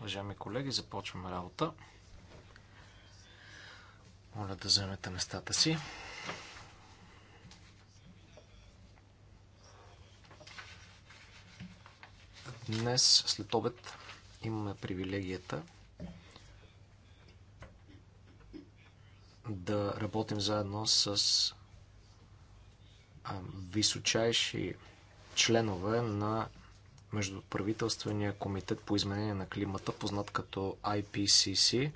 Уважаеми колеги, започваме работа. Моля да вземете местата си. Днес след обед имаме привилегията да работим заедно с височайши членове на Междуправителствения комитет по изменение на климата, познат като IPCC.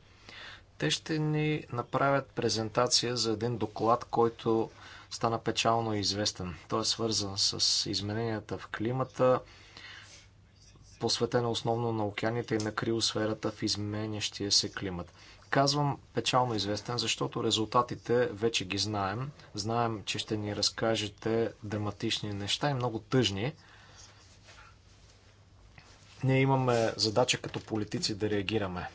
Те ще ни направят презентация за един доклад, който стана печално известен. Той е свързан с измененията в климата, посветена основно на океаните и на криосферата в изменящия се климат. Казвам печално известен, защото резултатите вече ги знаем. Знаем, че ще ни разкажете драматични неща и много тъжни. Ние имаме задача като политици да реагираме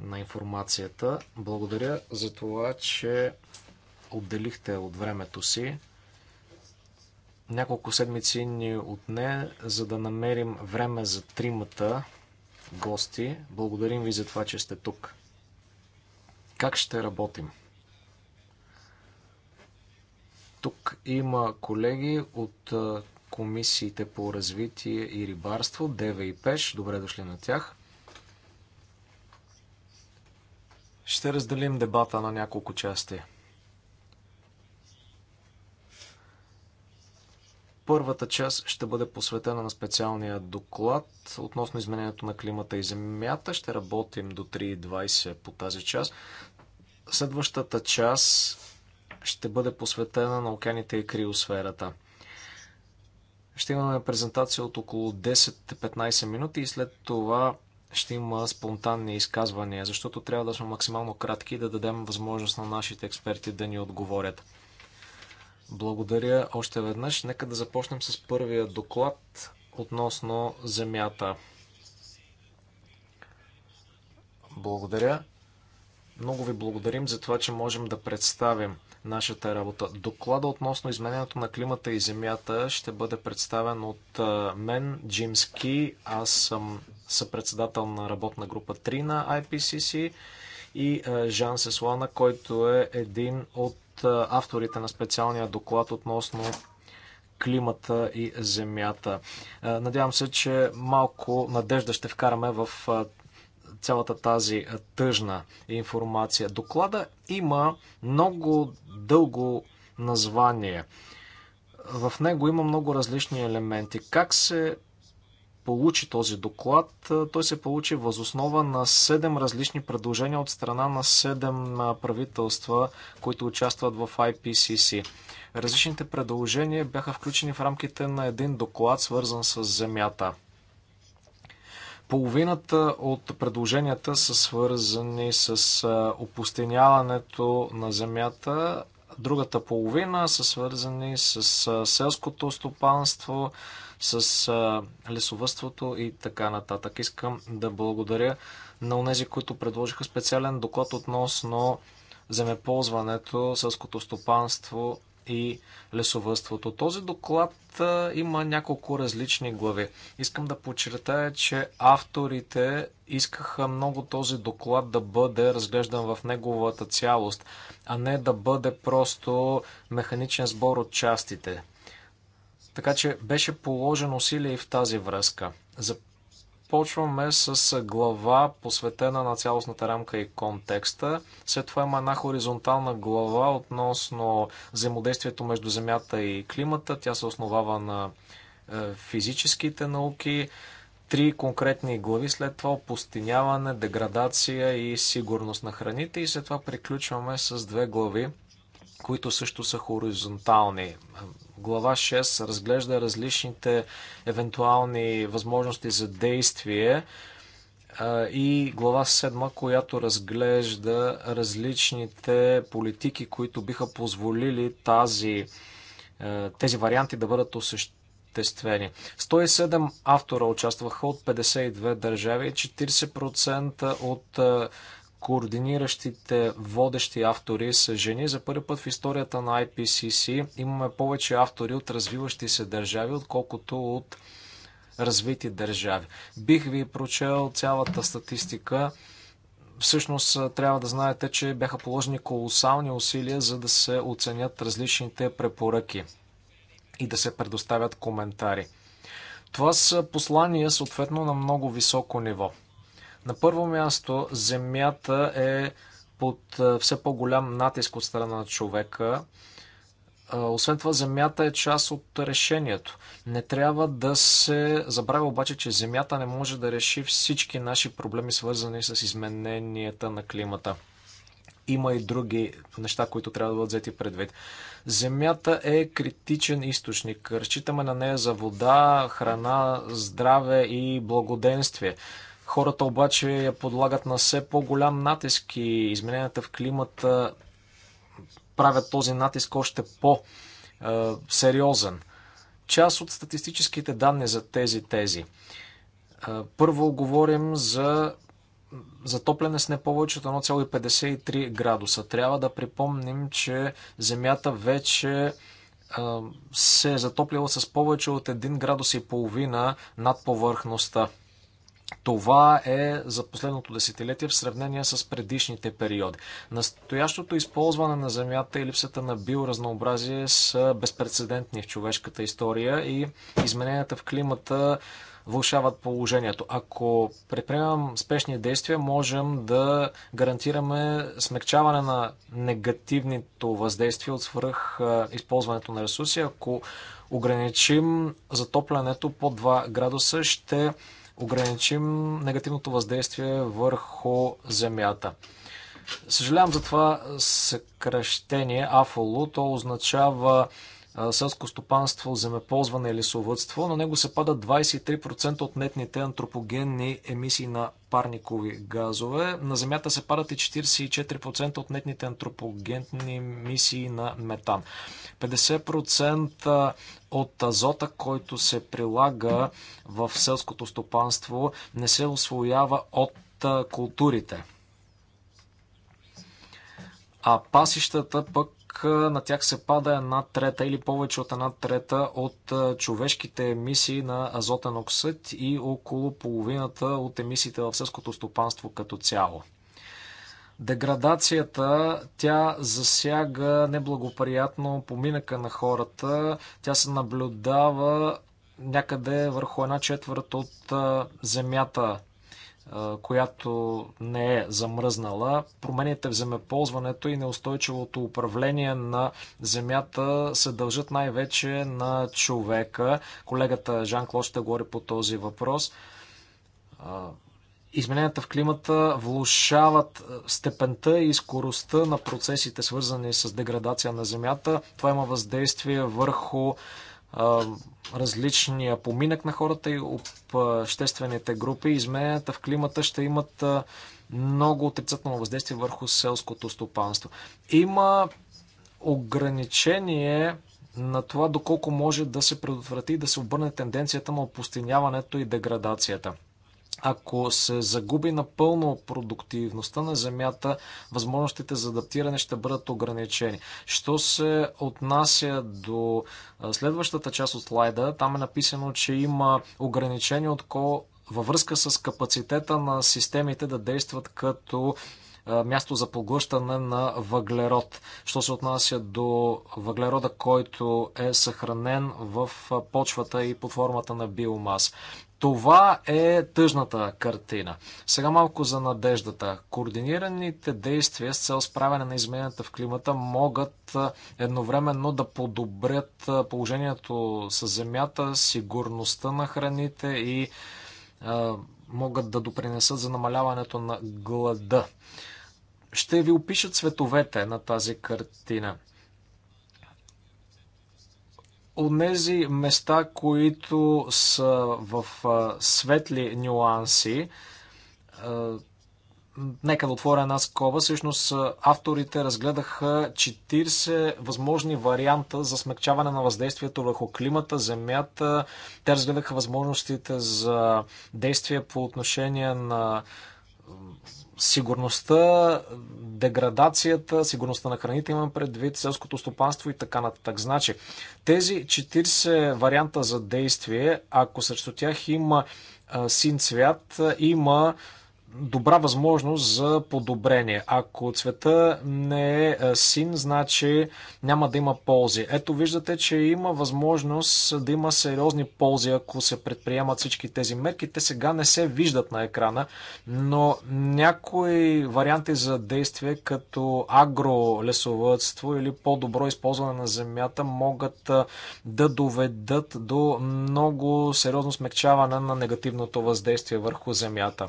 на информацията. Благодаря за това, че отделихте от времето си. Няколко седмици ни отне, за да намерим време за тримата гости. Благодарим ви за това, че сте тук. Как ще работим? Тук има колеги от комисиите по развитие и рибарство, ДВ и ПЕШ. Добре дошли на тях. Ще разделим дебата на няколко части. Първата част ще бъде посветена на специалния доклад относно изменението на климата и земята. Ще работим до 3.20 по тази част. Следващата част ще бъде посветена на океаните и криосферата. Ще имаме презентация от около 10-15 минути и след това ще има спонтанни изказвания, защото трябва да сме максимално кратки и да дадем възможност на нашите експерти да ни отговорят. Благодаря още веднъж. Нека да започнем с първия доклад относно земята. Благодаря. Много ви благодарим за това, че можем да представим нашата работа. Доклада относно изменението на климата и земята ще бъде представен от мен, Джим Ски. Аз съм съпредседател на работна група 3 на IPCC и Жан Сеслана, който е един от от авторите на специалния доклад относно климата и земята. Надявам се, че малко надежда ще вкараме в цялата тази тъжна информация. Доклада има много дълго название. В него има много различни елементи. Как се получи този доклад, той се получи възоснова на 7 различни предложения от страна на 7 правителства, които участват в IPCC. Различните предложения бяха включени в рамките на един доклад, свързан с Земята. Половината от предложенията са свързани с опустеняването на Земята, другата половина са свързани с селското стопанство, с лесовътството и така нататък. Искам да благодаря на тези, които предложиха специален доклад относно земеползването, сълското стопанство и лесовътството. Този доклад има няколко различни глави. Искам да подчертая, че авторите искаха много този доклад да бъде разглеждан в неговата цялост, а не да бъде просто механичен сбор от частите. Така че беше положено усилие и в тази връзка. Започваме с глава, посветена на цялостната рамка и контекста. След това има една хоризонтална глава относно взаимодействието между Земята и климата. Тя се основава на е, физическите науки. Три конкретни глави, след това опустиняване, деградация и сигурност на храните. И след това приключваме с две глави, които също са хоризонтални Глава 6 разглежда различните евентуални възможности за действие и глава 7, която разглежда различните политики, които биха позволили тази, тези варианти да бъдат осъществени. 107 автора участваха от 52 държави, 40% от координиращите водещи автори са жени. За първи път в историята на IPCC имаме повече автори от развиващи се държави, отколкото от развити държави. Бих ви прочел цялата статистика. Всъщност трябва да знаете, че бяха положени колосални усилия, за да се оценят различните препоръки и да се предоставят коментари. Това са послания съответно на много високо ниво. На първо място, Земята е под е, все по-голям натиск от страна на човека. Е, освен това, Земята е част от решението. Не трябва да се забравя обаче, че Земята не може да реши всички наши проблеми, свързани с измененията на климата. Има и други неща, които трябва да бъдат взети предвид. Земята е критичен източник. Разчитаме на нея за вода, храна, здраве и благоденствие. Хората обаче я подлагат на все по-голям натиск и измененията в климата правят този натиск още по-сериозен. Е, Част от статистическите данни за тези тези. Е, първо говорим за затопляне с не повече от 1,53 градуса. Трябва да припомним, че Земята вече е, се е затопляла с повече от 1 градус и половина над повърхността. Това е за последното десетилетие в сравнение с предишните периоди. Настоящото използване на земята и липсата на биоразнообразие са безпредседентни в човешката история и измененията в климата влушават положението. Ако предприемам спешни действия, можем да гарантираме смягчаване на негативното въздействие от свръх използването на ресурси. Ако ограничим затоплянето по 2 градуса, ще ограничим негативното въздействие върху Земята. Съжалявам за това съкръщение Афолу. То означава селско стопанство, земеползване и лесовътство. На него се падат 23% от нетните антропогенни емисии на парникови газове. На земята се падат и 44% от нетните антропогенни емисии на метан. 50% от азота, който се прилага в селското стопанство, не се освоява от културите. А пасищата пък на тях се пада една трета или повече от една трета от човешките емисии на азотен оксид и около половината от емисиите в сълското стопанство като цяло. Деградацията, тя засяга неблагоприятно поминъка на хората. Тя се наблюдава някъде върху една четвърт от земята която не е замръзнала. Промените в земеползването и неустойчивото управление на земята се дължат най-вече на човека. Колегата Жан Клод ще говори по този въпрос. Измененията в климата влушават степента и скоростта на процесите, свързани с деградация на земята. Това има въздействие върху различния поминък на хората и обществените групи. Измененията в климата ще имат много отрицателно въздействие върху селското стопанство. Има ограничение на това доколко може да се предотврати и да се обърне тенденцията на опустиняването и деградацията. Ако се загуби напълно продуктивността на земята, възможностите за адаптиране ще бъдат ограничени. Що се отнася до следващата част от слайда, там е написано, че има ограничение от ко... във връзка с капацитета на системите да действат като място за поглъщане на въглерод. Що се отнася до въглерода, който е съхранен в почвата и под формата на биомас. Това е тъжната картина. Сега малко за надеждата. Координираните действия с цел справяне на измененията в климата могат едновременно да подобрят положението с земята, сигурността на храните и е, могат да допринесат за намаляването на глада. Ще ви опиша цветовете на тази картина онези места, които са в светли нюанси, нека да отворя една скоба, всъщност авторите разгледаха 40 възможни варианта за смягчаване на въздействието върху климата, земята. Те разгледаха възможностите за действия по отношение на сигурността, деградацията, сигурността на храните имам предвид, селското стопанство и така нататък. Значи, тези 40 варианта за действие, ако срещу тях има син цвят, има добра възможност за подобрение. Ако цвета не е, е син, значи няма да има ползи. Ето виждате, че има възможност да има сериозни ползи, ако се предприемат всички тези мерки. Те сега не се виждат на екрана, но някои варианти за действие, като агролесовътство или по-добро използване на земята, могат е, да доведат до много сериозно смягчаване на негативното въздействие върху земята.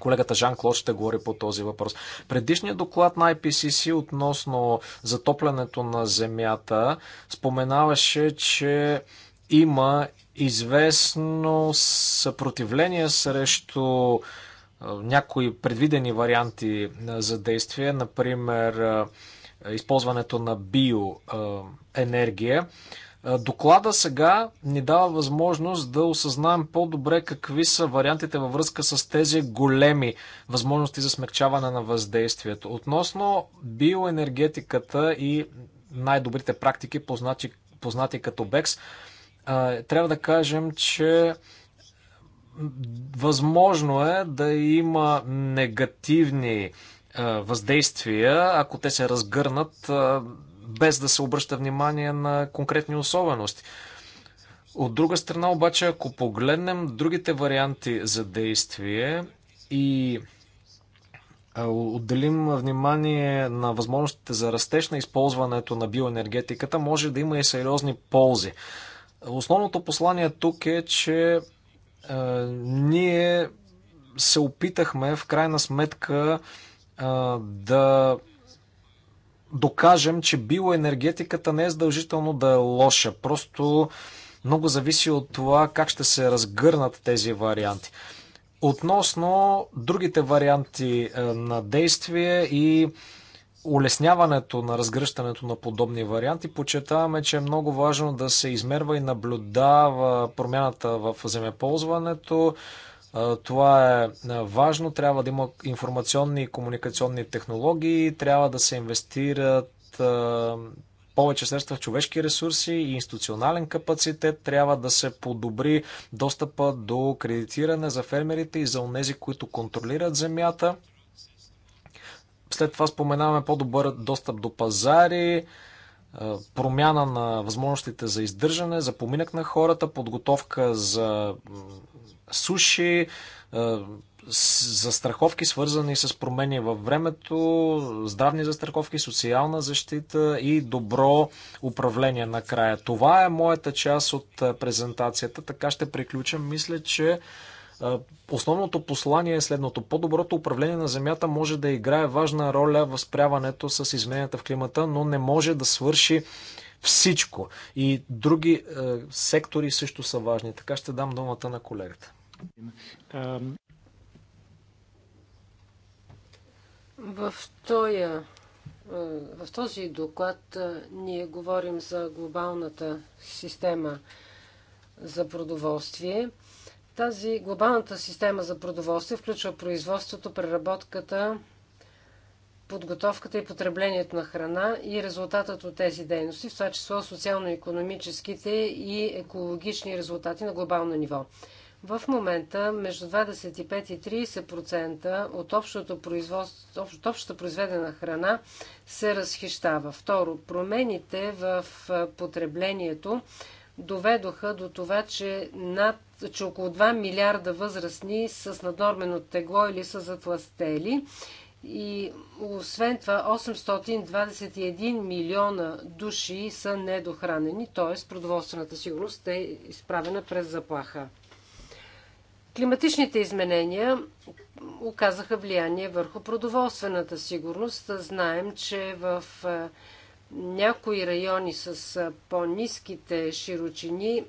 Колегата Жан Клод ще говори по този въпрос. Предишният доклад на IPCC относно затоплянето на Земята споменаваше, че има известно съпротивление срещу някои предвидени варианти за действие, например използването на биоенергия. Доклада сега ни дава възможност да осъзнаем по-добре какви са вариантите във връзка с тези големи възможности за смягчаване на въздействието. Относно биоенергетиката и най-добрите практики, познати, познати като БЕКС, трябва да кажем, че възможно е да има негативни въздействия, ако те се разгърнат без да се обръща внимание на конкретни особености. От друга страна обаче, ако погледнем другите варианти за действие и отделим внимание на възможностите за растеж на използването на биоенергетиката, може да има и сериозни ползи. Основното послание тук е, че е, ние се опитахме в крайна сметка е, да докажем, че биоенергетиката не е задължително да е лоша. Просто много зависи от това как ще се разгърнат тези варианти. Относно другите варианти е, на действие и улесняването на разгръщането на подобни варианти, подчертаваме, че е много важно да се измерва и наблюдава промяната в земеползването, това е важно. Трябва да има информационни и комуникационни технологии, трябва да се инвестират повече средства в човешки ресурси и институционален капацитет, трябва да се подобри достъпа до кредитиране за фермерите и за онези, които контролират земята. След това споменаваме по-добър достъп до пазари, промяна на възможностите за издържане, за поминък на хората, подготовка за суши, е, застраховки, свързани с промени във времето, здравни застраховки, социална защита и добро управление накрая. Това е моята част от е, презентацията. Така ще приключа. Мисля, че е, Основното послание е следното. По-доброто управление на Земята може да играе важна роля в спряването с измененията в климата, но не може да свърши всичко. И други е, сектори също са важни. Така ще дам думата на колегата. В, тоя, е, в този доклад е, ние говорим за глобалната система за продоволствие. Тази глобалната система за продоволствие включва производството, преработката, подготовката и потреблението на храна и резултатът от тези дейности, в това число социално-економическите и екологични резултати на глобално ниво. В момента между 25 и 30% от, общото производство, от общата произведена храна се разхищава. Второ, промените в потреблението доведоха до това, че, над, че около 2 милиарда възрастни с наднормено тегло или са затластели. И освен това 821 милиона души са недохранени, т.е. продоволствената сигурност е изправена през заплаха. Климатичните изменения оказаха влияние върху продоволствената сигурност. Знаем, че в е, някои райони с е, по-низките широчини е,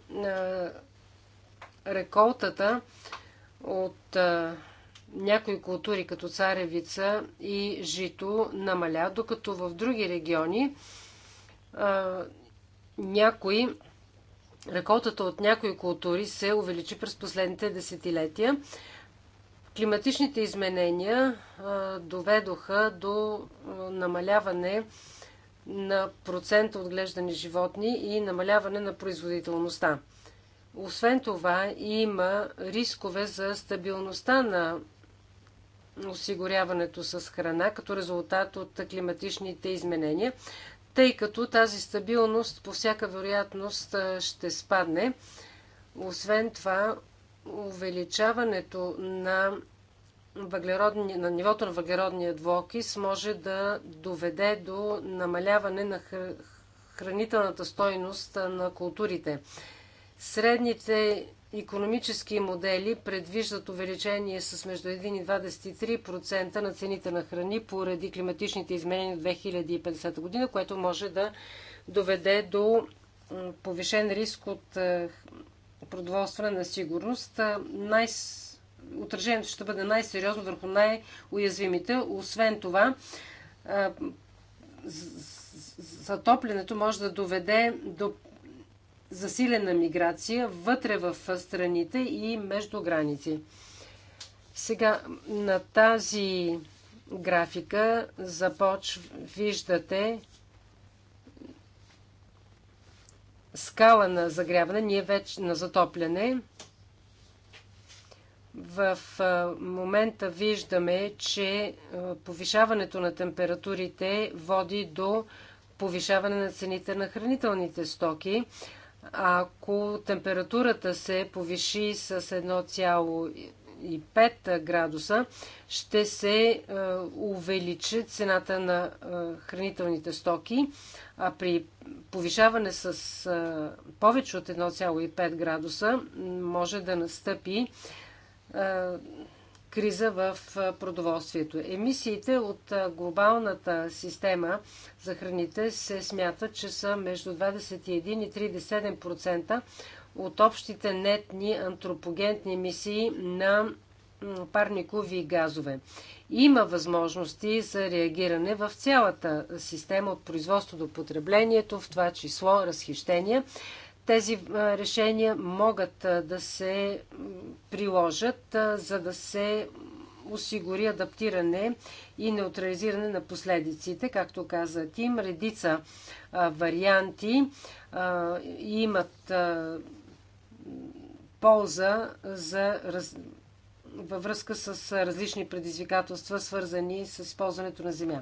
реколтата от някои култури, като царевица и жито, намаля, докато в други региони някои Реколтата от някои култури се увеличи през последните десетилетия. Климатичните изменения доведоха до намаляване на процента отглеждани животни и намаляване на производителността. Освен това, има рискове за стабилността на осигуряването с храна като резултат от климатичните изменения тъй като тази стабилност по всяка вероятност ще спадне. Освен това, увеличаването на, на нивото на въглеродния двуокис може да доведе до намаляване на хранителната стойност на културите. Средните економически модели предвиждат увеличение с между 1 и 23% на цените на храни поради климатичните изменения от 2050 година, което може да доведе до повишен риск от е, продоволствена сигурност. Е, Най- отражението ще бъде най-сериозно върху най-уязвимите. Освен това, е, затоплянето може да доведе до засилена миграция вътре в страните и между граници. Сега на тази графика започ, виждате скала на загряване, ние вече на затопляне. В момента виждаме, че повишаването на температурите води до повишаване на цените на хранителните стоки. Ако температурата се повиши с 1,5 градуса, ще се е, увеличи цената на е, хранителните стоки, а при повишаване с е, повече от 1,5 градуса може да настъпи криза в продоволствието. Емисиите от глобалната система за храните се смятат, че са между 21 и 37% от общите нетни антропогентни емисии на парникови газове. Има възможности за реагиране в цялата система от производство до потреблението, в това число разхищение тези решения могат да се приложат, за да се осигури адаптиране и неутрализиране на последиците. Както каза Тим, редица варианти имат полза за раз... във връзка с различни предизвикателства, свързани с използването на земя.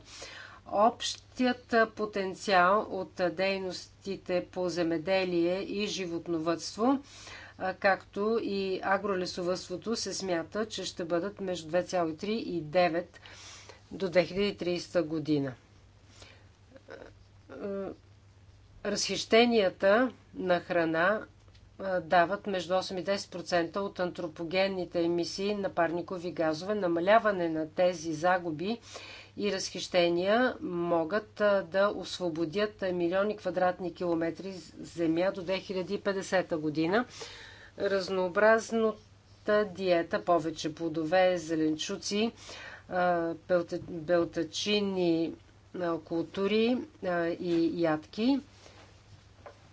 Общият потенциал от дейностите по земеделие и животновътство, както и агролесовътството, се смята, че ще бъдат между 2,3 и 9 до 2030 година. Разхищенията на храна дават между 8 и 10% от антропогенните емисии на парникови газове. Намаляване на тези загуби и разхищения могат да освободят милиони квадратни километри земя до 2050 година. Разнообразната диета, повече плодове, зеленчуци, белтачини, култури и ядки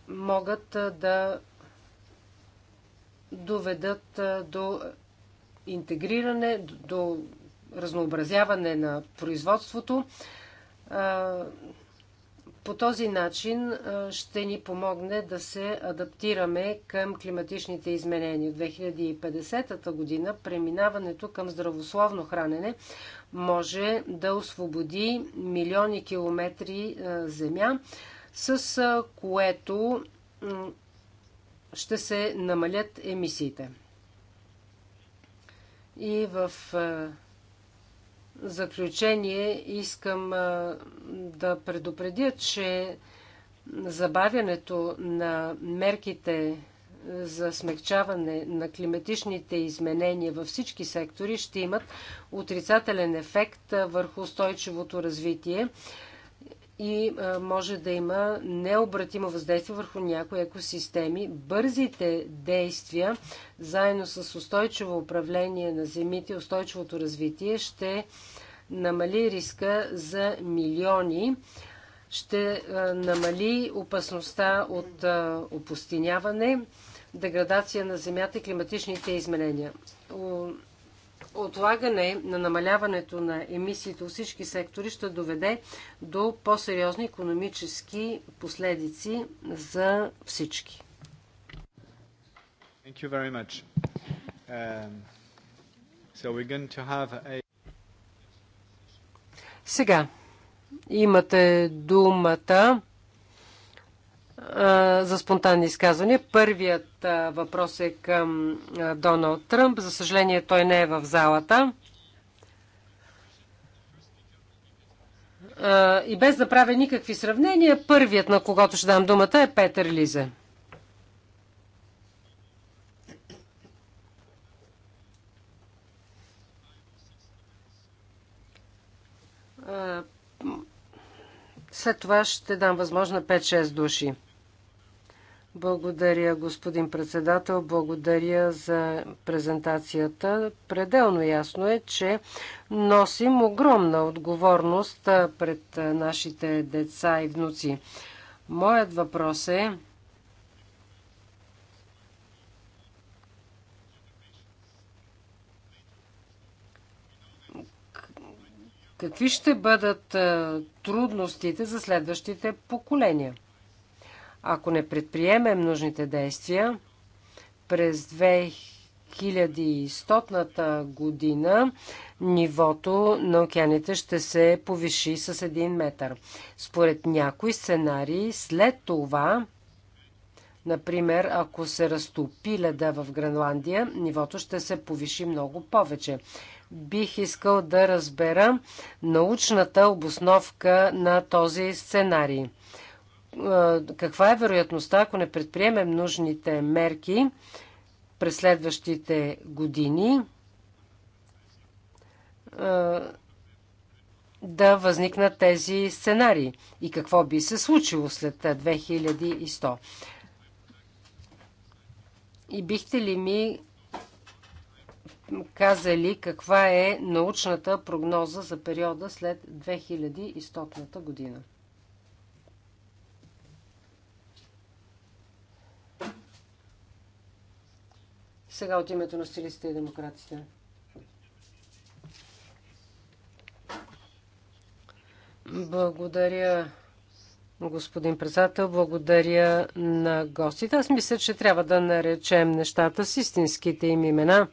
могат да доведат до интегриране, до разнообразяване на производството. По този начин ще ни помогне да се адаптираме към климатичните изменения. В 2050 година преминаването към здравословно хранене може да освободи милиони километри земя, с което ще се намалят емисиите. И в заключение искам да предупредя, че забавянето на мерките за смягчаване на климатичните изменения във всички сектори ще имат отрицателен ефект върху устойчивото развитие и е, може да има необратимо въздействие върху някои екосистеми. Бързите действия, заедно с устойчиво управление на земите устойчивото развитие, ще намали риска за милиони, ще е, намали опасността от е, опустиняване, деградация на земята и климатичните изменения отлагане на намаляването на емисиите от всички сектори ще доведе до по-сериозни економически последици за всички. Thank you very much. Um, so we're going to have a... Сега имате думата за спонтанни изказвания. Първият въпрос е към Доналд Тръмп. За съжаление, той не е в залата. И без да правя никакви сравнения, първият, на когото ще дам думата, е Петър Лизе. След това ще дам възможно 5-6 души. Благодаря, господин председател. Благодаря за презентацията. Пределно ясно е, че носим огромна отговорност пред нашите деца и внуци. Моят въпрос е какви ще бъдат трудностите за следващите поколения? Ако не предприемем нужните действия, през 2100 година нивото на океаните ще се повиши с 1 метър. Според някои сценарии, след това Например, ако се разтопи леда в Гренландия, нивото ще се повиши много повече. Бих искал да разбера научната обосновка на този сценарий каква е вероятността, ако не предприемем нужните мерки през следващите години, да възникнат тези сценарии и какво би се случило след 2100. И бихте ли ми казали каква е научната прогноза за периода след 2100 година? Сега от името на стилистите и демократите. Благодаря, господин председател. Благодаря на гостите. Аз мисля, че трябва да наречем нещата с истинските им имена.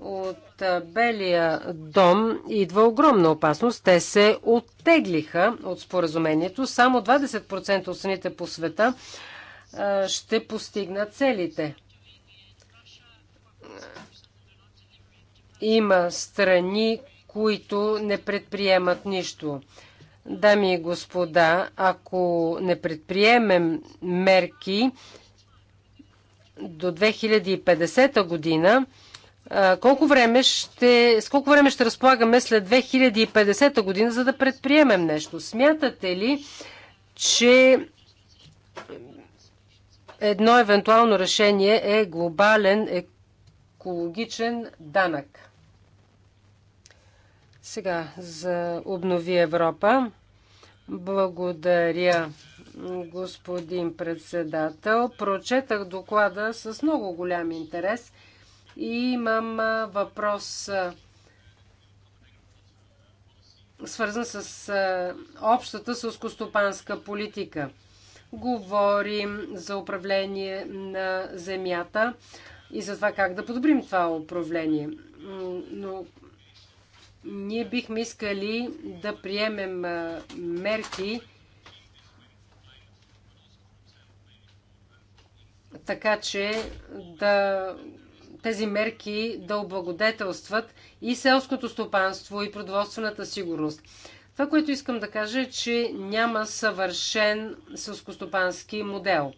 От Белия дом идва огромна опасност. Те се оттеглиха от споразумението. Само 20% от страните по света ще постигнат целите има страни, които не предприемат нищо. Дами и господа, ако не предприемем мерки до 2050 година, колко време ще, с колко време ще разполагаме след 2050 година, за да предприемем нещо? Смятате ли, че едно евентуално решение е глобален екологичен данък. Сега за Обнови Европа. Благодаря, господин председател. Прочетах доклада с много голям интерес и имам въпрос свързан с общата сълскостопанска политика. Говорим за управление на земята, и за това как да подобрим това управление. Но ние бихме искали да приемем мерки, така че да тези мерки да облагодетелстват и селското стопанство, и продоволствената сигурност. Това, което искам да кажа е, че няма съвършен селскостопански модел.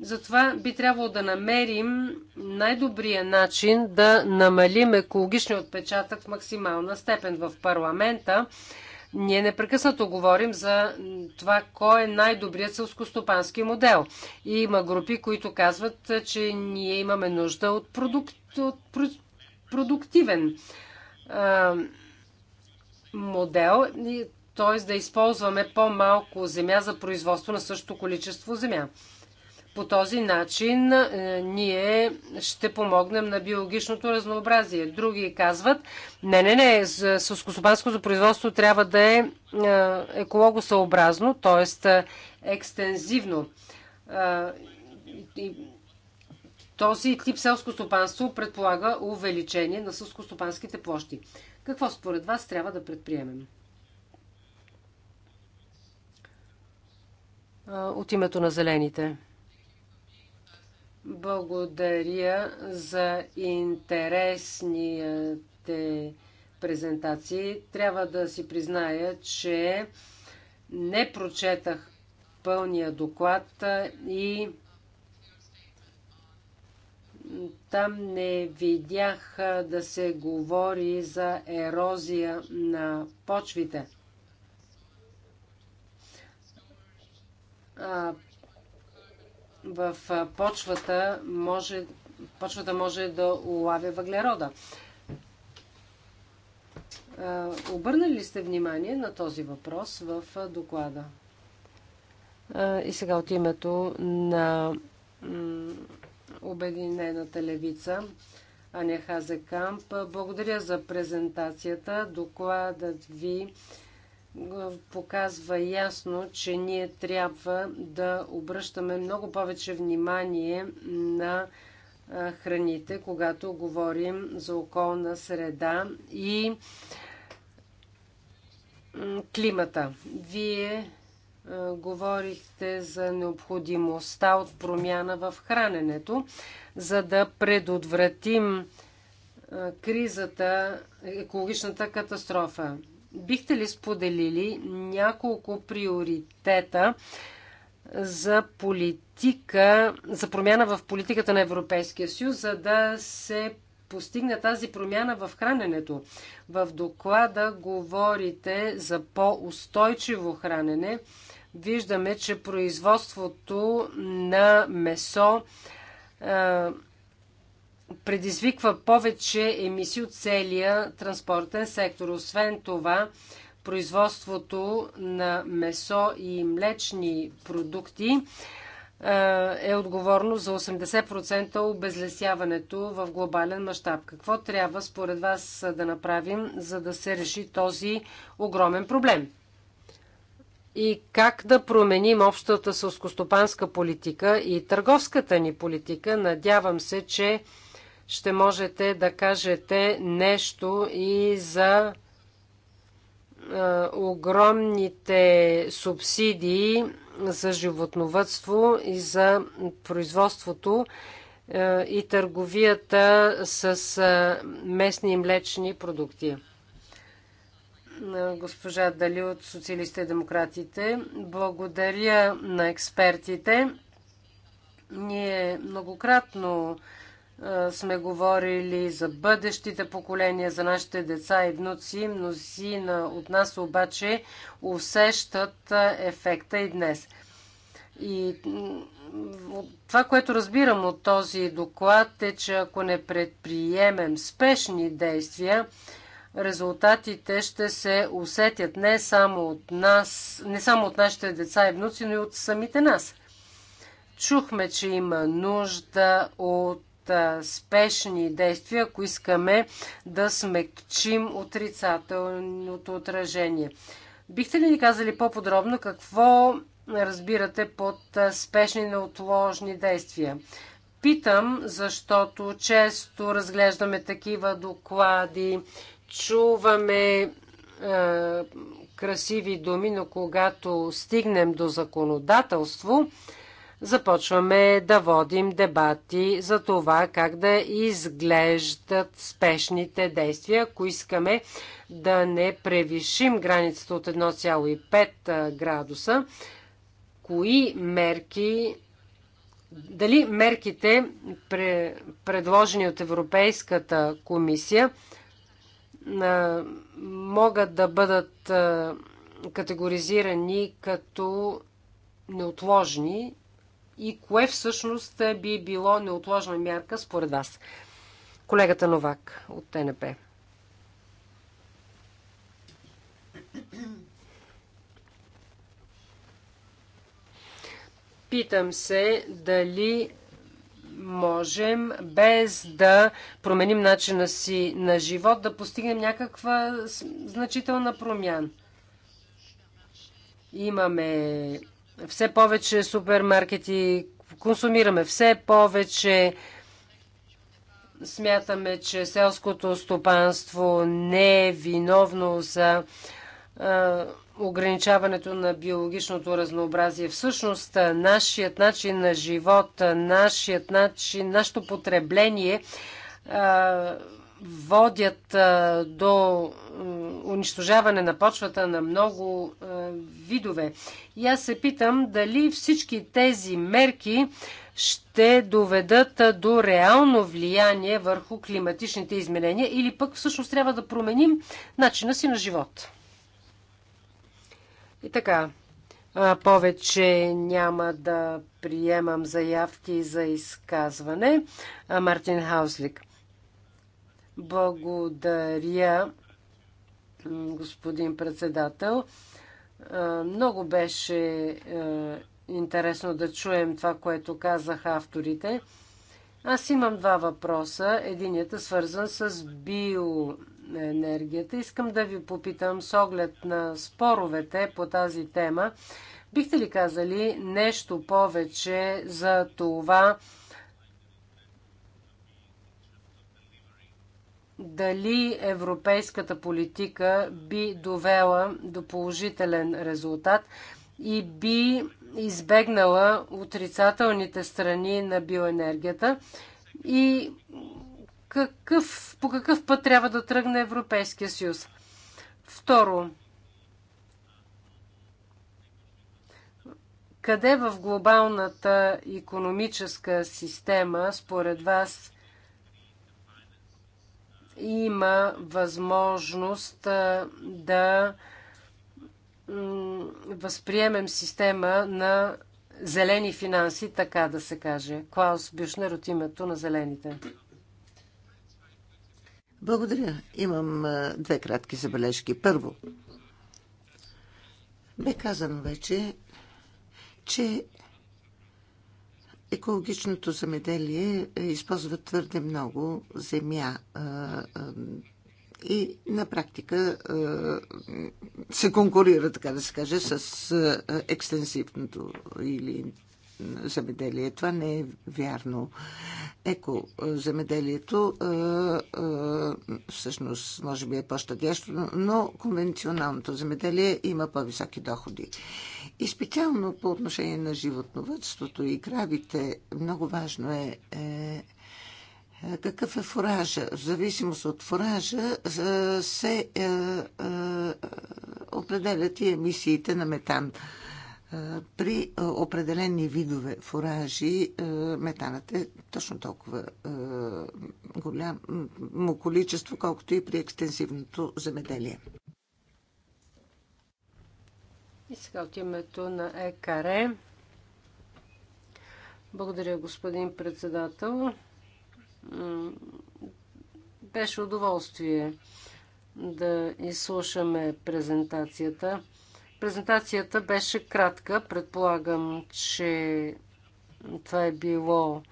Затова би трябвало да намерим най-добрия начин да намалим екологичния отпечатък в максимална степен в парламента. Ние непрекъснато говорим за това кой е най-добрият селскостопански модел. И има групи, които казват, че ние имаме нужда от, продук... от продуктивен а, модел, т.е. да използваме по-малко земя за производство на същото количество земя. По този начин е, ние ще помогнем на биологичното разнообразие. Други казват, не, не, не, сълскостопанското производство трябва да е, е екологосъобразно, т.е. екстензивно. Е, този тип селско стопанство предполага увеличение на сълскостопанските площи. Какво според вас трябва да предприемем? От името на зелените. Благодаря за интересните презентации. Трябва да си призная, че не прочетах пълния доклад и там не видях да се говори за ерозия на почвите в почвата може, почвата може да улавя въглерода. Обърнали ли сте внимание на този въпрос в доклада? И сега от името на Обединената левица. Аня Хазекамп. Благодаря за презентацията. Докладът ви показва ясно, че ние трябва да обръщаме много повече внимание на храните, когато говорим за околна среда и климата. Вие говорихте за необходимостта от промяна в храненето, за да предотвратим кризата, екологичната катастрофа бихте ли споделили няколко приоритета за политика, за промяна в политиката на Европейския съюз, за да се постигне тази промяна в храненето. В доклада говорите за по-устойчиво хранене. Виждаме, че производството на месо предизвиква повече емисии от целия транспортен сектор. Освен това, производството на месо и млечни продукти е, е отговорно за 80% обезлесяването в глобален мащаб. Какво трябва според вас да направим, за да се реши този огромен проблем? И как да променим общата сълскостопанска политика и търговската ни политика? Надявам се, че ще можете да кажете нещо и за огромните субсидии за животновътство и за производството и търговията с местни млечни продукти. Госпожа Дали от Социалистите и демократите. Благодаря на експертите. Ние многократно сме говорили за бъдещите поколения, за нашите деца и внуци. Мнозина от нас обаче усещат ефекта и днес. И това, което разбирам от този доклад е, че ако не предприемем спешни действия, резултатите ще се усетят не само от нас, не само от нашите деца и внуци, но и от самите нас. Чухме, че има нужда от спешни действия, ако искаме да смекчим отрицателното отражение. Бихте ли ни казали по-подробно какво разбирате под спешни неотложни действия? Питам, защото често разглеждаме такива доклади, чуваме е, красиви думи, но когато стигнем до законодателство, започваме да водим дебати за това как да изглеждат спешните действия, ако искаме да не превишим границата от 1,5 градуса. Кои мерки дали мерките, предложени от Европейската комисия, могат да бъдат категоризирани като неотложни и кое всъщност би било неотложна мярка според вас? Колегата Новак от ТНП. Питам се дали можем без да променим начина си на живот, да постигнем някаква значителна промяна. Имаме все повече супермаркети, консумираме все повече. Смятаме, че селското стопанство не е виновно за ограничаването на биологичното разнообразие. Всъщност, нашият начин на живот, нашият начин, нашето потребление а, водят до унищожаване на почвата на много видове. И аз се питам дали всички тези мерки ще доведат до реално влияние върху климатичните изменения или пък всъщност трябва да променим начина си на живот. И така, повече няма да приемам заявки за изказване. Мартин Хауслик. Благодаря, господин председател. Много беше интересно да чуем това, което казаха авторите. Аз имам два въпроса. Единият е свързан с биоенергията. Искам да ви попитам с оглед на споровете по тази тема. Бихте ли казали нещо повече за това, дали европейската политика би довела до положителен резултат и би избегнала отрицателните страни на биоенергията и какъв, по какъв път трябва да тръгне Европейския съюз. Второ, къде в глобалната економическа система според вас има възможност да възприемем система на зелени финанси, така да се каже. Клаус Бюшнер от името на зелените. Благодаря. Имам две кратки забележки. Първо, бе казано вече, че екологичното замеделие е, използва твърде много земя и на практика се конкурира, така да се каже, с екстенсивното или земеделие. Това не е вярно. Еко е, земеделието е, е, всъщност може би е по-щадящо, но конвенционалното земеделие има по-високи доходи. И специално по отношение на животновътството и кравите, много важно е, е какъв е фуража. В зависимост от фуража се е, е, определят и емисиите на метан при определени видове фуражи метанът е точно толкова голямо количество, колкото и при екстензивното земеделие. И сега от името на ЕКАРЕ. Благодаря, господин председател. Беше удоволствие да изслушаме презентацията. Презентацията беше кратка. Предполагам, че това е било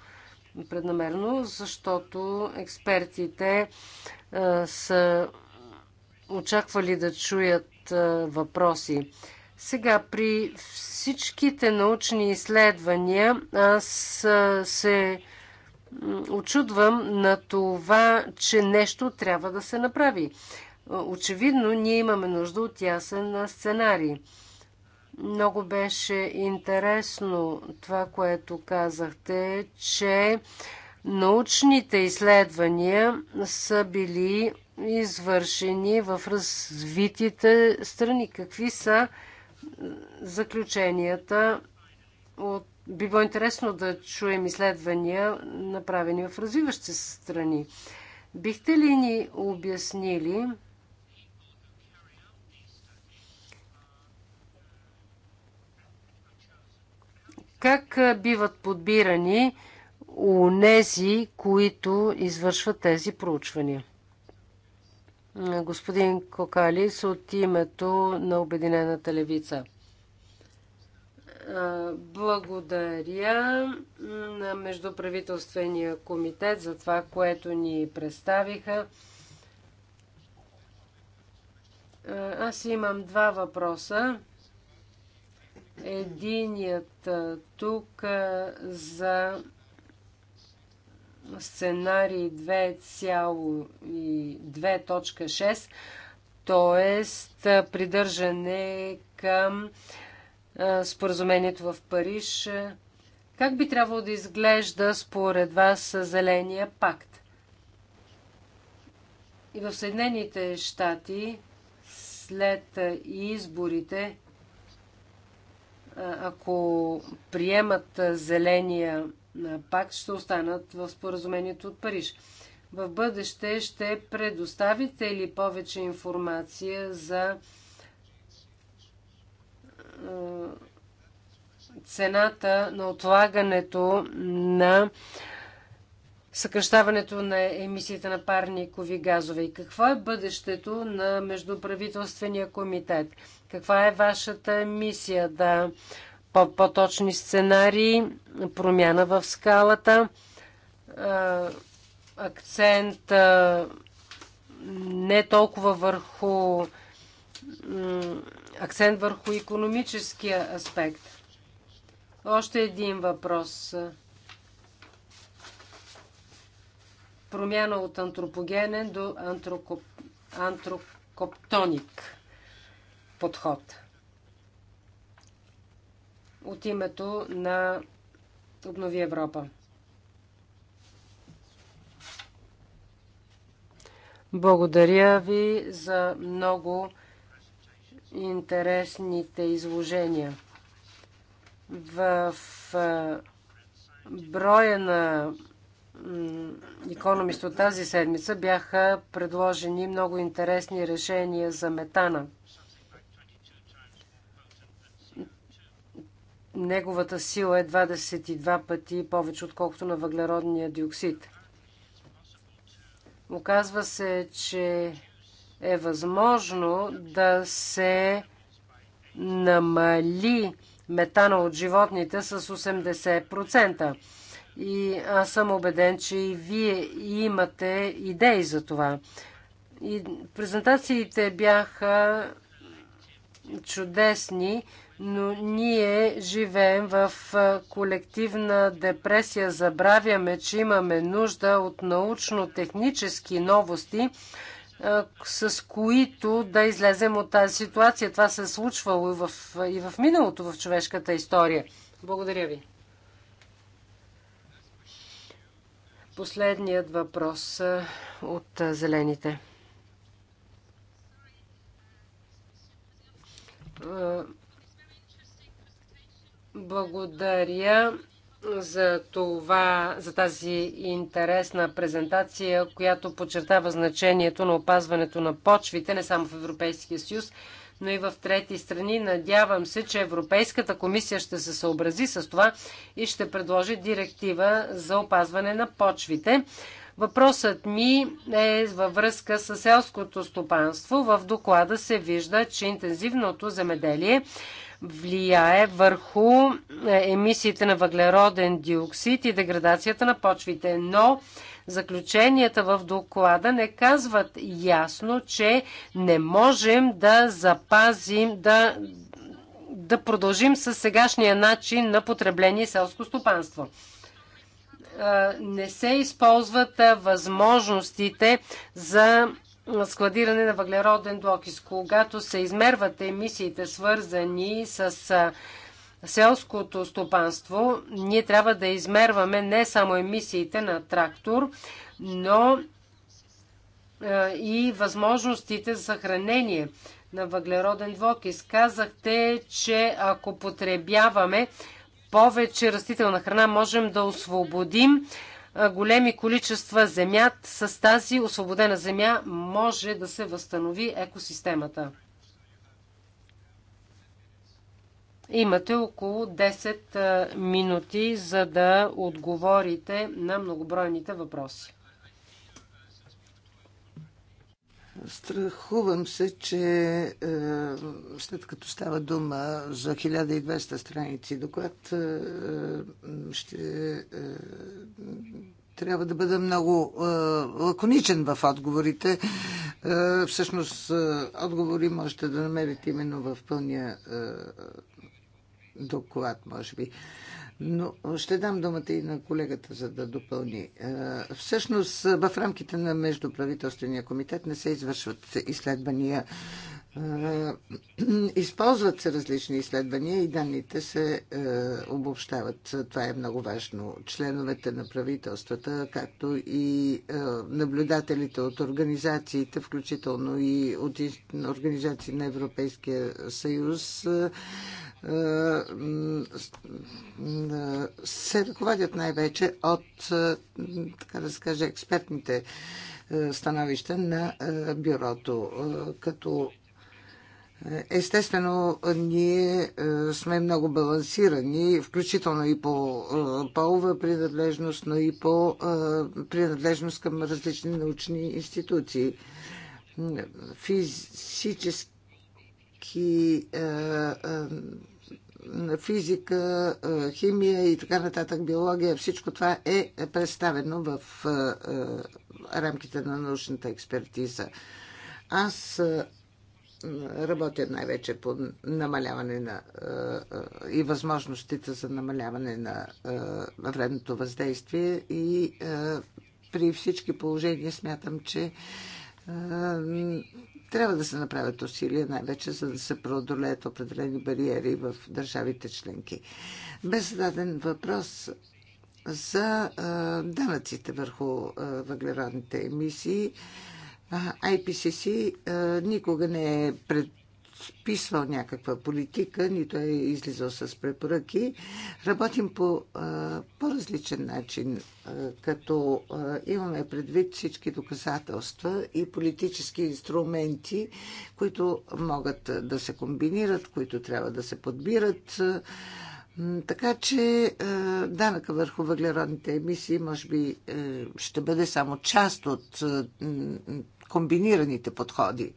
преднамерено, защото експертите е, са очаквали да чуят е, въпроси. Сега, при всичките научни изследвания, аз е, се очудвам на това, че нещо трябва да се направи. Е, очевидно, ние имаме нужда от ясен сценарий. Много беше интересно това, което казахте, че научните изследвания са били извършени в развитите страни. Какви са заключенията от би било интересно да чуем изследвания, направени в развиващи страни. Бихте ли ни обяснили Как биват подбирани у нези, които извършват тези проучвания? Господин Кокалис от името на Обединената левица. Благодаря на Междуправителствения комитет за това, което ни представиха. Аз имам два въпроса. Единият тук за сценарий 2,2.6, т.е. придържане към споразумението в Париж. Как би трябвало да изглежда според вас Зеления пакт? И в Съединените щати след изборите ако приемат зеления пакт, ще останат в споразумението от Париж. В бъдеще ще предоставите ли повече информация за цената на отлагането на съкръщаването на емисиите на парникови газове и какво е бъдещето на Междуправителствения комитет? Каква е вашата мисия? Да, по-точни -по сценарии, промяна в скалата, акцент не толкова върху акцент върху економическия аспект. Още един въпрос. Промяна от антропогенен до антрокоптоник. антропоптоник подход. От името на Обнови Европа. Благодаря ви за много интересните изложения. В броя на економист от тази седмица бяха предложени много интересни решения за метана – неговата сила е 22 пъти повече, отколкото на въглеродния диоксид. Оказва се, че е възможно да се намали метана от животните с 80%. И аз съм убеден, че и вие имате идеи за това. И презентациите бяха чудесни но ние живеем в колективна депресия. Забравяме, че имаме нужда от научно-технически новости, с които да излезем от тази ситуация. Това се е случвало и в, и в миналото в човешката история. Благодаря ви. Последният въпрос от зелените. Благодаря за, това, за тази интересна презентация, която подчертава значението на опазването на почвите, не само в Европейския съюз, но и в трети страни. Надявам се, че Европейската комисия ще се съобрази с това и ще предложи директива за опазване на почвите. Въпросът ми е във връзка с селското стопанство. В доклада се вижда, че интензивното земеделие влияе върху е, емисиите на въглероден диоксид и деградацията на почвите. Но заключенията в доклада не казват ясно, че не можем да запазим, да, да продължим с сегашния начин на потребление селско стопанство е, не се използват е, възможностите за складиране на въглероден двокис. Когато се измерват емисиите, свързани с селското стопанство, ние трябва да измерваме не само емисиите на трактор, но и възможностите за съхранение на въглероден двокис. Казахте, че ако потребяваме повече растителна храна, можем да освободим големи количества земя. С тази освободена земя може да се възстанови екосистемата. Имате около 10 минути, за да отговорите на многобройните въпроси. Страхувам се, че е, след като става дума за 1200 страници доклад, е, ще е, трябва да бъда много лаконичен в отговорите. всъщност, отговори можете да намерите именно в пълния доклад, може би. Но ще дам думата и на колегата, за да допълни. Всъщност, в рамките на Междуправителствения комитет не се извършват изследвания. Използват се различни изследвания и данните се обобщават. Това е много важно. Членовете на правителствата, както и наблюдателите от организациите, включително и от организации на Европейския съюз, е, се ръководят най-вече от, е, така да се каже, експертните е, становища на бюрото. Като Естествено, ние сме много балансирани, включително и по полова принадлежност, но и по принадлежност към различни научни институции. Физически физика, химия и така нататък, биология, всичко това е представено в рамките на научната експертиза. Аз работя най-вече по намаляване на и възможностите за намаляване на вредното въздействие и при всички положения смятам, че трябва да се направят усилия, най-вече за да се преодолеят определени бариери в държавите членки. Бе зададен въпрос за данъците върху въглеродните емисии. IPCC никога не е пред разписвал някаква политика, нито е излизал с препоръки. Работим по по-различен начин, като имаме предвид всички доказателства и политически инструменти, които могат да се комбинират, които трябва да се подбират. Така че данъка върху въглеродните емисии може би ще бъде само част от комбинираните подходи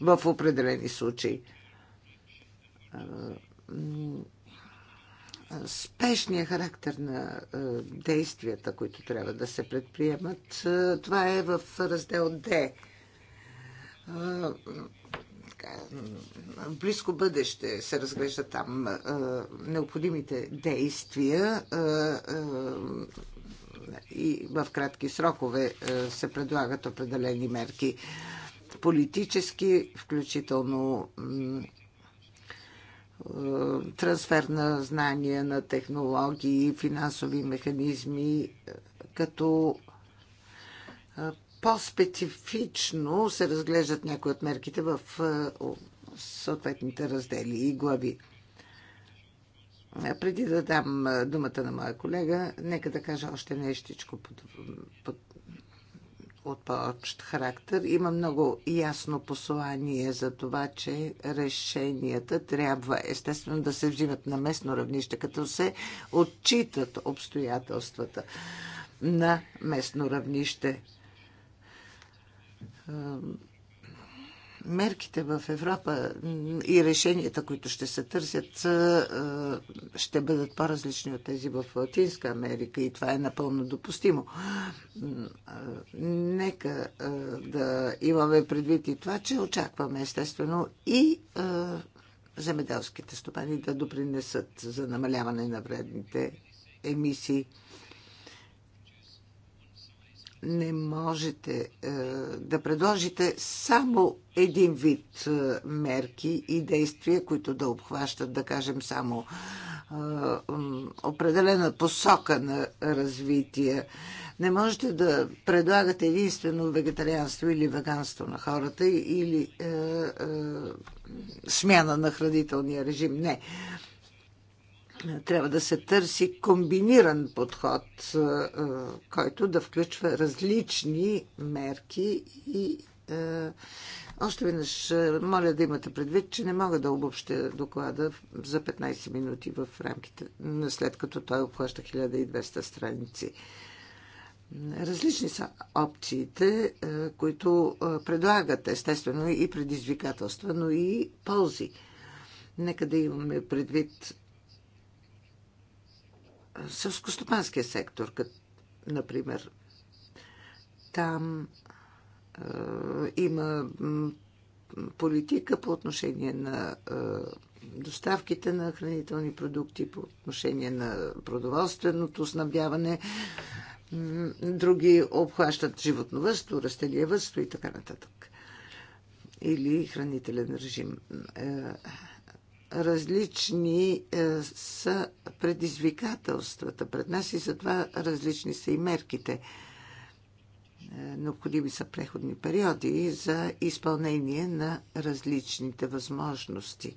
в определени случаи. Спешния характер на действията, които трябва да се предприемат, това е в раздел Д в близко бъдеще се разглежда там необходимите действия и в кратки срокове се предлагат определени мерки политически, включително е, трансфер на знания, на технологии, финансови механизми, е, като е, по-специфично се разглеждат някои от мерките в съответните раздели и глави. Преди да дам думата на моя колега, нека да кажа още нещичко по, по, от по-общ характер. Има много ясно послание за това, че решенията трябва естествено да се взимат на местно равнище, като се отчитат обстоятелствата на местно равнище мерките в Европа и решенията, които ще се търсят, е, ще бъдат по-различни от тези в Латинска Америка и това е напълно допустимо. Е, нека е, да имаме предвид и това, че очакваме естествено и земеделските стопани да допринесат за намаляване на вредните емисии не можете е, да предложите само един вид е, мерки и действия, които да обхващат, да кажем, само е, определена посока на развитие. Не можете да предлагате единствено вегетарианство или веганство на хората или е, е, смяна на хранителния режим. Не. Е, трябва да се търси комбиниран подход, който да включва различни мерки и още веднъж моля да имате предвид, че не мога да обобщя доклада за 15 минути в рамките, след като той обхваща 1200 страници. Различни са опциите, които предлагат, естествено, и предизвикателства, но и ползи. Нека да имаме предвид селскостопанския сектор, като, например. Там е, има политика по отношение на е, доставките на хранителни продукти, по отношение на продоволственото снабдяване. Други обхващат животновъзство, растениевътство и така нататък. Или хранителен режим. Е, различни е, са предизвикателствата пред нас и затова различни са и мерките. Е, необходими са преходни периоди за изпълнение на различните възможности. Е,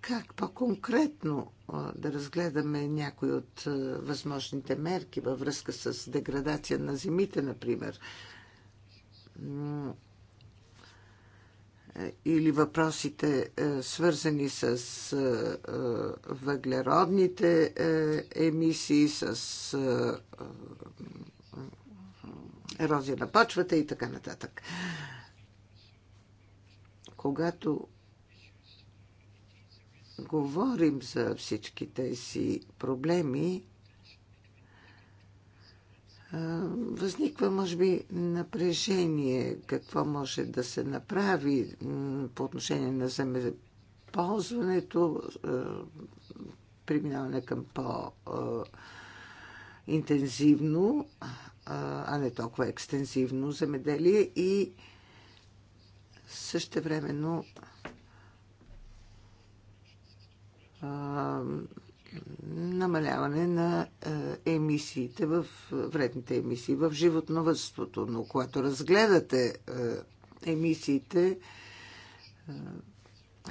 как по-конкретно да разгледаме някои от възможните мерки във връзка с деградация на земите, например? или въпросите е, свързани с е, е, въглеродните емисии, с ерозия на почвата и така нататък. Когато говорим за всички тези проблеми, възниква, може би, напрежение какво може да се направи по отношение на земеползването, преминаване към по-интензивно, а не толкова екстензивно земеделие и същевременно времено намаляване на е, емисиите в вредните емисии в животновътството. Но когато разгледате е, емисиите е,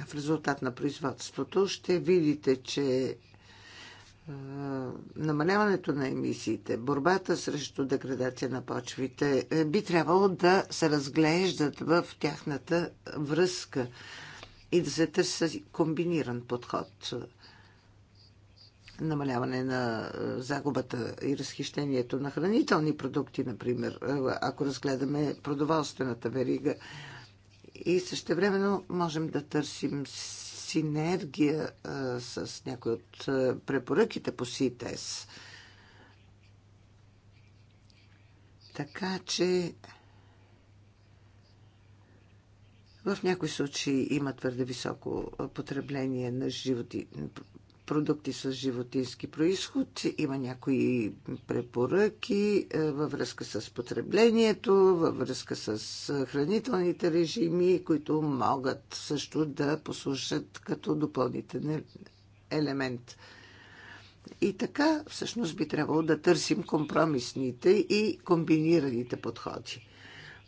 в резултат на производството, ще видите, че намаляването на емисиите, борбата срещу деградация на почвите би трябвало да се разглеждат в тяхната връзка и да се търси комбиниран подход намаляване на е, загубата и разхищението на хранителни продукти, например, е, ако разгледаме продоволствената верига. И същевременно можем да търсим синергия е, с някои от препоръките по СИТЕС. Така че в някои случаи има твърде високо потребление на животи, продукти с животински происход. Има някои препоръки е, във връзка с потреблението, във връзка с е, хранителните режими, които могат също да послушат като допълнителен елемент. И така, всъщност, би трябвало да търсим компромисните и комбинираните подходи.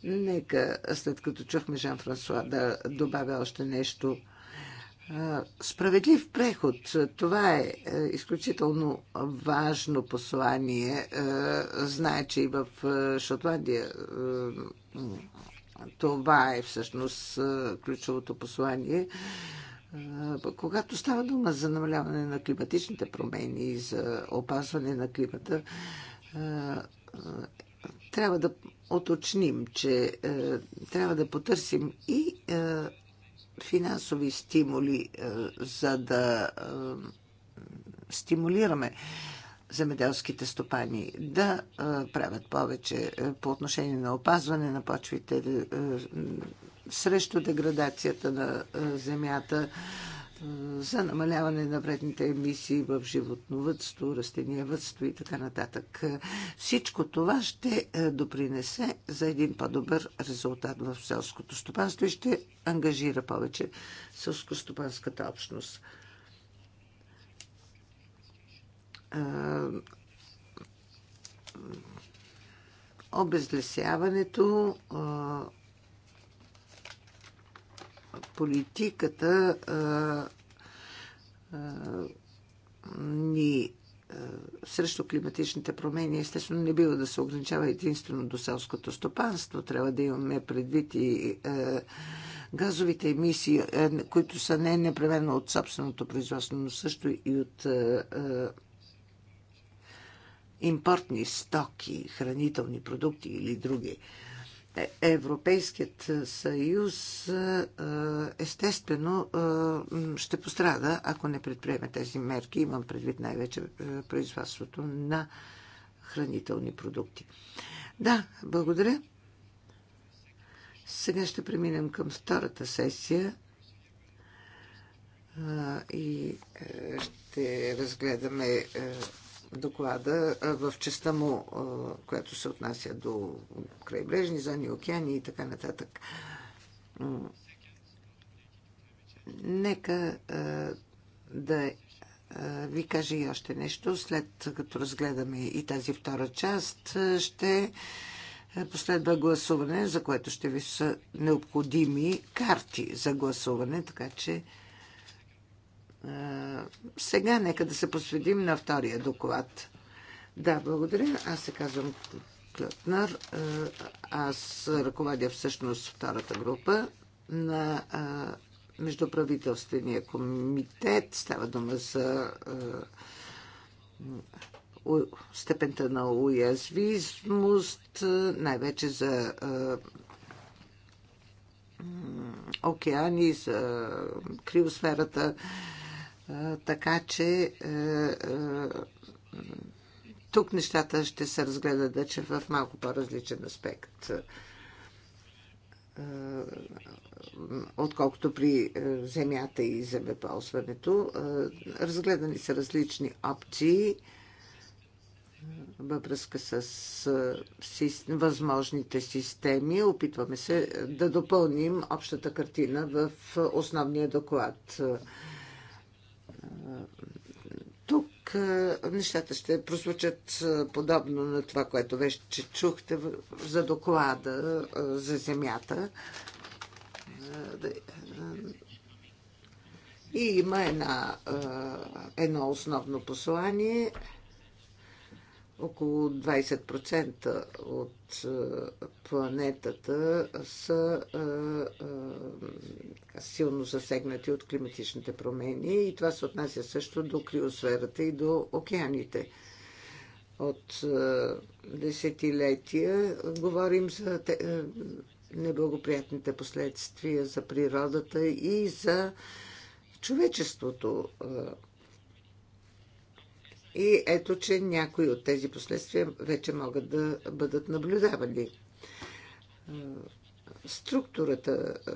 Нека, след като чухме Жан-Франсуа, да добавя още нещо – Справедлив преход. Това е, е изключително важно послание. Е, знае, че и в е, Шотландия това е всъщност ключовото послание. Когато става дума за намаляване на климатичните промени и за опазване на климата, трябва да оточним, че трябва да потърсим и финансови стимули, е, за да е, стимулираме земеделските стопани да е, правят повече по отношение на опазване на почвите, срещу деградацията на земята, за намаляване на вредните емисии в животновътство, растениевътство и така нататък. Всичко това ще е, допринесе за един по-добър резултат в селското стопанство и ще ангажира повече селско-стопанската общност е, обезлесяването е, политиката ни срещу климатичните промени, естествено не бива да се ограничава единствено до селското стопанство. Трябва да имаме предвид и а, газовите емисии, които са не непременно от собственото производство, но също и от а, импортни стоки, хранителни продукти или други. А, е, Европейският е, съюз е, естествено ще пострада, ако не предприеме тези мерки. Имам предвид най-вече производството на хранителни продукти. Да, благодаря. Сега ще преминем към втората сесия и ще разгледаме доклада в частта му, която се отнася до крайбрежни зони, океани и така нататък. Нека да ви кажа и още нещо. След като разгледаме и тази втора част, ще последва гласуване, за което ще ви са необходими карти за гласуване, така че е, сега нека да се посветим на втория доклад. Да, благодаря. Аз се казвам Клътнар. Е, аз ръководя всъщност втората група на е, Междуправителствения комитет. Става дума за степента на уязвимост, най-вече за океани, за криосферата така че е, е, тук нещата ще се разгледат вече в малко по-различен аспект е, отколкото при земята и земеползването. Разгледани са различни опции във връзка с възможните системи. Опитваме се да допълним общата картина в основния доклад. Тук нещата ще прозвучат подобно на това, което вече чухте за доклада за земята. И има една, едно основно послание – около 20% от е, планетата са е, е, силно засегнати от климатичните промени и това се отнася също до криосферата и до океаните. От десетилетия говорим за неблагоприятните последствия за природата и за човечеството и ето, че някои от тези последствия вече могат да бъдат наблюдавани. Е, структурата е,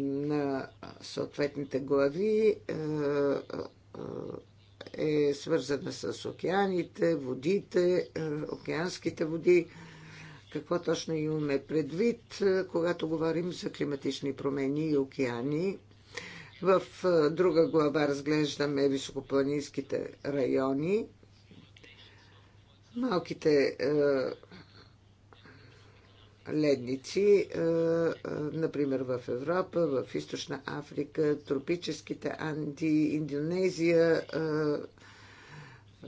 на съответните глави е, е свързана с океаните, водите, океанските води. Какво точно имаме предвид, когато говорим за климатични промени и океани? В друга глава разглеждаме високопланинските райони, малките е, ледници, е, например в Европа, в Източна Африка, тропическите Анди, Индонезия, е,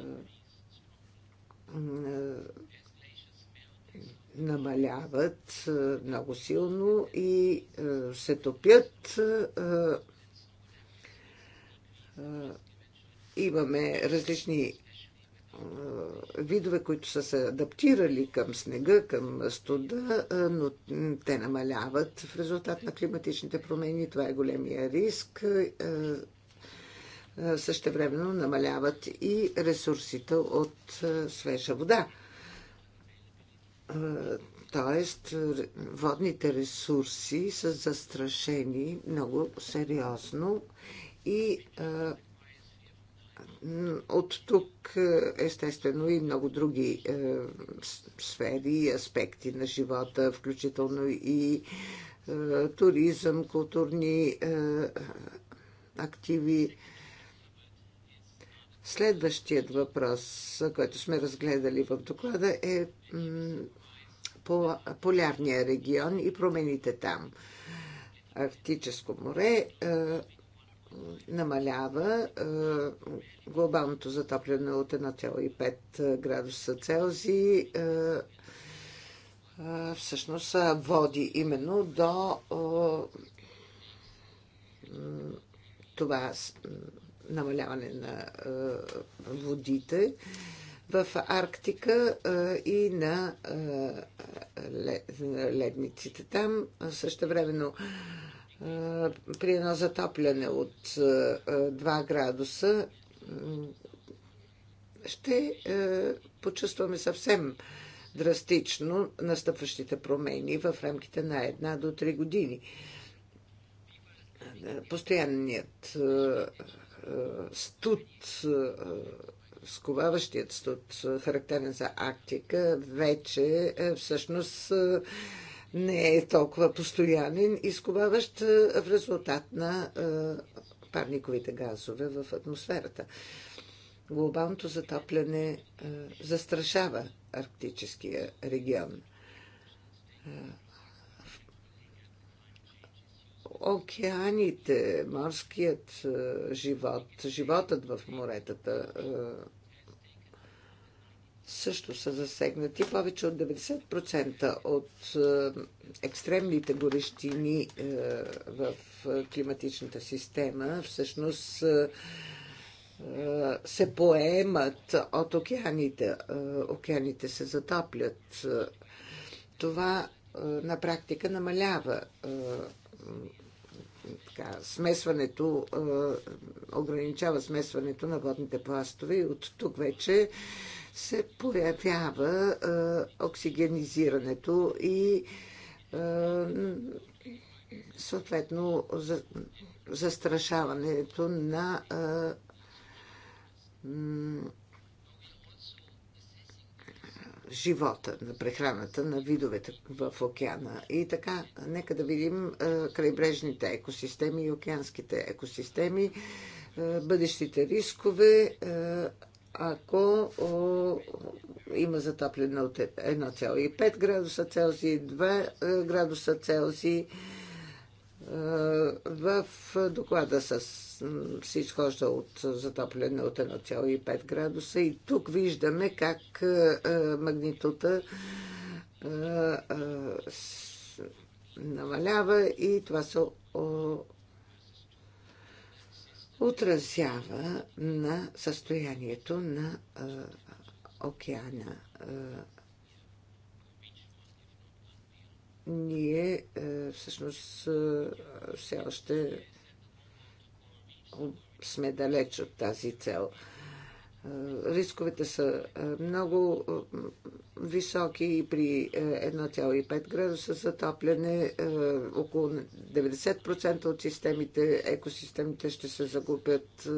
е, намаляват много силно и се топят. Е, имаме различни е, видове, които са се адаптирали към снега, към студа, е, но те намаляват в резултат на климатичните промени. Това е големия риск. Същевременно намаляват и ресурсите от свежа вода. Тоест, водните ресурси са застрашени много сериозно и от тук, естествено, и много други а, сфери и аспекти на живота, включително и а, туризъм, културни а, активи. Следващият въпрос, който сме разгледали в доклада, е по полярния регион и промените там. Арктическо море намалява глобалното затопляне от 1,5 градуса Целзий всъщност води именно до това намаляване на водите в Арктика и на ледниците там. Също времено е, при едно затопляне от 2 е, е, градуса ще почувстваме съвсем драстично настъпващите промени в рамките на една до три години. Постоянният студ, сковаващият студ, характерен за Арктика, вече всъщност не е толкова постоянен, изкобаващ е, в резултат на е, парниковите газове в атмосферата. Глобалното затопляне е, застрашава арктическия регион. Океаните, морският живот, животът в моретата също са засегнати. Повече от 90% от е, екстремните горещини е, в е, климатичната система всъщност се поемат от океаните. Океаните се затоплят. Това на практика намалява така, смесването, ограничава смесването на водните пластове и от тук вече се появява оксигенизирането и съответно застрашаването на живота, на прехраната на видовете в океана. И така, нека да видим крайбрежните екосистеми и океанските екосистеми, бъдещите рискове ако о, има затопляне от 1,5 е, градуса Целзий, 2 е, градуса Целзий. Е, в доклада с, се изхожда от затопляне от 1,5 градуса и тук виждаме как магнитута намалява и това се отразява на състоянието на а, океана. А, ние а, всъщност а, все още сме далеч от тази цел. А, е, рисковете са е, много е, високи и при 1,5 градуса затопляне около 90% от системите, екосистемите ще се загубят.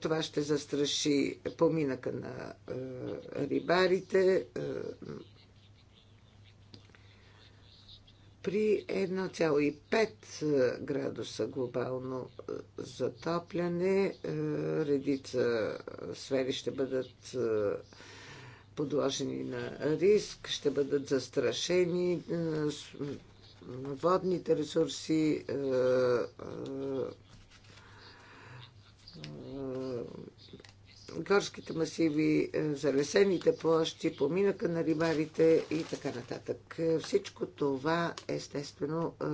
Това ще застраши поминъка на рибарите, при 1,5 е, градуса глобално е, затопляне е, редица сфери ще бъдат подложени на риск, ще бъдат застрашени водните ресурси, горските масиви, е, залесените площи, поминъка на рибарите и така нататък. Е, всичко това, естествено, е,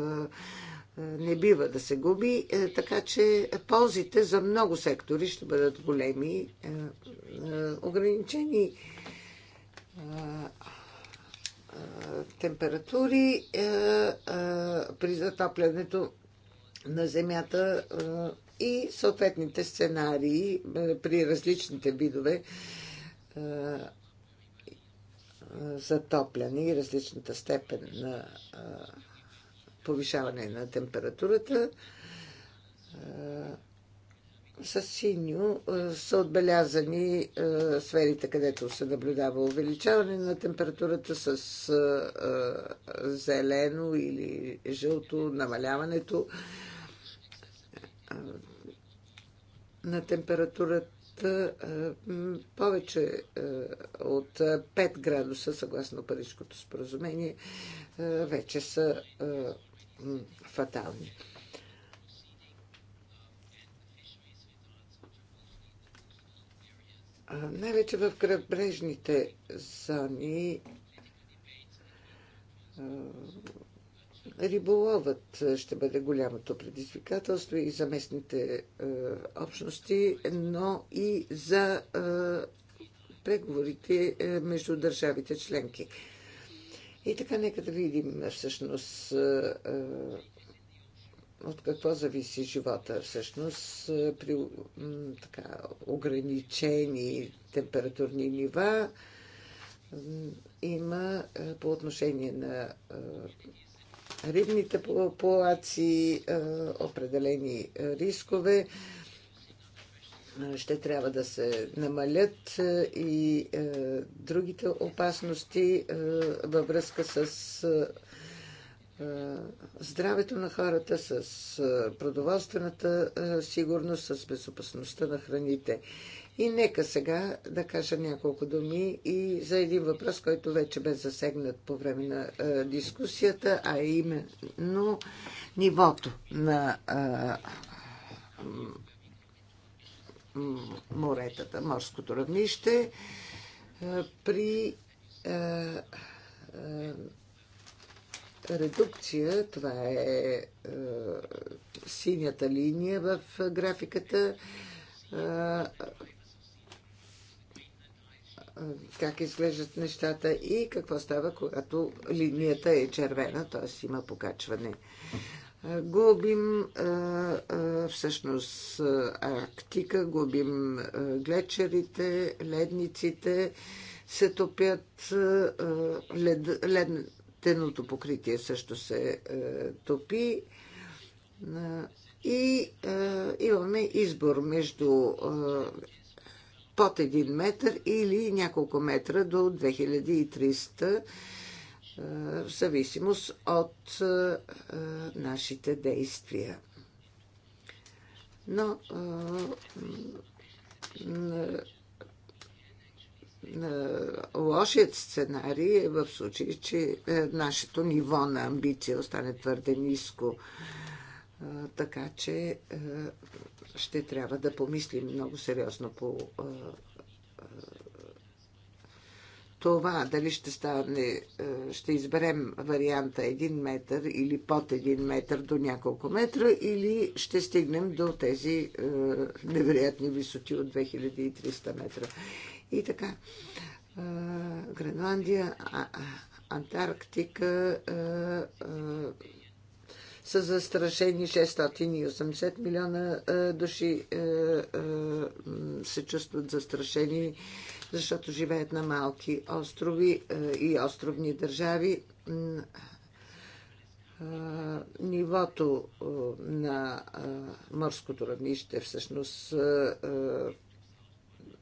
не бива да се губи, така че ползите за много сектори ще бъдат големи, ограничени температури при затоплянето на земята и съответните сценарии е, при различните видове е, е, затопляне и различната степен на повишаване на температурата. С синьо са отбелязани сферите, където се наблюдава увеличаване на температурата, с зелено или жълто намаляването на температурата повече от 5 градуса, съгласно Парижското споразумение, вече са фатални. Най-вече в крайбрежните зони Риболовът е, ще бъде голямото предизвикателство и за местните е, общности, но и за е, преговорите е, между държавите членки. И така, нека да видим е, всъщност е, е, от какво зависи живота. Всъщност, при така, ограничени температурни нива има по отношение на рибните популации, определени рискове ще трябва да се намалят и другите опасности във връзка с здравето на хората, с продоволствената сигурност, с безопасността на храните. И нека сега да кажа няколко думи и за един въпрос, който вече бе засегнат по време на а, дискусията, а именно нивото на а, моретата, морското равнище а, при а, а, редукция, това е, е синята линия в графиката, как изглеждат нещата и какво става, когато линията е червена, т.е. има покачване. Губим всъщност Арктика, губим глечерите, ледниците, се топят лед, леденото покритие също се топи. И имаме избор между под 1 метър или няколко метра до 2300 е, в зависимост от е, е, нашите действия. Но лошият сценарий е в случай, че нашето ниво на амбиция остане твърде ниско така че ще трябва да помислим много сериозно по това, дали ще стане, ще изберем варианта 1 метър или под 1 метър до няколко метра, или ще стигнем до тези невероятни висоти от 2300 метра. И така, Гренландия, Антарктика, са застрашени 680 милиона е, души е, е, се чувстват застрашени, защото живеят на малки острови и островни държави. Нивото на морското равнище всъщност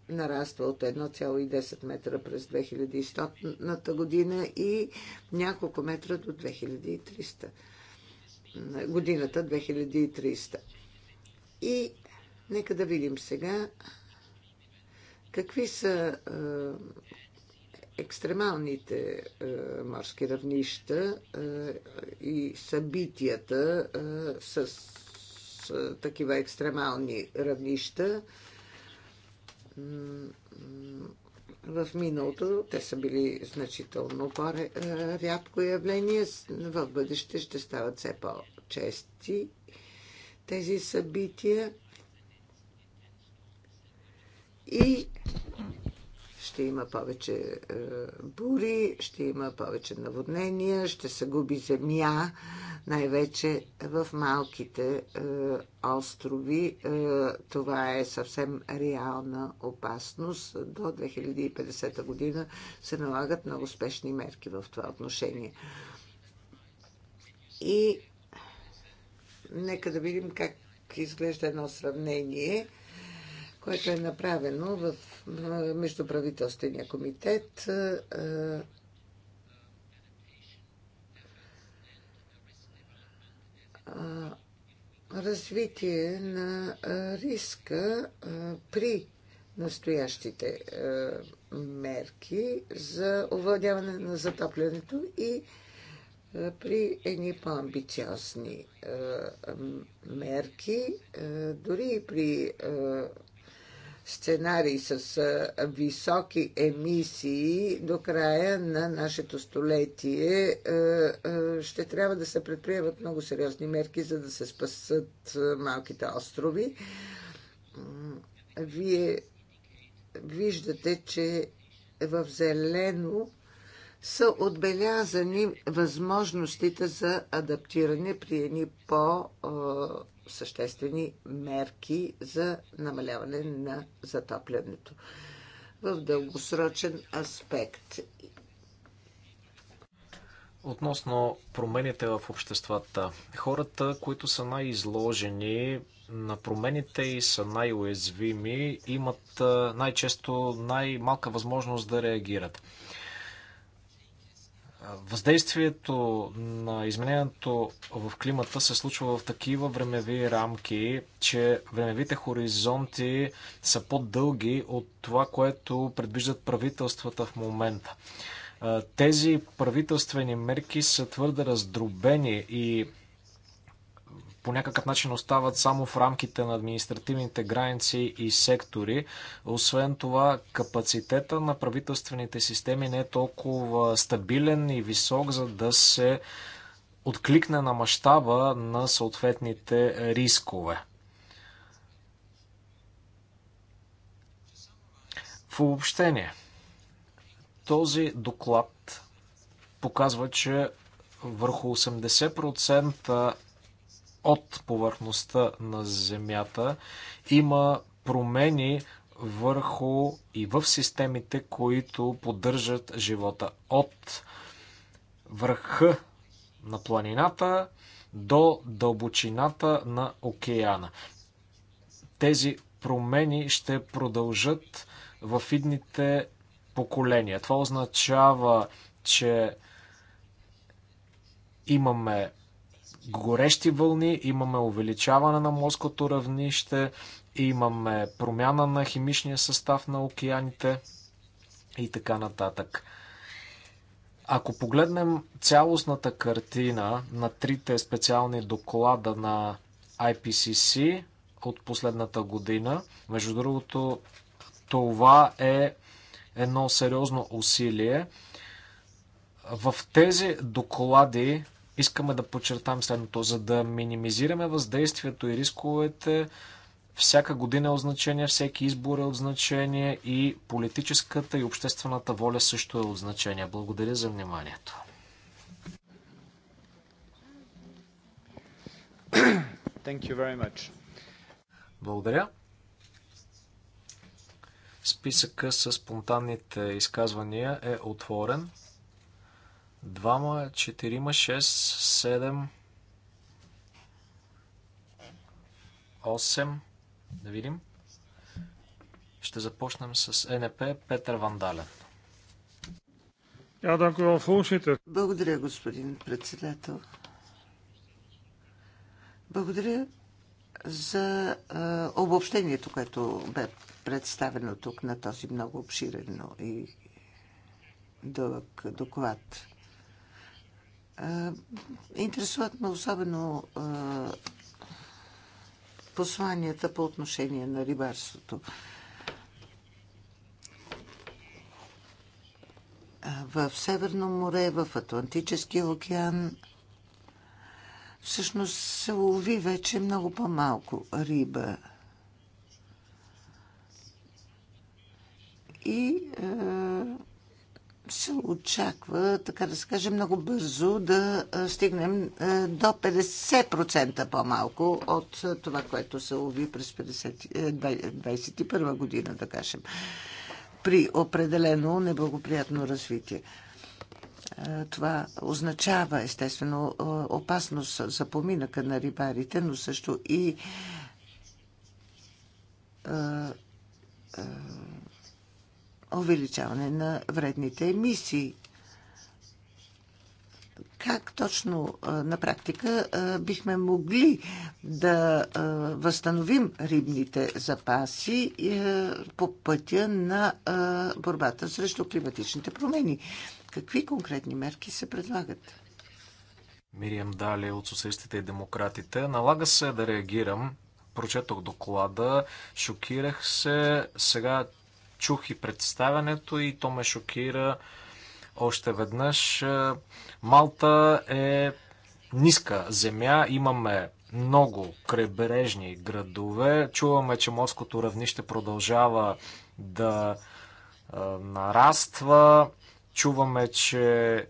нараства от 1,10 метра през 2100 година и няколко метра до 2300 годината 2300. И нека да видим сега какви са екстремалните морски равнища и събитията с такива екстремални равнища в миналото те са били значително по-рядко явление. В бъдеще ще стават все по-чести тези събития. И ще има повече е, бури, ще има повече наводнения, ще се губи земя най-вече в малките е, острови. Е, това е съвсем реална опасност. До 2050 година се налагат много спешни мерки в това отношение. И нека да видим как изглежда едно сравнение, което е направено в е, Междуправителствения комитет. Е, развитие на риска при настоящите мерки за овладяване на затоплянето и при едни по-амбициозни мерки, дори и при сценарий с високи емисии до края на нашето столетие, ще трябва да се предприемат много сериозни мерки, за да се спасат малките острови. Вие виждате, че в зелено са отбелязани възможностите за адаптиране при едни по- съществени мерки за намаляване на затоплянето в дългосрочен аспект. Относно промените в обществата, хората, които са най-изложени на промените и са най-уязвими, имат най-често най-малка възможност да реагират. Въздействието на изменението в климата се случва в такива времеви рамки, че времевите хоризонти са по-дълги от това, което предвиждат правителствата в момента. Тези правителствени мерки са твърде раздробени и по някакъв начин остават само в рамките на административните граници и сектори. Освен това, капацитета на правителствените системи не е толкова стабилен и висок, за да се откликне на мащаба на съответните рискове. В обобщение, този доклад показва, че върху 80% от повърхността на Земята. Има промени върху и в системите, които поддържат живота. От върха на планината до дълбочината на океана. Тези промени ще продължат в идните поколения. Това означава, че имаме горещи вълни, имаме увеличаване на морското равнище, имаме промяна на химичния състав на океаните и така нататък. Ако погледнем цялостната картина на трите специални доклада на IPCC от последната година, между другото, това е едно сериозно усилие. В тези доклади Искаме да подчертаем следното. За да минимизираме въздействието и рисковете, всяка година е от значение, всеки избор е от значение и политическата и обществената воля също е от значение. Благодаря за вниманието. Thank you very much. Благодаря. Списъка с спонтанните изказвания е отворен. Двама, четирима, шест, седем, осем. Да видим. Ще започнем с НП Петър Вандален. Благодаря, господин председател. Благодаря за а, обобщението, което бе представено тук на този много обширен и дълъг доклад. Интересуват ме особено посланията по отношение на рибарството. В Северно море, в Атлантическия океан всъщност се лови вече много по-малко риба. И се очаква, така да се каже, много бързо да стигнем до 50% по-малко от това, което се лови през 2021 година, да кажем, при определено неблагоприятно развитие. Това означава, естествено, опасност за поминъка на рибарите, но също и увеличаване на вредните емисии. Как точно на практика бихме могли да възстановим рибните запаси по пътя на борбата срещу климатичните промени? Какви конкретни мерки се предлагат? Мириам Дали от Социалистите и Демократите. Налага се да реагирам. Прочетох доклада, шокирах се. Сега чух и представянето и то ме шокира още веднъж. Е, Малта е ниска земя, имаме много крайбрежни градове. Чуваме, че морското равнище продължава да е, нараства. Чуваме, че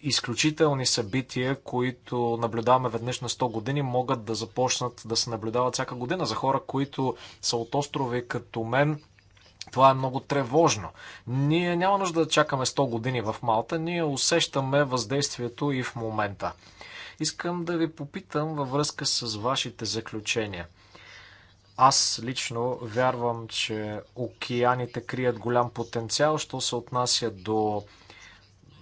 изключителни събития, които наблюдаваме веднъж на 100 години, могат да започнат да се наблюдават всяка година. За хора, които са от острови като мен, това е много тревожно. Ние няма нужда да чакаме 100 години в Малта, ние усещаме въздействието и в момента. Искам да ви попитам във връзка с вашите заключения. Аз лично вярвам, че океаните крият голям потенциал, що се отнася до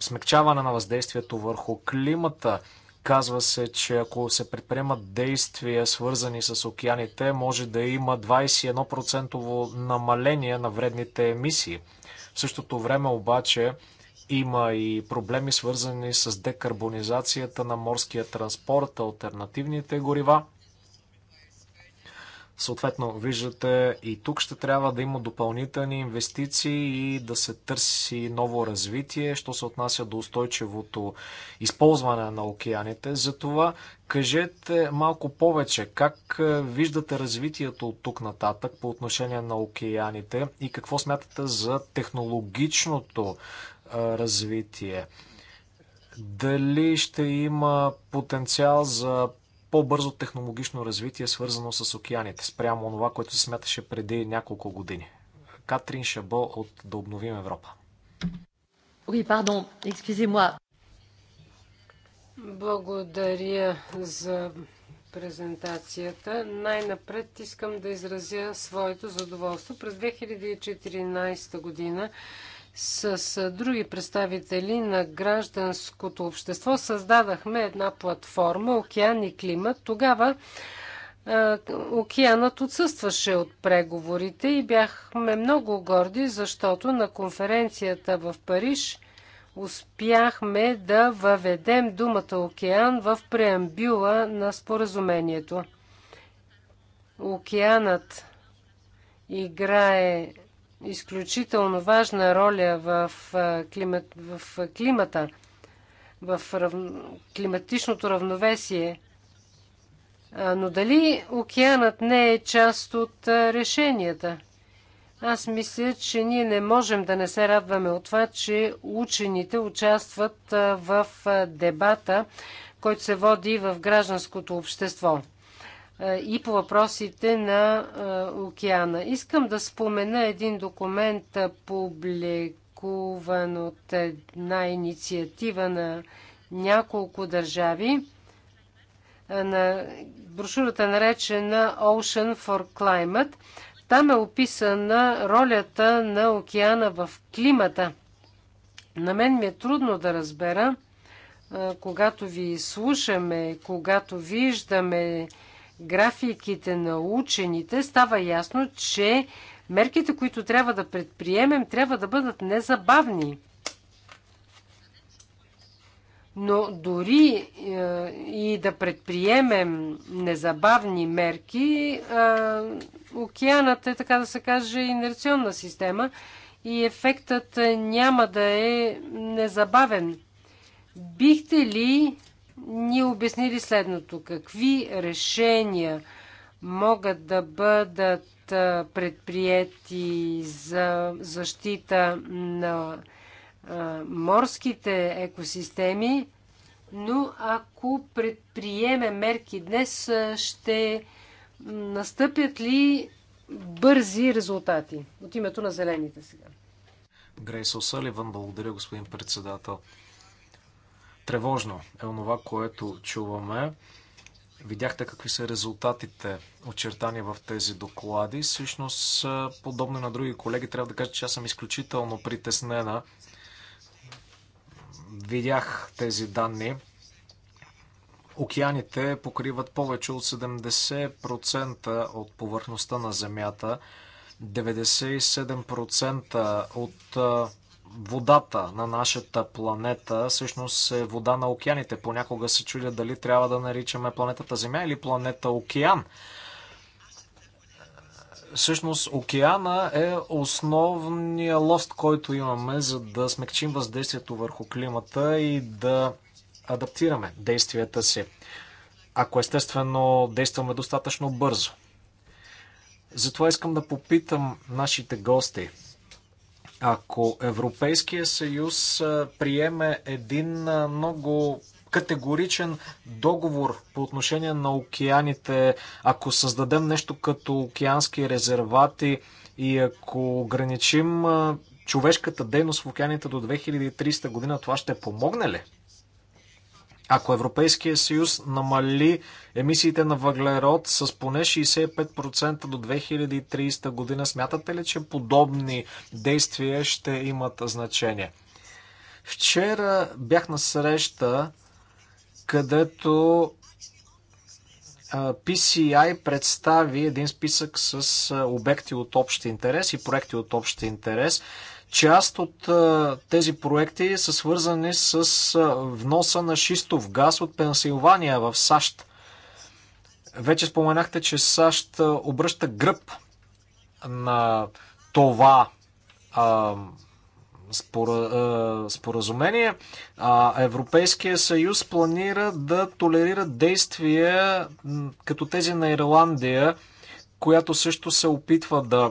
смягчаване на въздействието върху климата, Казва се, че ако се предприемат действия свързани с океаните, може да има 21% намаление на вредните емисии. В същото време обаче има и проблеми свързани с декарбонизацията на морския транспорт, альтернативните горива. Съответно, виждате и тук ще трябва да има допълнителни инвестиции и да се търси ново развитие, що се отнася до устойчивото използване на океаните. Затова кажете малко повече как е, виждате развитието от тук нататък по отношение на океаните и какво смятате за технологичното е, развитие. Дали ще има потенциал за по-бързо технологично развитие, свързано с океаните, спрямо това, което се смяташе преди няколко години. Катрин Шабо от Да обновим Европа. Oui, pardon, excusez-moi. Благодаря за презентацията. Най-напред искам да изразя своето задоволство. През 2014 година с други представители на гражданското общество създадахме една платформа Океан и климат. Тогава океанът отсъстваше от преговорите и бяхме много горди, защото на конференцията в Париж успяхме да въведем думата океан в преамбюла на споразумението. Океанът играе изключително важна роля в, климат, в климата, в рав... климатичното равновесие. Но дали океанът не е част от решенията? Аз мисля, че ние не можем да не се радваме от това, че учените участват в дебата, който се води в гражданското общество. Е, и по въпросите на е, океана. Искам да спомена един документ, е, публикуван от една инициатива на няколко държави. На брошурата наречена Ocean for Climate. Там е описана ролята на океана в климата. На мен ми е трудно да разбера, когато ви слушаме, когато виждаме графиките на учените, става ясно, че мерките, които трябва да предприемем, трябва да бъдат незабавни. Но дори е, и да предприемем незабавни мерки, е, океанът е, така да се каже, инерционна система и ефектът няма да е незабавен. Бихте ли ни обяснили следното. Какви решения могат да бъдат предприяти за защита на морските екосистеми, но ако предприеме мерки днес, ще настъпят ли бързи резултати от името на зелените сега? Грейс Осаливан, благодаря господин председател. Тревожно е онова, което чуваме. Видяхте какви са резултатите, очертани в тези доклади. Всъщност, подобно на други колеги, трябва да кажа, че аз съм изключително притеснена. Видях тези данни. Океаните покриват повече от 70% от повърхността на Земята. 97% от водата на нашата планета всъщност е вода на океаните. Понякога се чудя дали трябва да наричаме планетата Земя или планета Океан. Всъщност океана е основния лост, който имаме, за да смекчим въздействието върху климата и да адаптираме действията си. Ако естествено действаме достатъчно бързо. Затова искам да попитам нашите гости – ако Европейския съюз приеме един много категоричен договор по отношение на океаните, ако създадем нещо като океански резервати и ако ограничим човешката дейност в океаните до 2300 година, това ще помогне ли? Ако Европейския съюз намали емисиите на въглерод с поне 65% до 2030 година, смятате ли, че подобни действия ще имат значение? Вчера бях на среща, където PCI представи един списък с обекти от общ интерес и проекти от общ интерес. Част от тези проекти са свързани с вноса на шистов газ от Пенсилвания в САЩ. Вече споменахте, че САЩ обръща гръб на това а, спора, а, споразумение. А Европейския съюз планира да толерира действия като тези на Ирландия, която също се опитва да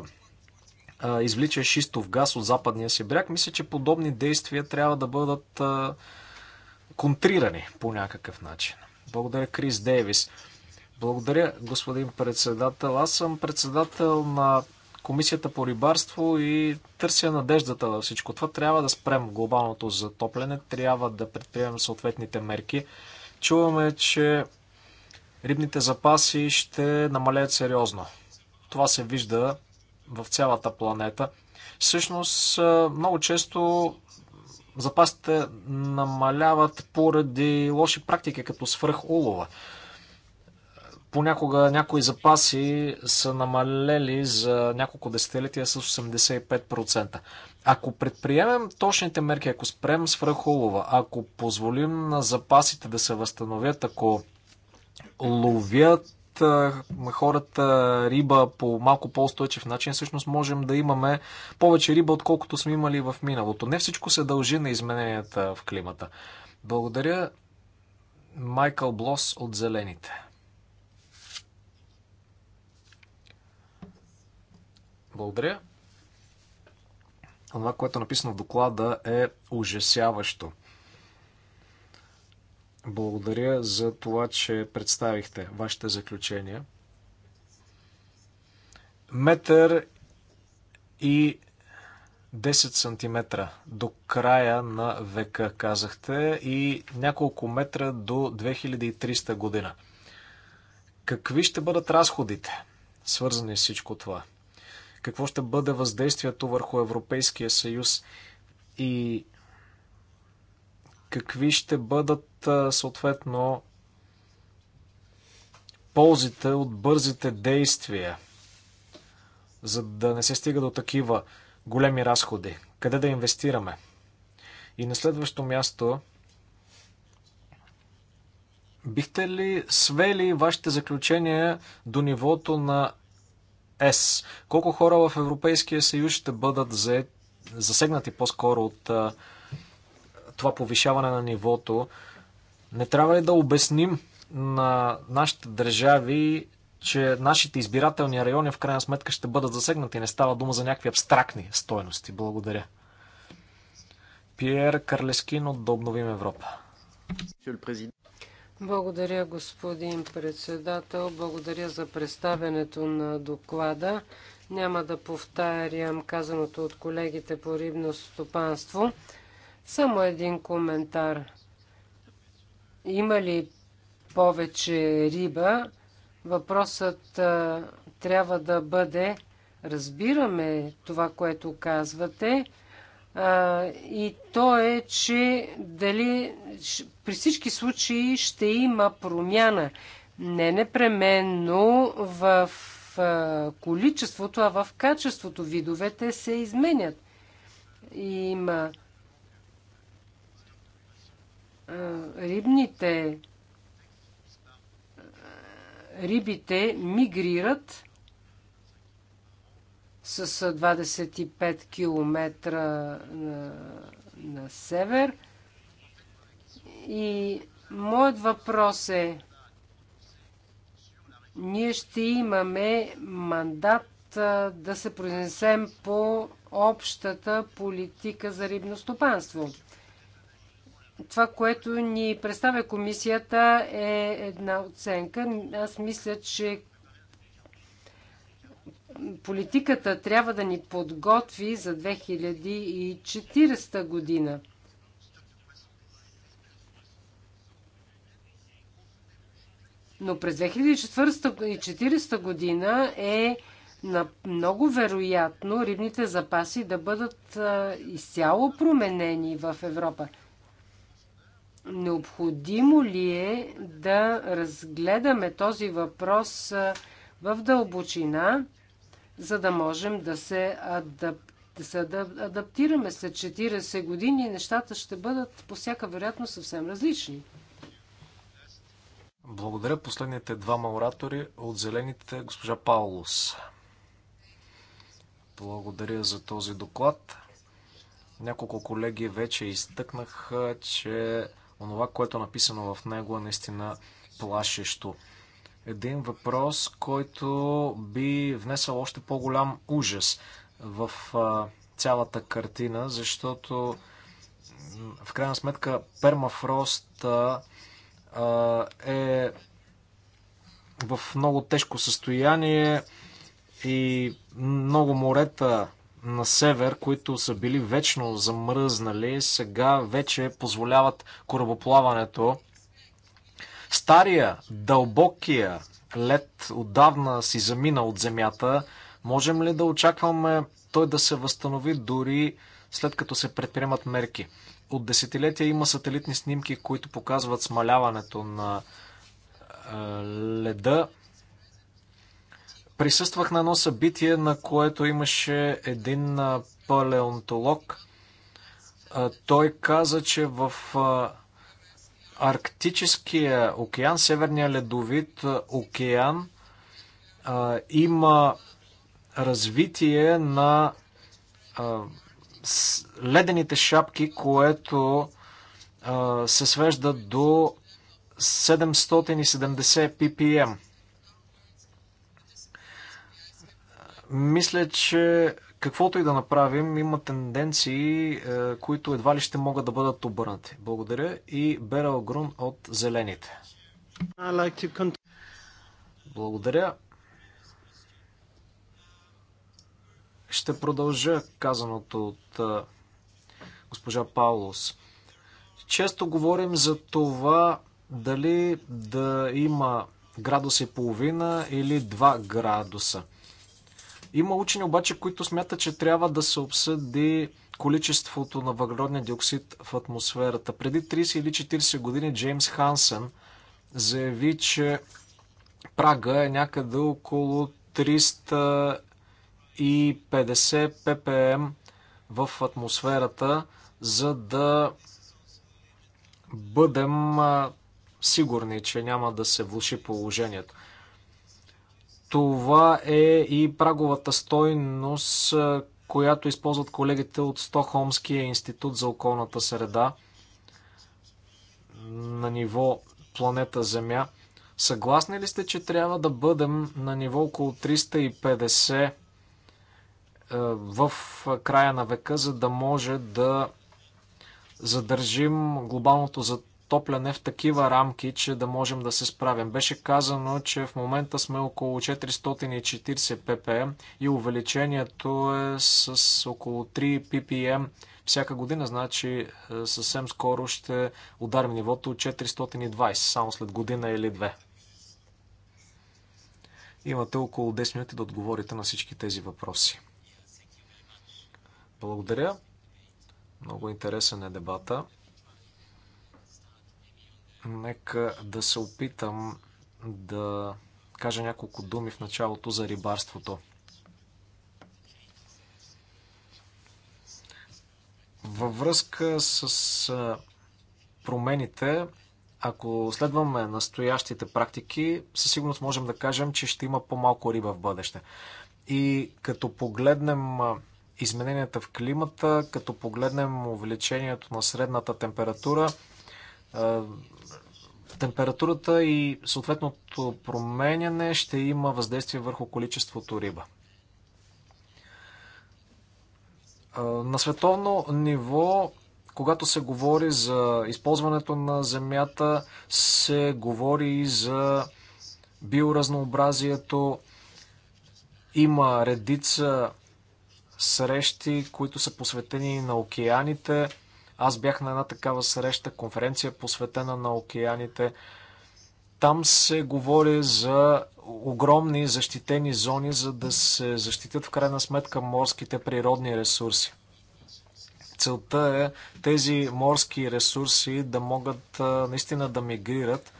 извлича шистов газ от западния си бряг, мисля, че подобни действия трябва да бъдат контрирани по някакъв начин. Благодаря, Крис Дейвис. Благодаря, господин председател. Аз съм председател на Комисията по рибарство и търся надеждата във всичко това. Трябва да спрем глобалното затопляне, трябва да предприемем съответните мерки. Чуваме, че рибните запаси ще намалеят сериозно. Това се вижда в цялата планета. Всъщност, много често запасите намаляват поради лоши практики, като свръхулова. Понякога някои запаси са намалели за няколко десетилетия с 85%. Ако предприемем точните мерки, ако спрем свръхулова, ако позволим на запасите да се възстановят, ако ловят е, хората риба по малко по-устойчив начин, всъщност можем да имаме повече риба, отколкото сме имали в миналото. Не всичко се дължи на измененията в климата. Благодаря Майкъл Блос от Зелените. Благодаря. Това, което е написано в доклада е ужасяващо. Благодаря за това, че представихте вашите заключения. Метър и 10 см до края на века, казахте, и няколко метра до 2300 година. Какви ще бъдат разходите, свързани с всичко това? Какво ще бъде въздействието върху Европейския съюз и какви ще бъдат съответно ползите от бързите действия, за да не се стига до такива големи разходи. Къде да инвестираме? И на следващо място, бихте ли свели вашите заключения до нивото на С? Колко хора в Европейския съюз ще бъдат засегнати по-скоро от това повишаване на нивото не трябва ли да обясним на нашите държави, че нашите избирателни райони в крайна сметка ще бъдат засегнати. Не става дума за някакви абстрактни стоености. Благодаря. Пьер Карлескин от Да обновим Европа. Благодаря, господин председател. Благодаря за представенето на доклада. Няма да повтарям казаното от колегите по рибно стопанство. Само един коментар има ли повече риба, въпросът а, трябва да бъде разбираме това, което казвате. А, и то е, че дали при всички случаи ще има промяна. Не непременно в а, количеството, а в качеството. Видовете се изменят. И има е, рибните е, рибите мигрират с 25 е, км на, на север. И моят въпрос е, ние ще имаме мандат да се произнесем по общата политика за рибно стопанство това, което ни представя комисията е една оценка. Аз мисля, че политиката трябва да ни подготви за 2040 година. Но през 2040 година е на много вероятно рибните запаси да бъдат изцяло променени в Европа. Необходимо ли е да разгледаме този въпрос в дълбочина, за да можем да се, адап... да се адаптираме след 40 години? Нещата ще бъдат по всяка вероятност съвсем различни. Благодаря последните двама оратори от зелените, госпожа Паулус. Благодаря за този доклад. Няколко колеги вече изтъкнаха, че онова, което е написано в него е наистина плашещо. Един въпрос, който би внесъл още по-голям ужас в цялата картина, защото в крайна сметка пермафрост е в много тежко състояние и много морета на север, които са били вечно замръзнали, сега вече позволяват корабоплаването. Стария, дълбокия лед отдавна си замина от земята. Можем ли да очакваме той да се възстанови дори след като се предприемат мерки? От десетилетия има сателитни снимки, които показват смаляването на е, леда. Присъствах на едно събитие, на което имаше един палеонтолог. Той каза, че в Арктическия океан, Северния ледовит океан, има развитие на ледените шапки, което се свежда до 770 ppm. Мисля, че каквото и да направим, има тенденции, е, които едва ли ще могат да бъдат обърнати. Благодаря и Берел Грун от Зелените. Благодаря. Ще продължа казаното от е, госпожа Паулос. Често говорим за това дали да има градус и половина или 2 градуса – има учени обаче, които смятат, че трябва да се обсъди количеството на въглеродния диоксид в атмосферата. Преди 30 или 40 години Джеймс Хансен заяви, че прага е някъде около 350 ppm в атмосферата, за да бъдем сигурни, че няма да се влуши положението. Това е и праговата стойност, която използват колегите от Стокхолмския институт за околната среда на ниво планета Земя. Съгласни ли сте, че трябва да бъдем на ниво около 350 е, в края на века, за да може да задържим глобалното топляне в такива рамки, че да можем да се справим. Беше казано, че в момента сме около 440 ppm и увеличението е с около 3 ppm всяка година, значи е, съвсем скоро ще ударим нивото от 420, само след година или две. Имате около 10 минути да отговорите на всички тези въпроси. Благодаря. Много интересен е дебата. Нека да се опитам да кажа няколко думи в началото за рибарството. Във връзка с промените, ако следваме настоящите практики, със сигурност можем да кажем, че ще има по-малко риба в бъдеще. И като погледнем измененията в климата, като погледнем увеличението на средната температура, температурата и съответното променяне ще има въздействие върху количеството риба. На световно ниво, когато се говори за използването на земята, се говори и за биоразнообразието. Има редица срещи, които са посветени на океаните. Аз бях на една такава среща, конференция посветена на океаните. Там се говори за огромни защитени зони, за да се защитят в крайна сметка морските природни ресурси. Целта е тези морски ресурси да могат наистина да мигрират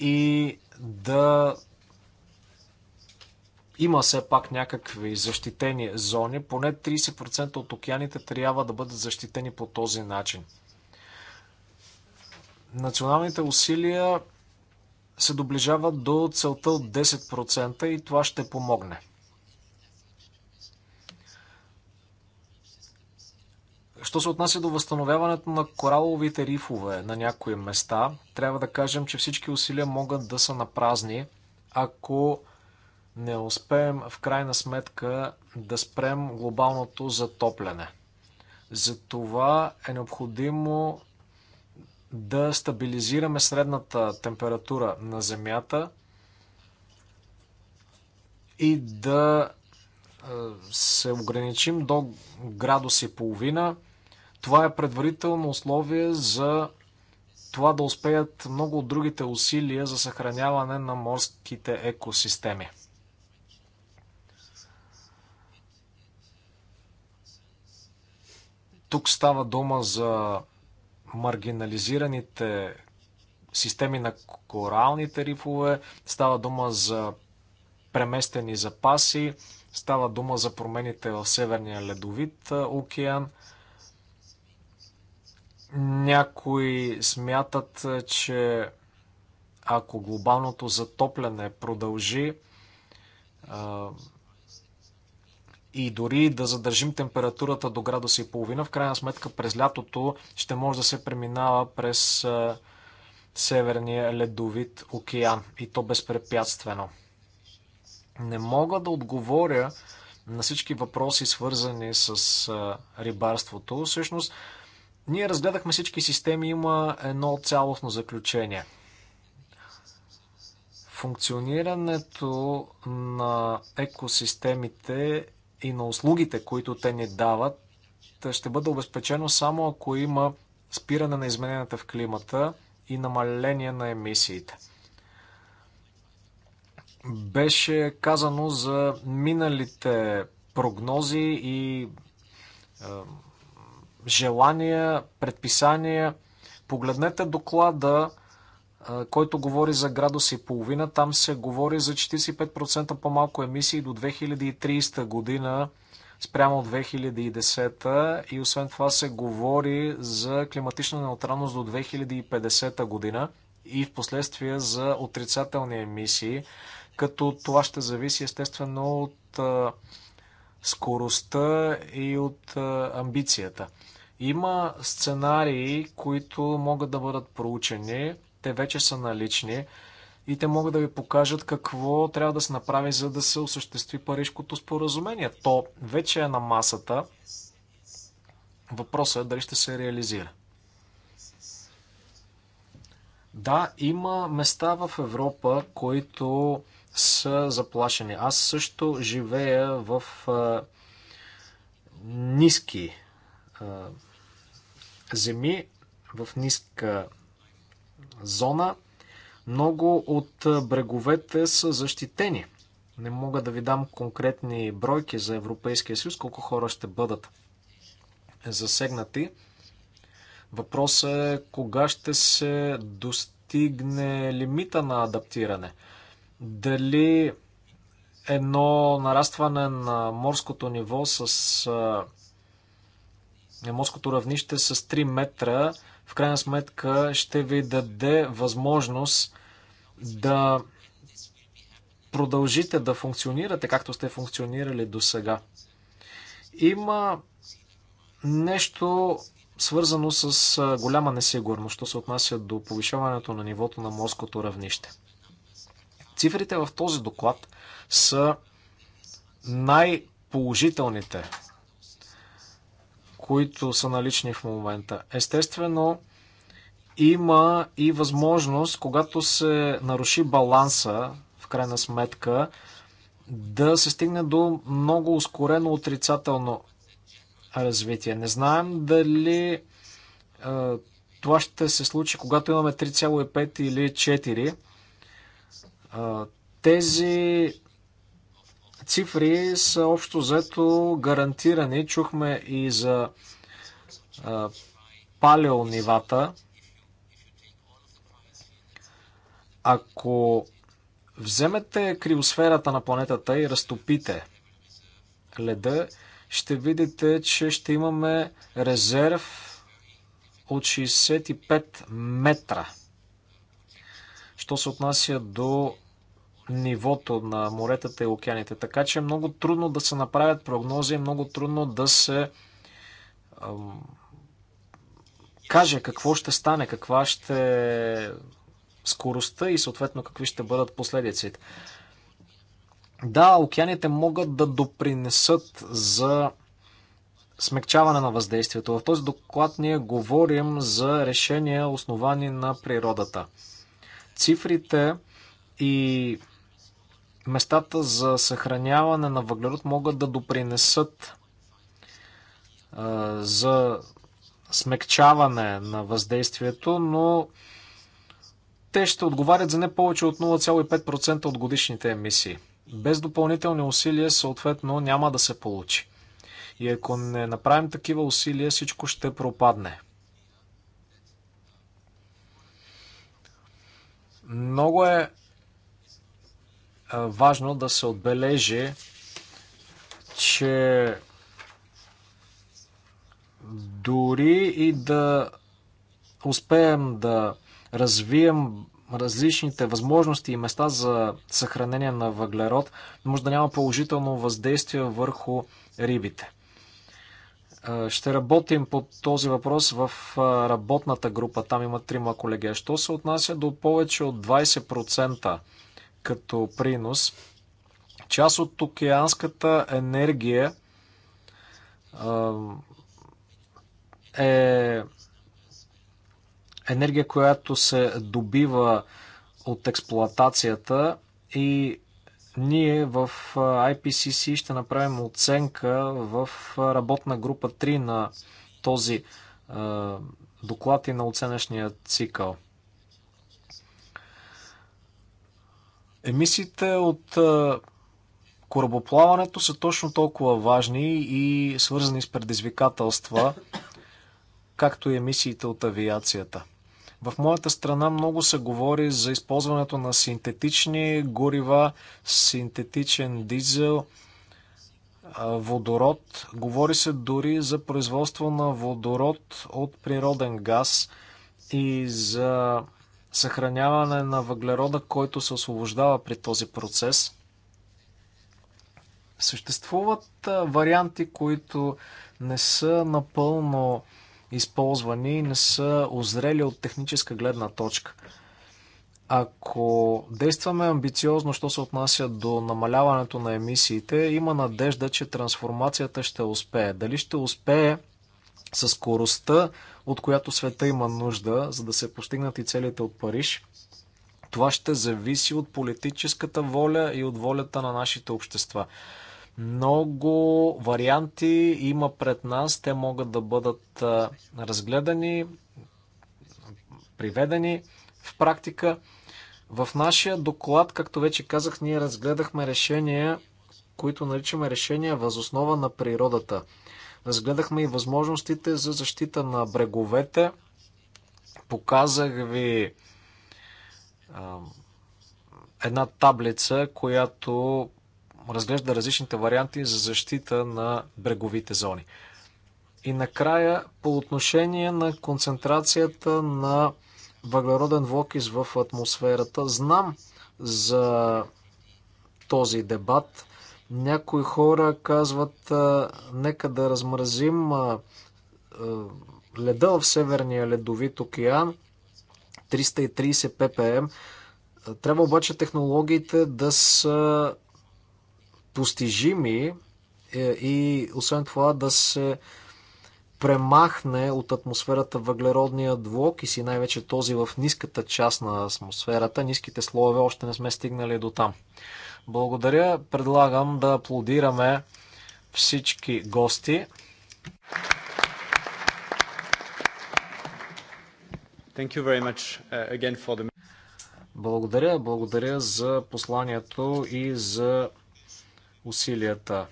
и да има все пак някакви защитени зони. Поне 30% от океаните трябва да бъдат защитени по този начин. Националните усилия се доближават до целта от 10% и това ще помогне. Що се отнася до възстановяването на кораловите рифове на някои места, трябва да кажем, че всички усилия могат да са напразни, ако не успеем в крайна сметка да спрем глобалното затопляне. Затова е необходимо да стабилизираме средната температура на Земята и да се ограничим до градус и половина. Това е предварително условие за това да успеят много от другите усилия за съхраняване на морските екосистеми. Тук става дума за маргинализираните системи на коралните рифове, става дума за преместени запаси, става дума за промените в Северния ледовит океан. Някои смятат, че ако глобалното затопляне продължи, и дори да задържим температурата до градуса и половина, в крайна сметка през лятото ще може да се преминава през Северния ледовит океан и то безпрепятствено. Не мога да отговоря на всички въпроси, свързани с рибарството. Всъщност, ние разгледахме всички системи, има едно цялостно заключение. Функционирането на екосистемите и на услугите, които те ни дават, ще бъде обезпечено само ако има спиране на измененията в климата и намаление на емисиите. Беше казано за миналите прогнози и е, желания, предписания. Погледнете доклада който говори за градус и половина. Там се говори за 45% по-малко емисии до 2030 година спрямо 2010 и освен това се говори за климатична неутралност до 2050 година и в последствие за отрицателни емисии, като това ще зависи естествено от скоростта и от амбицията. Има сценарии, които могат да бъдат проучени. Те вече са налични и те могат да ви покажат какво трябва да се направи, за да се осъществи Парижкото споразумение. То вече е на масата. Въпросът е дали ще се реализира. Да, има места в Европа, които са заплашени. Аз също живея в а, ниски а, земи, в ниска зона. Много от бреговете са защитени. Не мога да ви дам конкретни бройки за Европейския съюз, колко хора ще бъдат засегнати. Въпросът е кога ще се достигне лимита на адаптиране. Дали едно нарастване на морското ниво с морското равнище с 3 метра в крайна сметка ще ви даде възможност да продължите да функционирате както сте функционирали до сега. Има нещо свързано с голяма несигурност, що се отнася до повишаването на нивото на морското равнище. Цифрите в този доклад са най-положителните които са налични в момента. Естествено, има и възможност, когато се наруши баланса, в крайна сметка, да се стигне до много ускорено отрицателно развитие. Не знаем дали е, това ще се случи, когато имаме 3,5 или 4. Е, тези цифри са общо взето гарантирани. Чухме и за палео нивата. Ако вземете криосферата на планетата и разтопите леда, ще видите, че ще имаме резерв от 65 метра. Що се отнася до нивото на моретата и океаните. Така че е много трудно да се направят прогнози, е много трудно да се ам, каже какво ще стане, каква ще е скоростта и съответно какви ще бъдат последиците. Да, океаните могат да допринесат за смягчаване на въздействието. В този доклад ние говорим за решения, основани на природата. Цифрите и местата за съхраняване на въглерод могат да допринесат за смекчаване на въздействието, но те ще отговарят за не повече от 0,5% от годишните емисии. Без допълнителни усилия, съответно, няма да се получи. И ако не направим такива усилия, всичко ще пропадне. Много е е, важно да се отбележи, че дори и да успеем да развием различните възможности и места за съхранение на въглерод, може да няма положително въздействие върху рибите. Е, ще работим по този въпрос в е, работната група. Там има трима колеги. Що се отнася до повече от 20% като принос. Част от океанската енергия е енергия, която се добива от експлоатацията и ние в IPCC ще направим оценка в работна група 3 на този доклад и на оценъчния цикъл. Емисиите от корабоплаването са точно толкова важни и свързани с предизвикателства, както и емисиите от авиацията. В моята страна много се говори за използването на синтетични горива, синтетичен дизел, водород. Говори се дори за производство на водород от природен газ и за съхраняване на въглерода, който се освобождава при този процес. Съществуват варианти, които не са напълно използвани и не са озрели от техническа гледна точка. Ако действаме амбициозно, що се отнася до намаляването на емисиите, има надежда, че трансформацията ще успее. Дали ще успее с скоростта, от която света има нужда, за да се постигнат и целите от Париж. Това ще зависи от политическата воля и от волята на нашите общества. Много варианти има пред нас. Те могат да бъдат разгледани, приведени в практика. В нашия доклад, както вече казах, ние разгледахме решения, които наричаме решения възоснова на природата – Разгледахме и възможностите за защита на бреговете. Показах ви една таблица, която разглежда различните варианти за защита на бреговите зони. И накрая, по отношение на концентрацията на въглероден влокис в атмосферата, знам за този дебат. Някои хора казват, нека да размразим леда в Северния ледовит океан 330 ppm. Трябва обаче технологиите да са постижими е, и освен това да се премахне от атмосферата въглеродния двок и си най-вече този в ниската част на атмосферата. Ниските слоеве още не сме стигнали до там. Благодаря. Предлагам да аплодираме всички гости. Uh, the... Благодаря, благодаря за посланието и за усилията.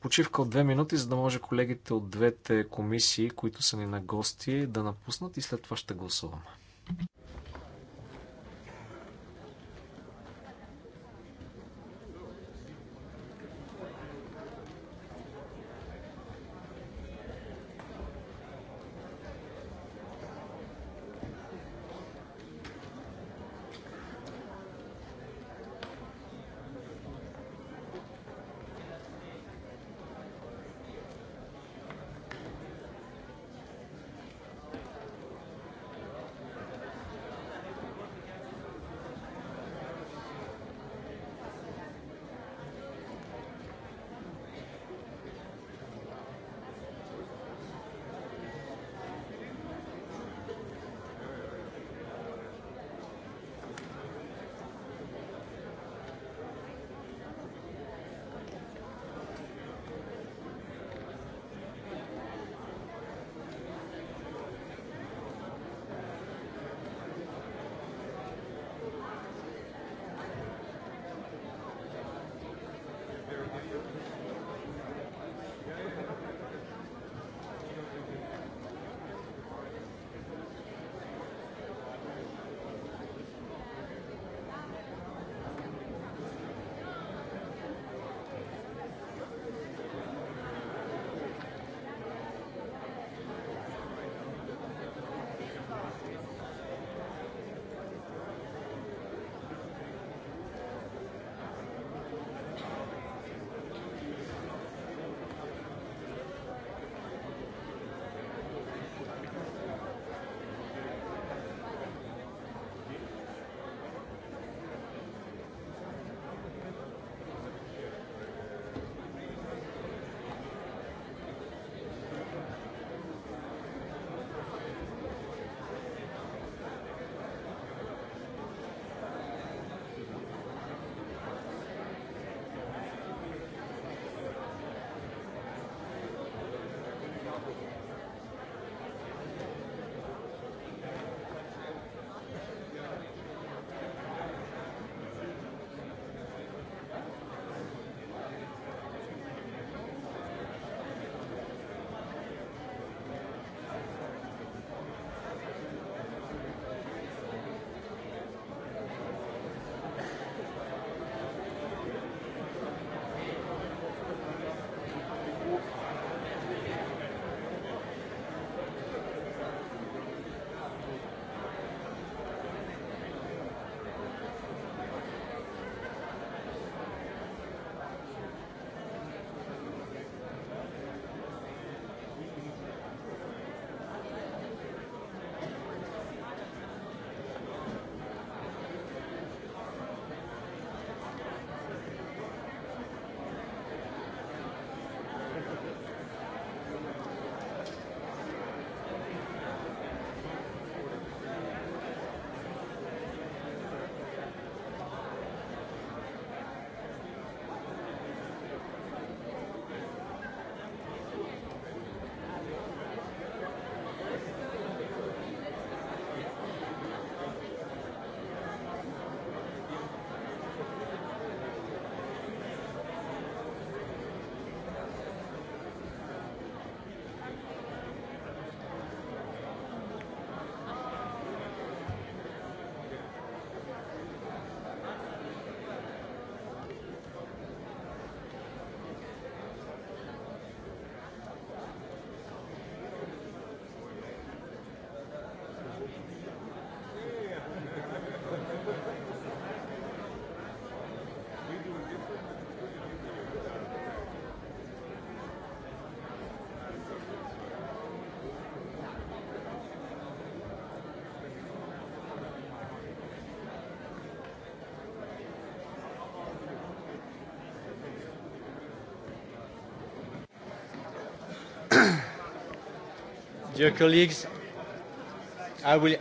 Почивка от две минути, за да може колегите от двете комисии, които са ни на гости, да напуснат и след това ще гласуваме.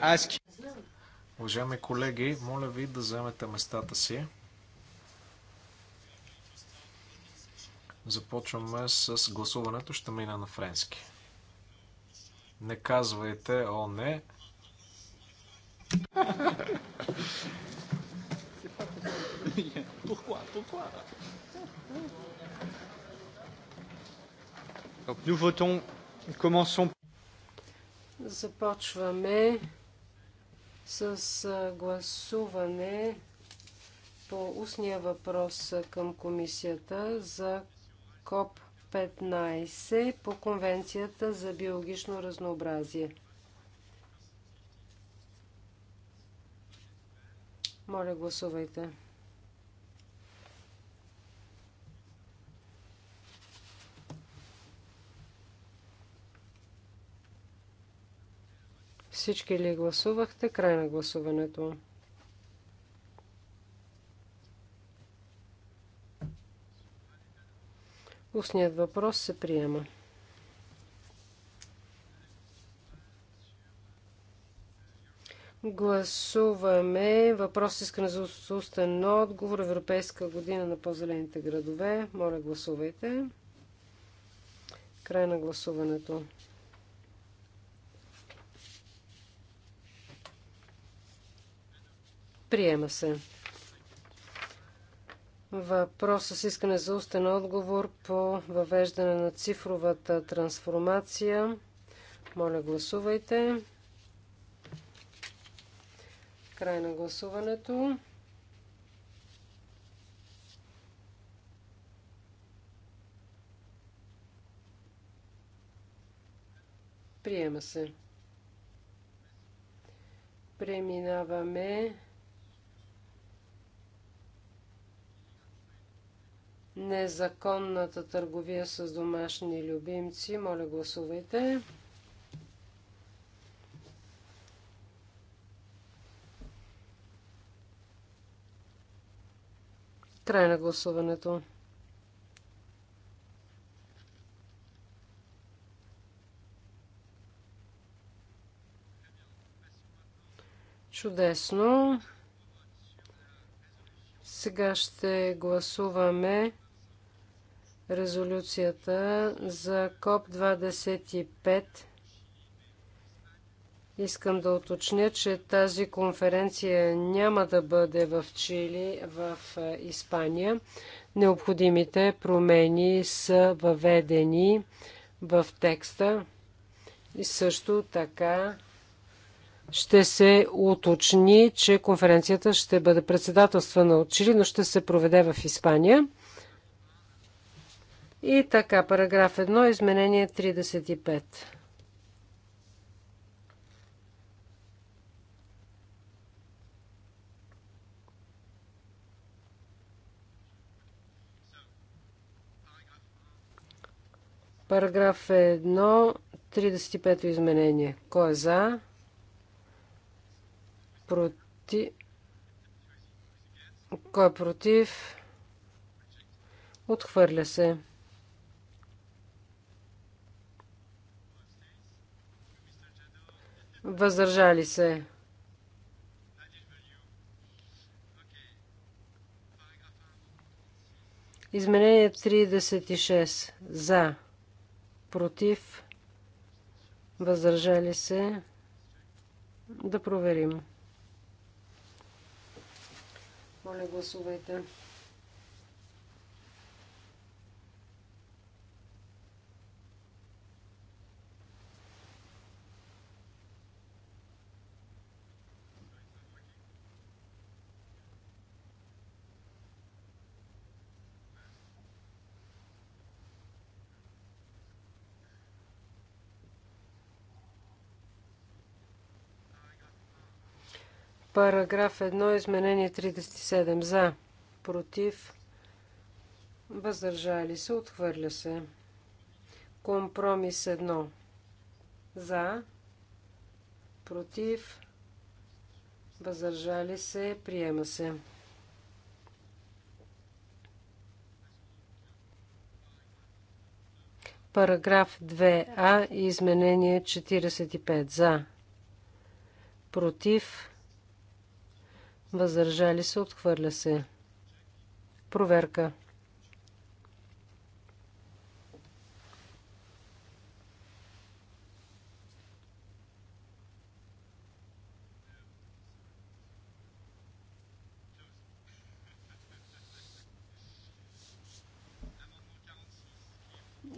Ask... Уважаеми колеги, моля ви да вземете местата си. Започваме с гласуването. Ще мина на френски. Не казвайте, о не. nous votons, commençons Започваме с гласуване по устния въпрос към комисията за КОП 15 по Конвенцията за биологично разнообразие. Моля, гласувайте. Всички ли гласувахте? Край на гласуването. Устният въпрос се приема. Гласуваме въпрос искане за устен отговор Европейска година на по-зелените градове. Моля, гласувайте. Край на гласуването. Приема се. Въпрос с искане за устен отговор по въвеждане на цифровата трансформация. Моля, гласувайте. Край на гласуването. Приема се. Преминаваме незаконната търговия с домашни любимци. Моля, гласувайте. Край на гласуването. Чудесно. Сега ще гласуваме резолюцията за КОП-25. Искам да уточня, че тази конференция няма да бъде в Чили, в Испания. Необходимите промени са въведени в текста и също така ще се уточни, че конференцията ще бъде председателствана от Чили, но ще се проведе в Испания. И така, параграф 1, изменение 35. Параграф 1, 35 изменение. Кой е за? Проти... Кой е против? Отхвърля се. Въздържали се. Изменение 36. За. Против. Въздържали се. Да проверим. Моля, гласувайте. Параграф 1, изменение 37 за, против, въздържали се, отхвърля се. Компромис 1 за, против, въздържали се, приема се. Параграф 2а, изменение 45 за, против, Въздържали се, отхвърля се. Проверка.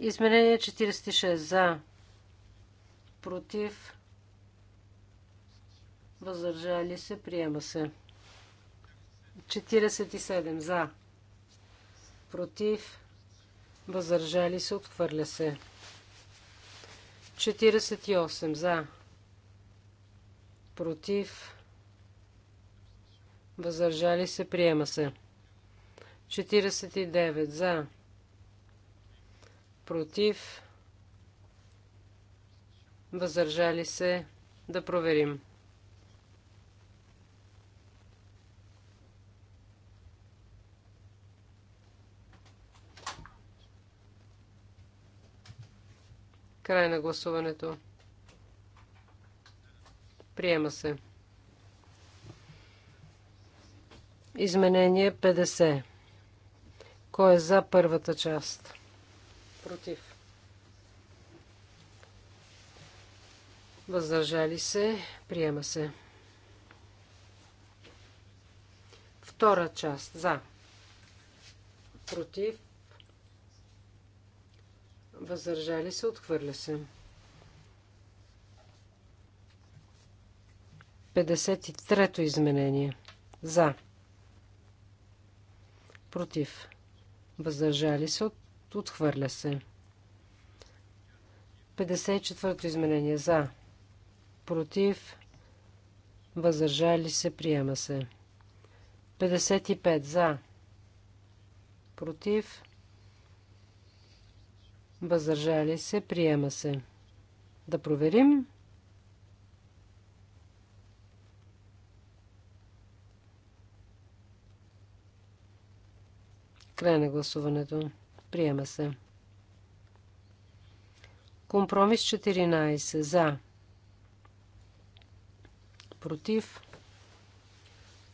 Изменение 46. За. Против. Въздържали се. Приема се. 47 за. Против. Въздържали се. Отхвърля се. 48 за. Против. Въздържали се. Приема се. 49 за. Против. Въздържали се. Да проверим. Край на гласуването. Приема се. Изменение 50. Кой е за първата част? Против. Въздържали се. Приема се. Втора част. За. Против въздържали се, отхвърля се. 53-то изменение. За. Против. Въздържали се, отхвърля се. 54-то изменение. За. Против. Въздържали се, приема се. 55 за. Против. Въздържали се. Приема се. Да проверим. Край на гласуването. Приема се. Компромис 14. За. Против.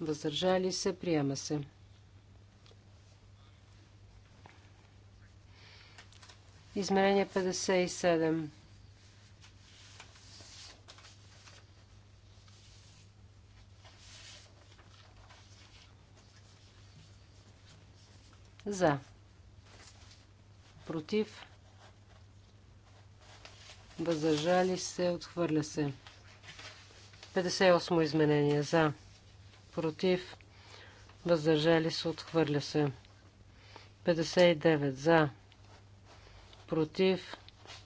Въздържали се. Приема се. Изменение 57. За. Против. Въздържали се. Отхвърля се. 58 изменение. За. Против. Въздържали се. Отхвърля се. 59. За против,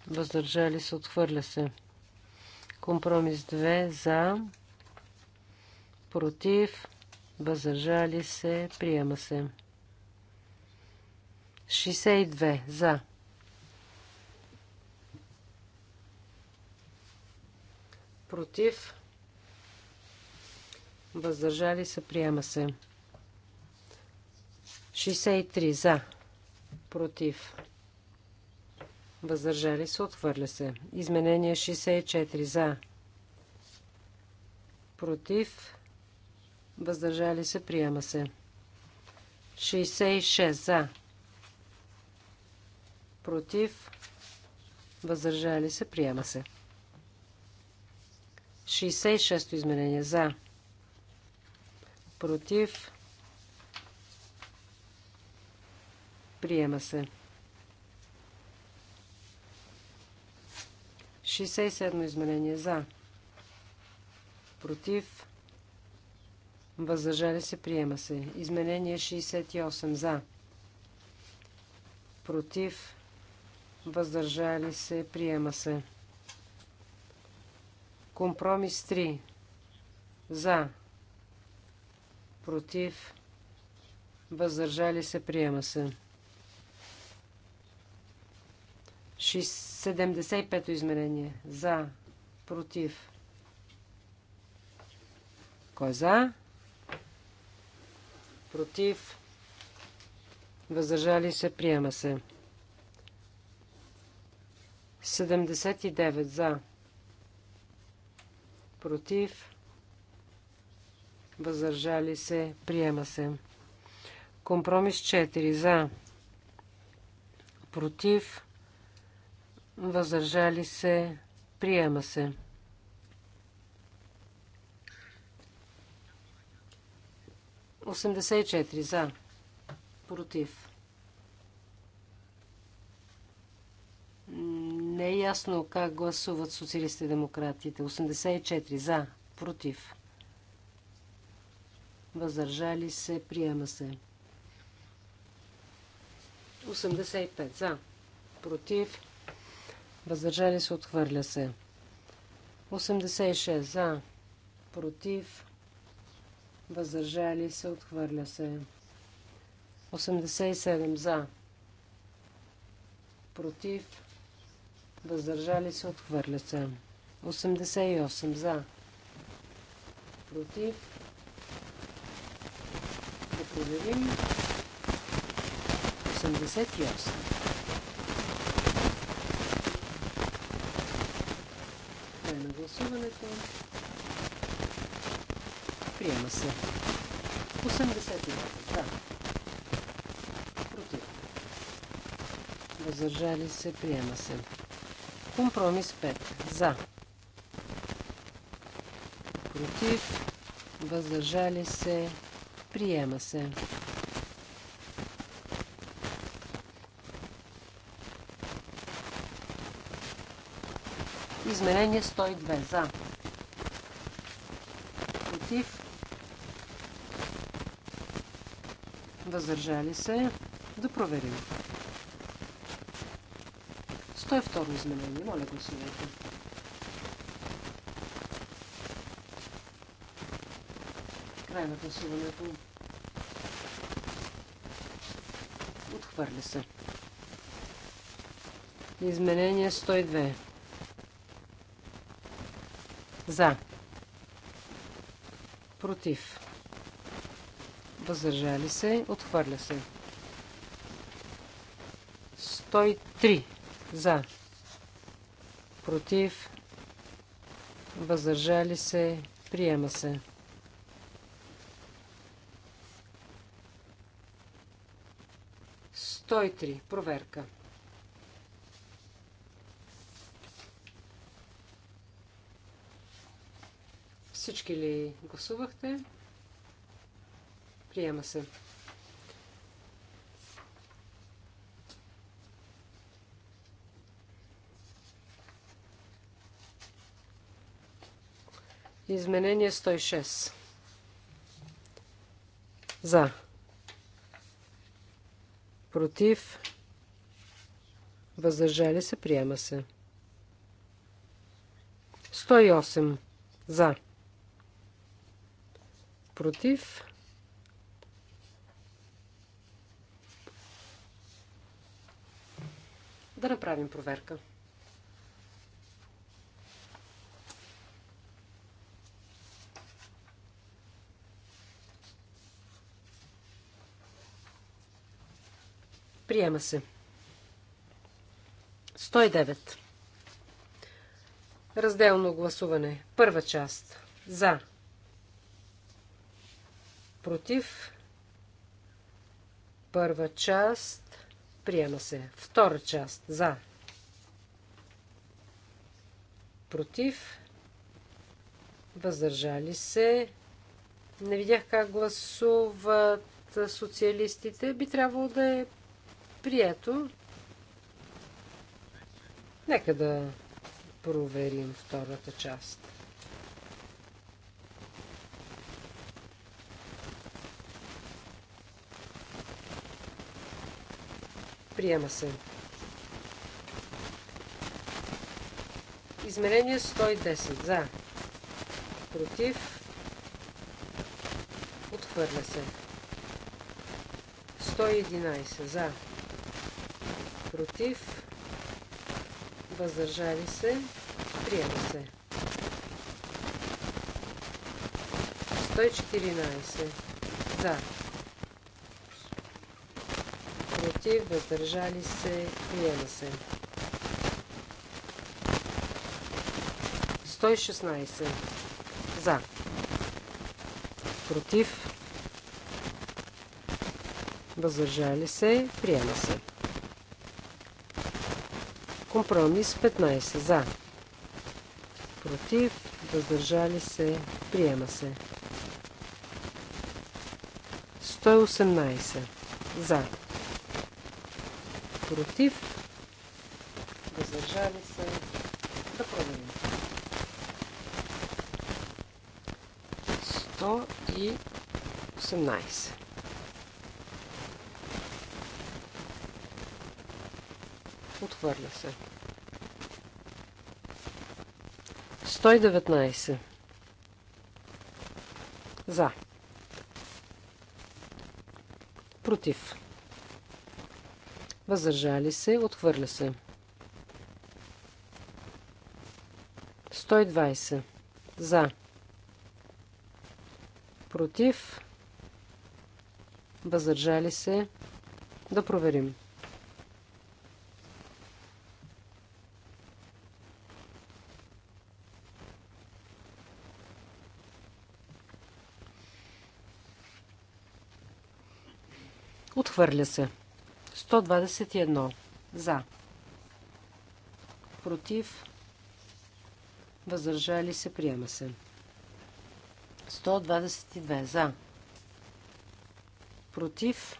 въздържали се, отхвърля се. Компромис 2 за, против, въздържали се, приема се. 62 за. Против. Въздържали се, приема се. 63 за. Против. Въздържали се. Отхвърля се. Изменение 64. За. Против. Въздържали се. Приема се. 66. За. Против. Въздържали се. Приема се. 66-то изменение. За. Против. Приема се. 67 изменение за. Против. Въздържали се. Приема се. Изменение 68 за. Против. Въздържали се. Приема се. Компромис 3. За. Против. Въздържали се. Приема се. 6 75-то измерение. За. Против. Кой е за? Против. Въздържали се. Приема се. 79 за. Против. Въздържали се. Приема се. Компромис 4 за. Против въздържали се, приема се. Осемдесет и четири за, против. Не е ясно как гласуват социалистите и демократите. 84 за, против. Въздържали се, приема се. 85 за, против. Въздържали се, отхвърля се. 86 за. Против. Въздържали се, отхвърля се. 87 за. Против. Въздържали се, отхвърля се. 88 за. Против. Да проверим. 88. гласуването. Приема се. 89. Да. Против. Въздържали се. Приема се. Компромис 5. За. Против. Въздържали се. Приема се. Изменение 102 за. Против. Въздържали се. Да проверим. 102 изменение. Моля, гласувайте. Край на гласуването. Отхвърля се. Изменение 102. За. Против. Въздържали се. Отхвърля се. 103. За. Против. Въздържали се. Приема се. Стой три. Проверка. Всички ли гласувахте? Приема се. Изменение 106. За. Против. Въздържали се. Приема се. 108. За против. Да направим проверка. Приема се. 109. Разделно гласуване. Първа част. За против. Първа част приема се. Втора част за. Против. Въздържали се. Не видях как гласуват социалистите. Би трябвало да е прието. Нека да проверим втората част. Приема се. Измерение 110. За. Против. Отхвърля се. 111. За. Против. Въздържали се. Приема се. 114. За. против, въздържали се, приема се. 116 за, против, въздържали се, приема се. Компромис 15 за, против, въздържали се, приема се. 118 за, против, въздържали се, да проверим. 118. Отхвърля се. 119. За. Против въздържали се, отхвърля се. 120 за, против, въздържали се, да проверим. Отхвърля се. 121. За. Против. Въздържали се. Приема се. 122. За. Против.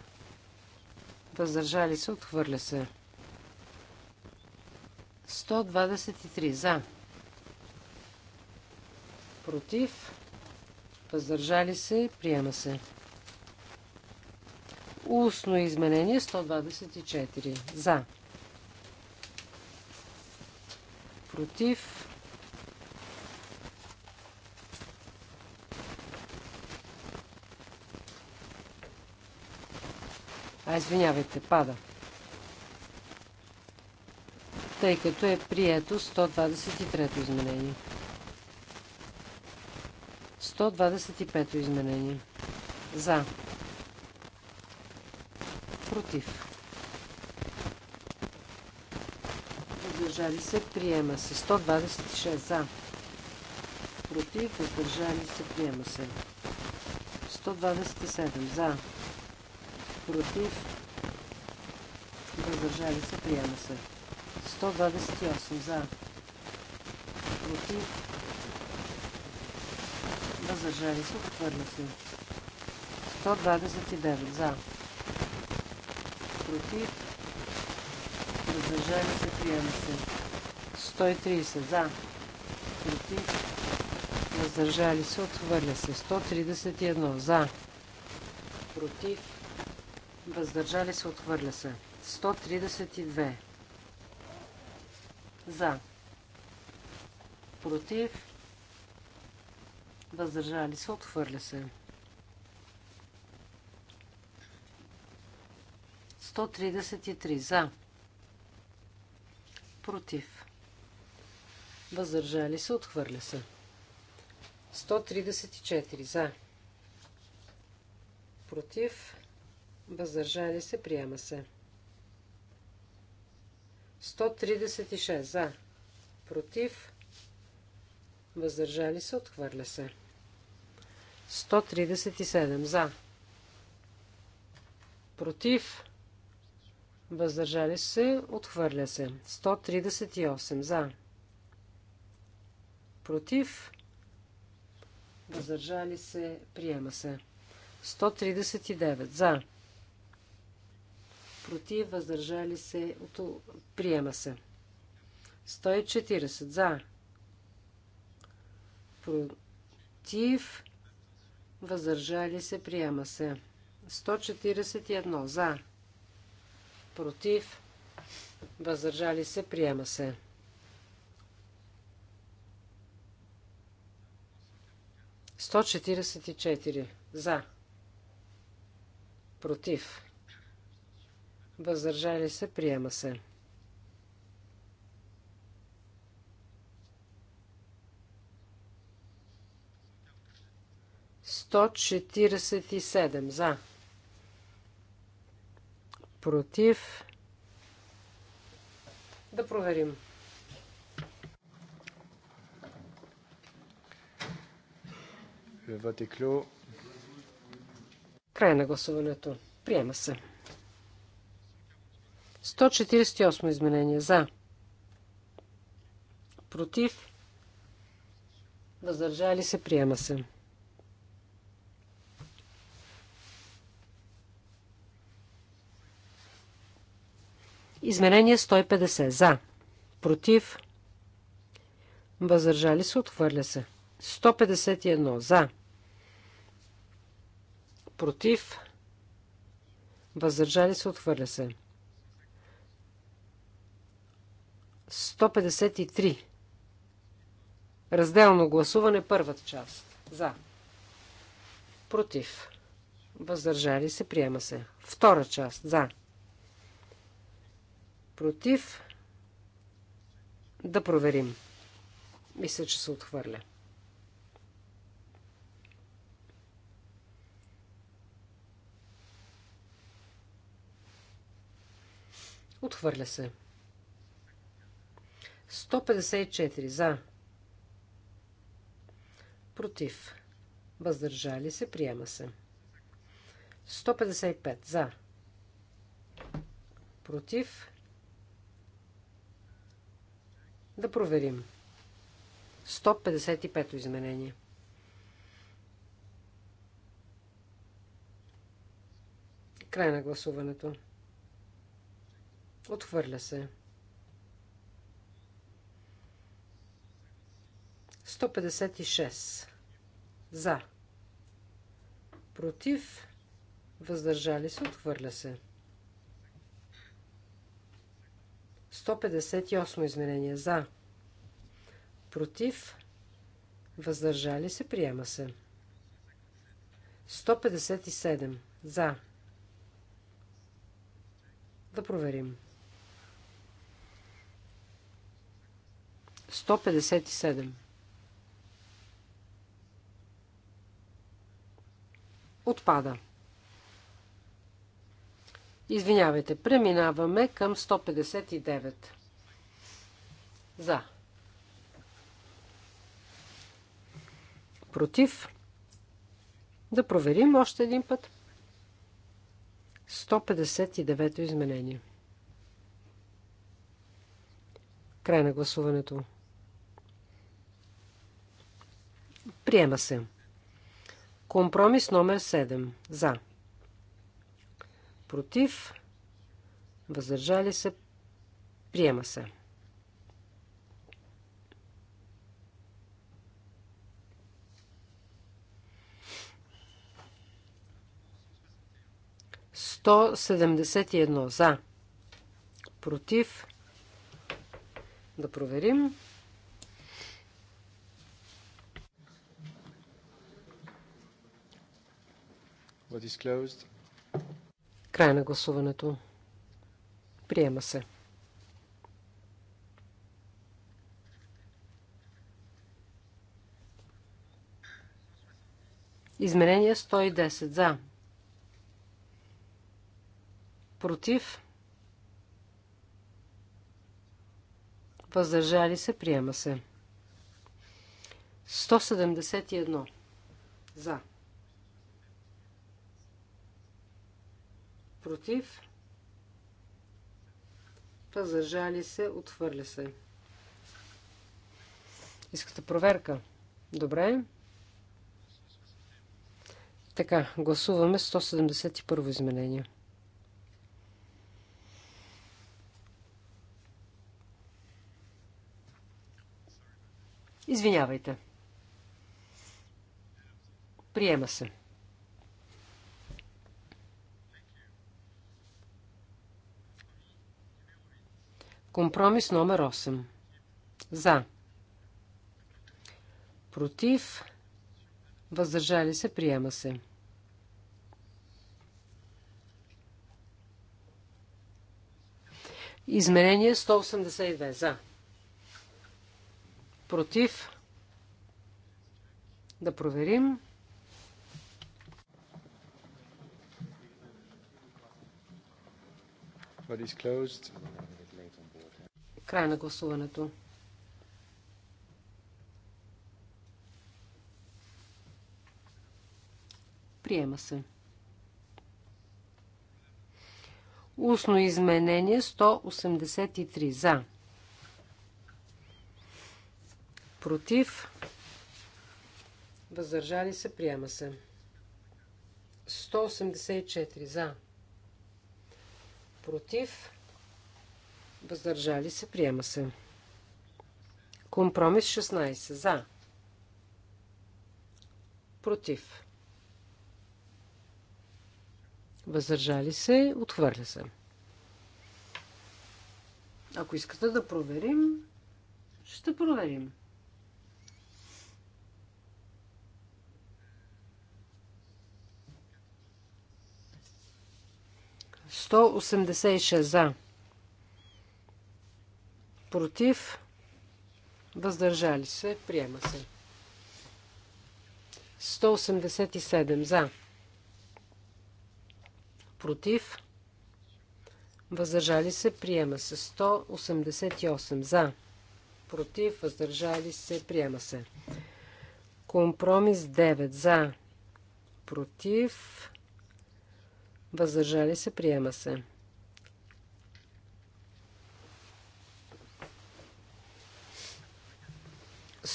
Въздържали се. Отхвърля се. 123. За. Против. Въздържали се. Приема се. Устно изменение 124. За. Против. А, извинявайте, пада. Тъй като е прието 123 изменение. 125 изменение. За. Против. Въздържали се. Приема се. 126 за. Против. Въздържали се. Приема се. 127 за. Против. Въздържали се. Приема се. 128 за. Против. Въздържали се. отвърна се. 129 за против, въздържали се, приема се. 130 за, против, въздържали се, отхвърля се. 131 за, против, въздържали се, отхвърля се. 132 за, против, въздържали се, отхвърля се. 133 за. Против. Въздържали се, отхвърля се. 134 за. Против. Въздържали се, приема се. 136 за. Против. Въздържали се, отхвърля се. 137 за. Против. Въздържали се, отхвърля се. 138 за. Против. Въздържали се, приема се. 139 за. Против, въздържали се, приема се. 140 за. Против, въздържали се, приема се. 141 за против, въздържали се, приема се. Сто четиридесет и четири. За. Против. Въздържали се, приема се. 147 за против. Да проверим. Ватиклю. Край на гласуването. Приема се. 148 изменение. За. Против. Въздържали се. Приема се. Изменение 150. За. Против. възържали се. Отхвърля се. 151. За. Против. Въздържали се. Отхвърля се. 153. Разделно гласуване. Първата част. За. Против. Въздържали се. Приема се. Втора част. За против, да проверим. Мисля, че се отхвърля. Отхвърля се. 154 за. Против. Въздържали се. Приема се. 155 за. Против. Да проверим. 155-то изменение. Край на гласуването. Отхвърля се. 156. За. Против. Въздържали се. Отхвърля се. 158 изменение за. Против. Въздържали се. Приема се. 157 за. Да проверим. 157. Отпада. Извинявайте, преминаваме към 159. За. Против. Да проверим още един път. 159 изменение. Край на гласуването. Приема се. Компромис номер 7. За против, въздържали се, приема се. Сто седемдесет и едно за, против, да проверим. What is Край на гласуването. Приема се. Изменение 110. За. Против. Въздържали се. Приема се. 171. За. против, въздържали се, отвърля се. Искате проверка? Добре. Така, гласуваме 171 изменение. Извинявайте. Приема се. Компромис номер 8. За. Против. Въздържали се. Приема се. Изменение 182. За. Против. Да проверим. But it's closed. Край на гласуването. Приема се. Устно изменение 183 за. Против. Въздържали се. Приема се. 184 за. Против. Въздържали се. Приема се. Компромис 16. За. Против. Въздържали се. Отхвърля се. Ако искате да проверим, ще проверим. Сто осемдесет и шест за против, въздържали се, приема се. 187 за, против, въздържали се, приема се. 188 за, против, въздържали се, приема се. Компромис 9 за, против, въздържали се, приема се.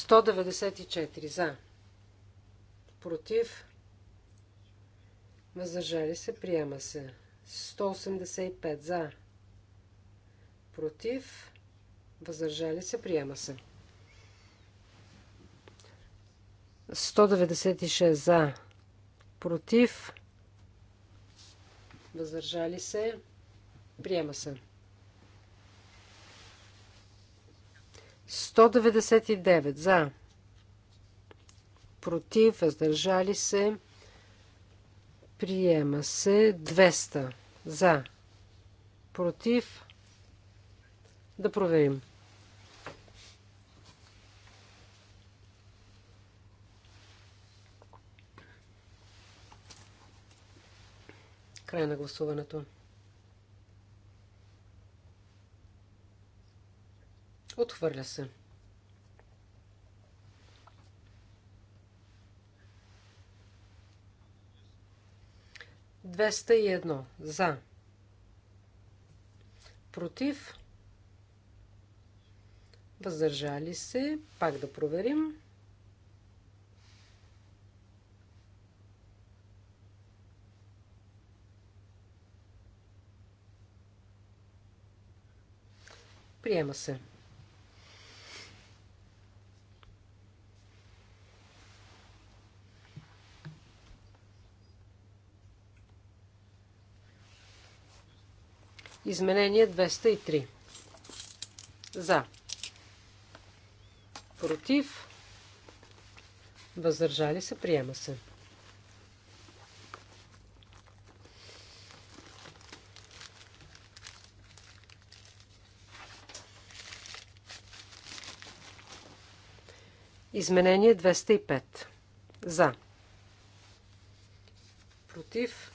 194 за. Против. Въздържали се. Приема се. 185 за. Против. Въздържали се. Приема се. 196 за. Против. Въздържали се. Приема се. 199 за. Против, въздържали се. Приема се 200 за. Против. Да проверим. Край на гласуването. Отхвърля се. Двеста и едно. За. Против. Въздържали се. Пак да проверим. Приема се. Изменение 203. За. Против. Въздържали се. Приема се. Изменение 205. За. Против.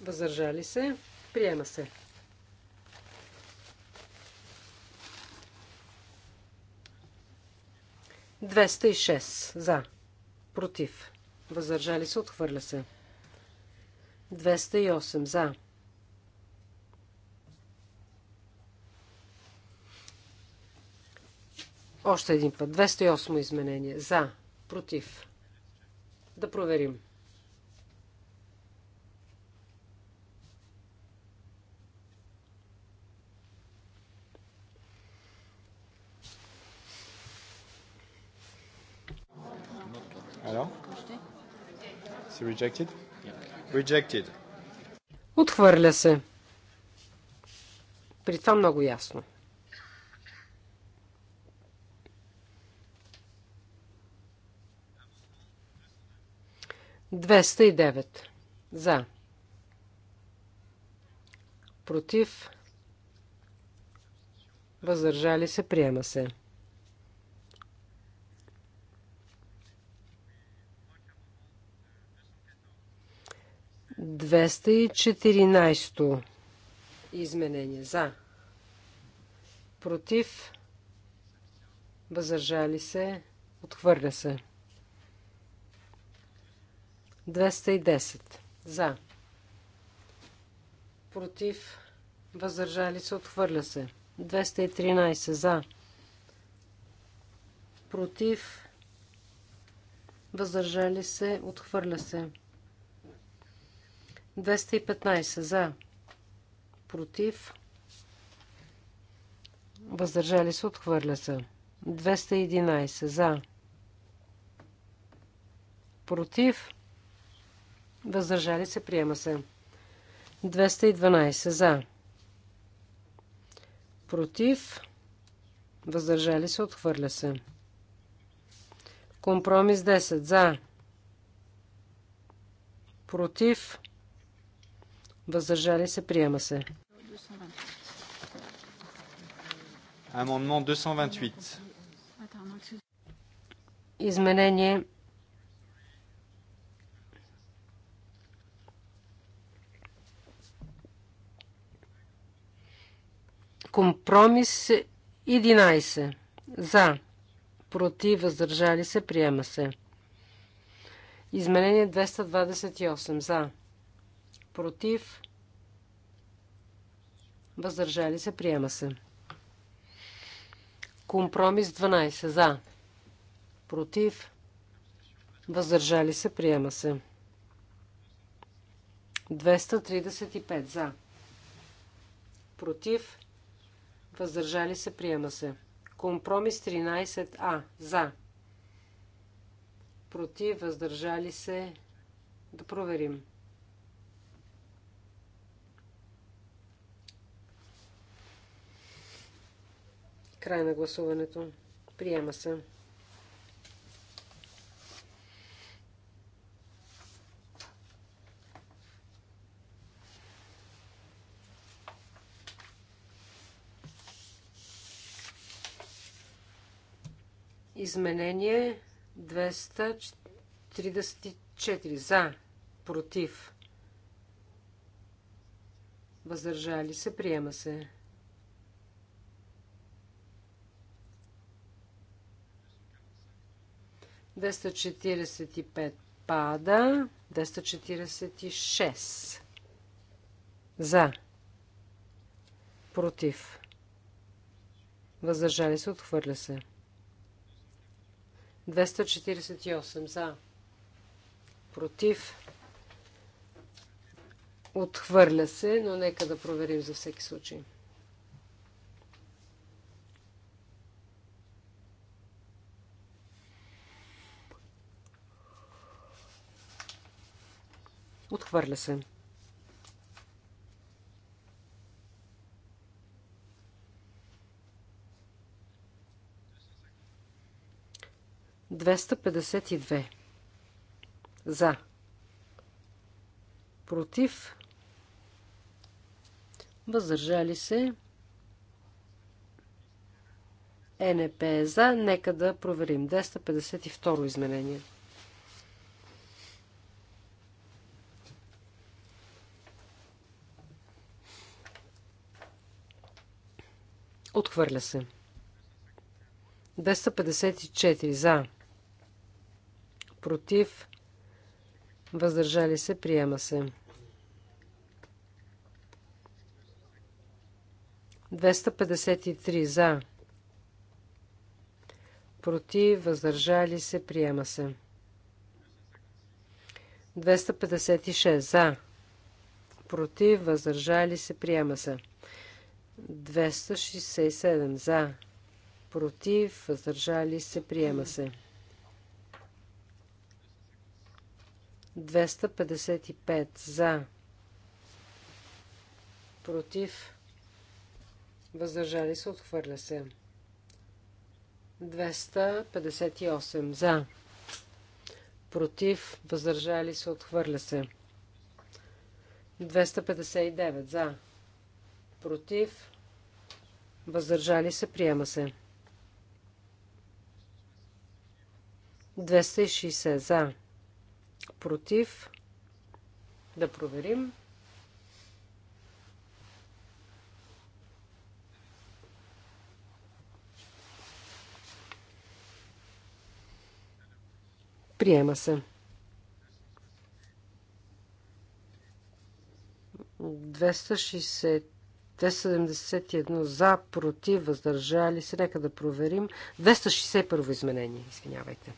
Въздържали се. Приема се. Двеста и шест. За. Против. Въздържали се. Отхвърля се. 208. За. Още един път. 208 изменение. За. Против. Да проверим. 208. Alors C'est rejected Rejected. Отхвърля се. При това много ясно. Двеста и девет. За. Против. Въздържали се. Приема се. 214 изменение за. Против. Въздържали се. Отхвърля се. 210 за. Против. Въздържали се. Отхвърля се. 213 за. Против. Въздържали се. Отхвърля се. 215 за, против, въздържали се, отхвърля се. 211 за, против, въздържали се, приема се. 212 за, против, въздържали се, отхвърля се. Компромис 10 за, против, Въздържали се, приема се. Amendement 228. Изменение Компромис 11. За. Против. Въздържали се. Приема се. Изменение 228. За против, въздържали се, приема се. Компромис 12 за, против, въздържали се, приема се. 235 за, против, въздържали се, приема се. Компромис 13а за, против, въздържали се, да проверим. Край на гласуването. Приема се. Изменение 234 за, против, въздържали се, приема се. 245 пада. 246 за. Против. Въздържали се, отхвърля се. 248 за. Против. Отхвърля се, но нека да проверим за всеки случай. 249. Отхвърля се. Двеста и две. За. Против. Въздържали се. Е, НП е за. Нека да проверим. 252 изменение. 252. Отхвърля се. 254 за. Против. Въздържали се. Приема се. 253 за. Против. Въздържали се. Приема се. 256 за. Против. Въздържали се. Приема се. 267 за, против, въздържали се, приема се. 255 за, против, въздържали се, отхвърля се. 258 за, против, въздържали се, отхвърля се. 259 за, против, въздържали се, приема се. 260 за, против, да проверим. Приема се. Те 71 за, против, въздържали се. Нека да проверим. 261 изменение, извинявайте.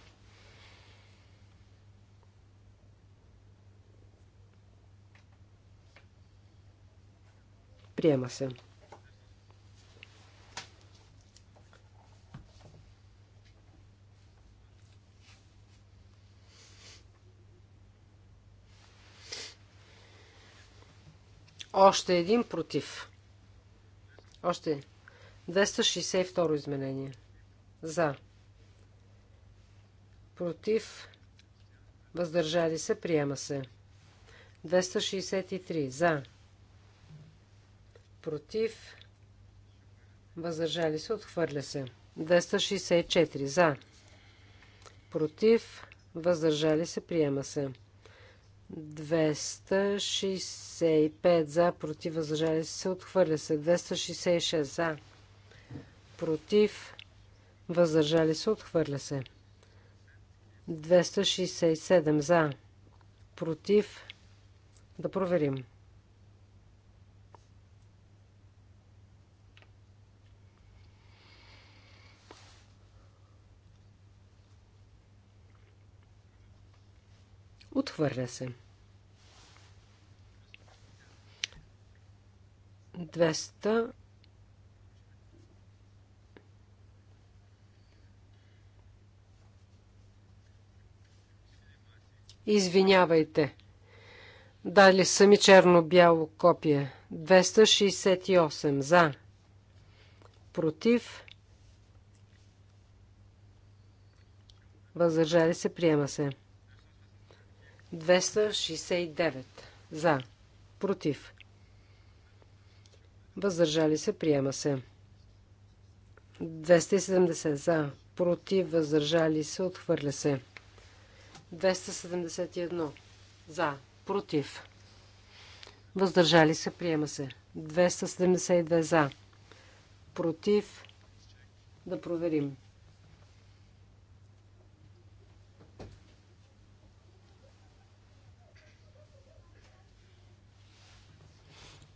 Приема се. Още един против. Още 262 изменение. За. Против. Въздържали се. Приема се. 263. За. Против. Въздържали се. Отхвърля се. 264. За. Против. Въздържали се. Приема се. 265 за, против, възражали се, отхвърля се. 266 за, против, възражали се, отхвърля се. 267 за, против, да проверим. Отхвърля се. 200 Извинявайте. Дали сами черно-бяло копие. 268 за. Против. Въздържали се, приема се. 269 за. Против въздържали се, приема се. 270 за, против, въздържали се, отхвърля се. 271 за, против, въздържали се, приема се. 272 за, против, да проверим.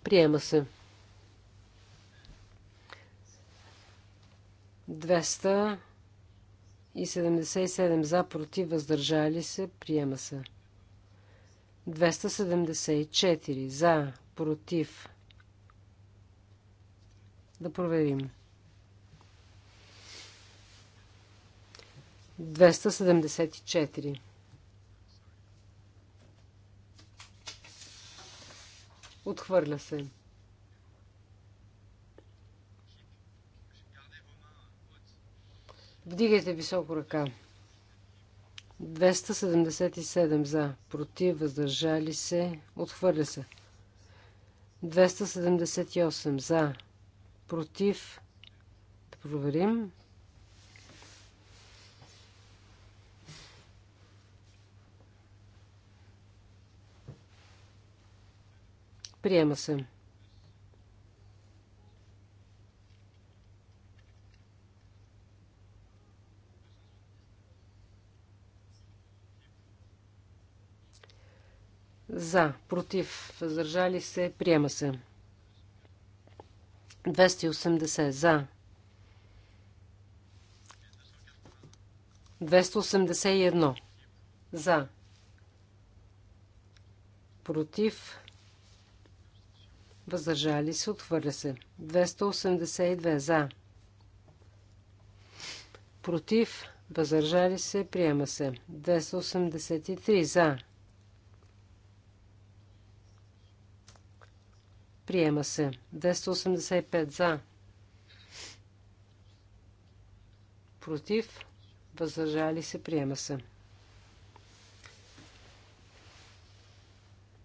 Приема се. 277 за, против, въздържали се, приема се. 274 за, против. Да проверим. 274. Отхвърля се. Вдигайте високо ръка. 277 за, против, въздържали се, отхвърля се. 278 за, против, да проверим. Приема се. За. Против. Въздържали се. Приема се. 280. За. 281. За. Против. Въздържали се. отвърля се. 282. За. Против. Въздържали се. Приема се. 283. За Приема се. 285 за. Против. Въздържали се. Приема се.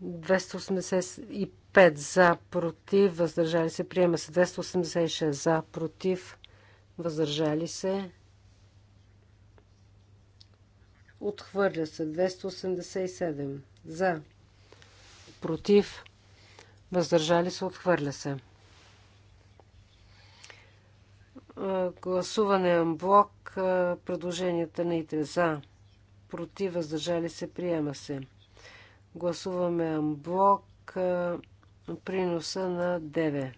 285 за. Против. Въздържали се. Приема се. 286 за. Против. Въздържали се. Отхвърля се. 287 за. Против въздържали се, отхвърля се. Гласуване амблок, предложенията на ИТЕ за, против, въздържали се, приема се. Гласуваме амблок, приноса на 9.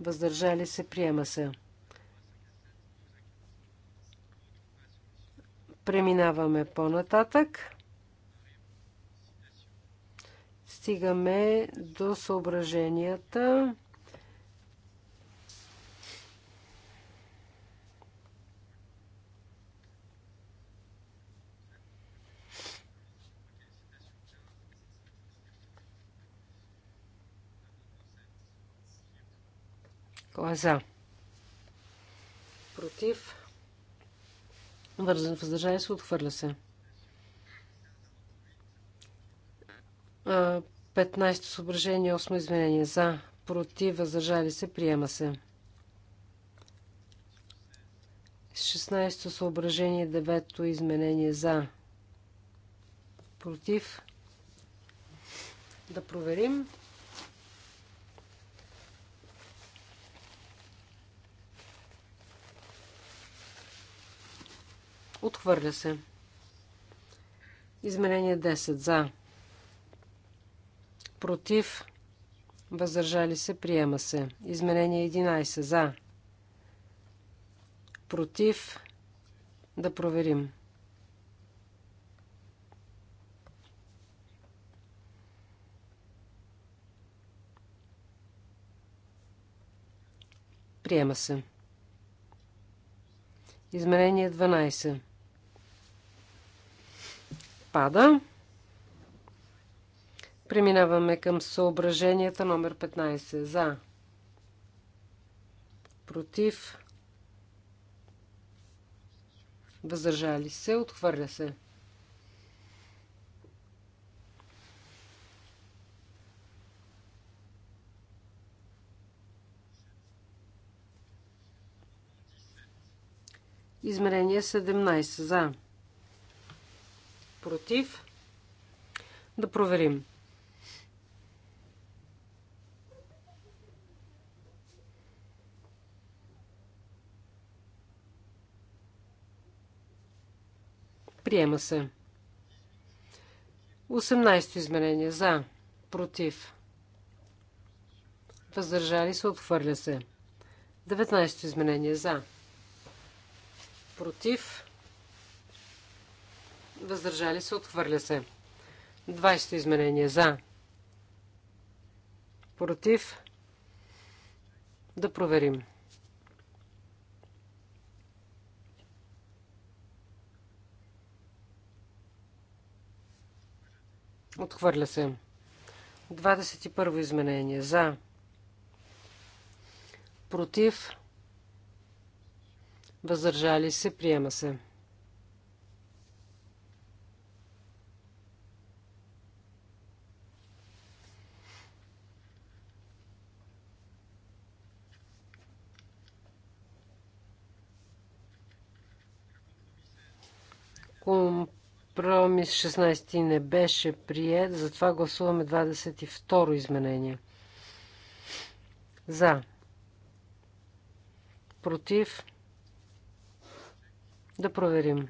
въздържали се, приема се. Преминаваме по-нататък. стигаме до съображенията. Кой е за? Против? Въздържали се, отхвърля се. 15 съображение, 8 изменение. За, против, въздържали се, приема се. 16 съображение, 9 изменение. За, против. Да проверим. Отхвърля се. Изменение 10 за против, въздържали се, приема се. Изменение 11 за, против, да проверим. Приема се. Изменение 12. Пада. Преминаваме към съображенията номер 15. За. Против. Въздържали се. Отхвърля се. Измерение 17. За. Против. Да проверим. Приема се. 18 изменение. За. Против. Въздържали се. Отхвърля се. 19 изменение. За. Против. Въздържали се. Отхвърля се. 20 изменение. За. Против. Да проверим. Отхвърля се. 21 изменение. За. Против. Въздържали се. Приема се. Компромис 16 не беше прият, затова гласуваме 22 изменение. За. Против. Да проверим.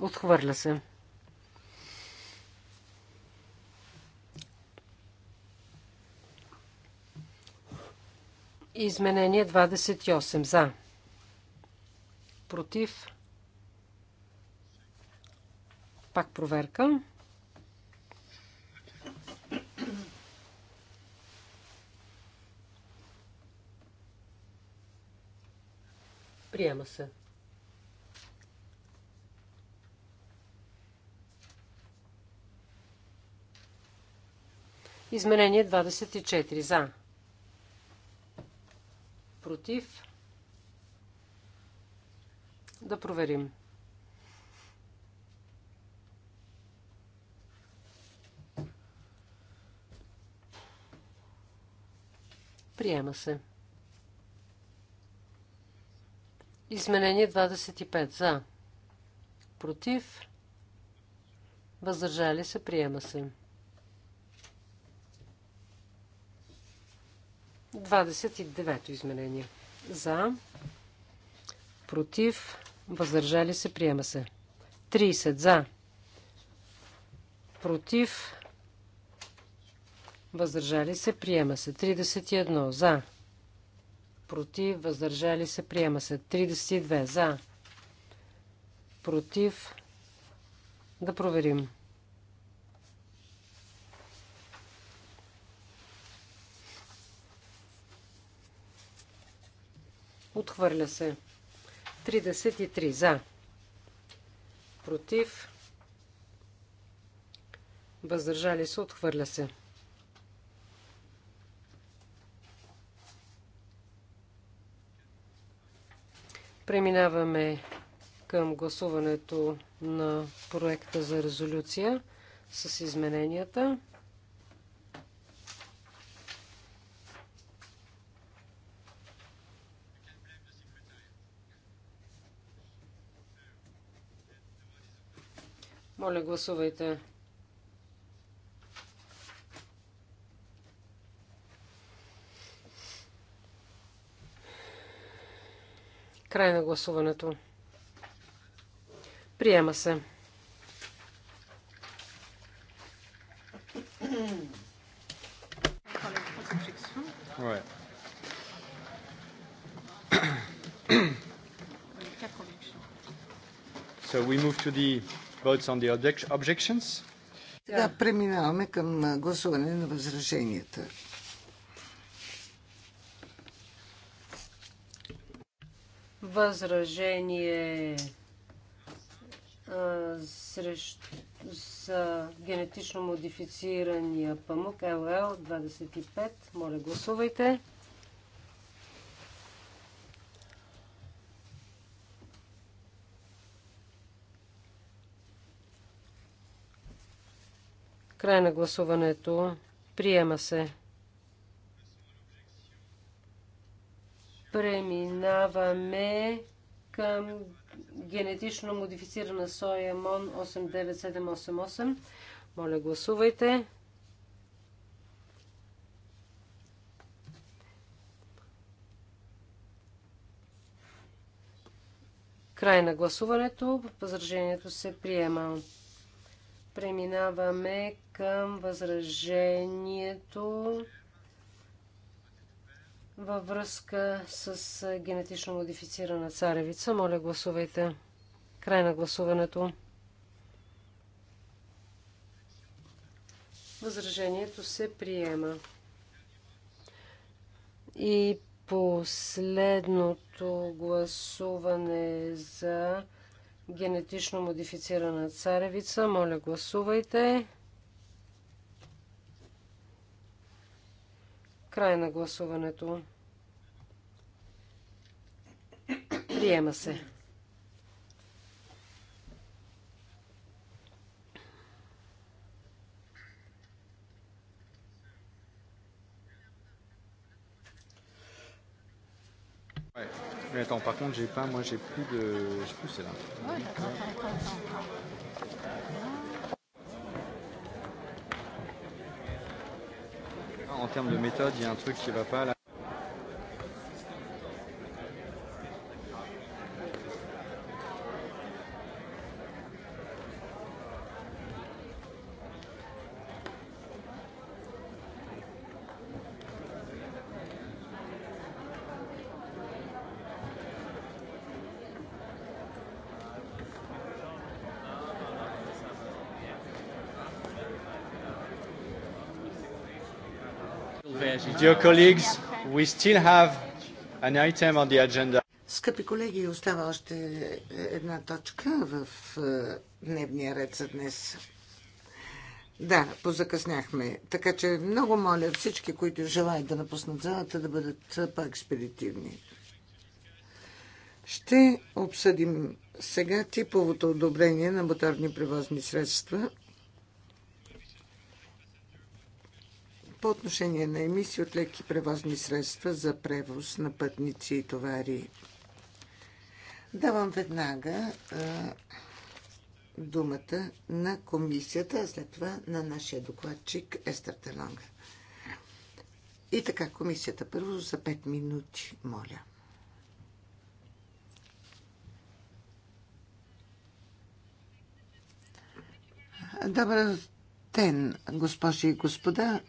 Отхвърля се. Изменение 28 за. Против. Пак проверка. Приема се. Изменение 24 за против. Да проверим. Приема се. Изменение 25. За. Против. Въздържали се. Приема се. 29-то изменение. За. Против. Въздържали се. Приема се. 30. За. Против. Въздържали се. Приема се. 31. За. Против. Въздържали се. Приема се. 32. За. Против. Да проверим. Отхвърля се. 33 за. Против. Въздържали се. Отхвърля се. Преминаваме към гласуването на проекта за резолюция с измененията. Моля, гласувайте. Край на гласуването. Приема се. Ouais. So we move to the сега Да, преминаваме към гласуване на възраженията. Възражение срещу, за генетично модифицирания памук ЛЛ 25. Моля, гласувайте. Край на гласуването. Приема се. Преминаваме към генетично модифицирана соя МОН 89788. Моля, гласувайте. Край на гласуването. Възражението се приема. Преминаваме към възражението във връзка с генетично модифицирана царевица. Моля, гласувайте. Край на гласуването. Възражението се приема. И последното гласуване за генетично модифицирана царевица. Моля, гласувайте. Край на гласуването. Приема се. Mais attends, par contre, j'ai pas, moi j'ai plus de. Je sais plus, c'est là. Ouais, attends, attends, attends, En termes de méthode, il y a un truc qui va pas là. Dear colleagues, we still have an item on the agenda. Скъпи колеги, остава още е, една точка в е, дневния ред за днес. Да, позакъсняхме. Така че много моля всички, които желаят да напуснат залата, да бъдат е, по-експедитивни. Ще обсъдим сега типовото одобрение на моторни превозни средства – по отношение на емисии от леки превозни средства за превоз на пътници и товари. Давам веднага а, думата на комисията, а след това на нашия докладчик Естер Телонга. И така, комисията първо за 5 минути, моля. Добър ден, госпожи и господа.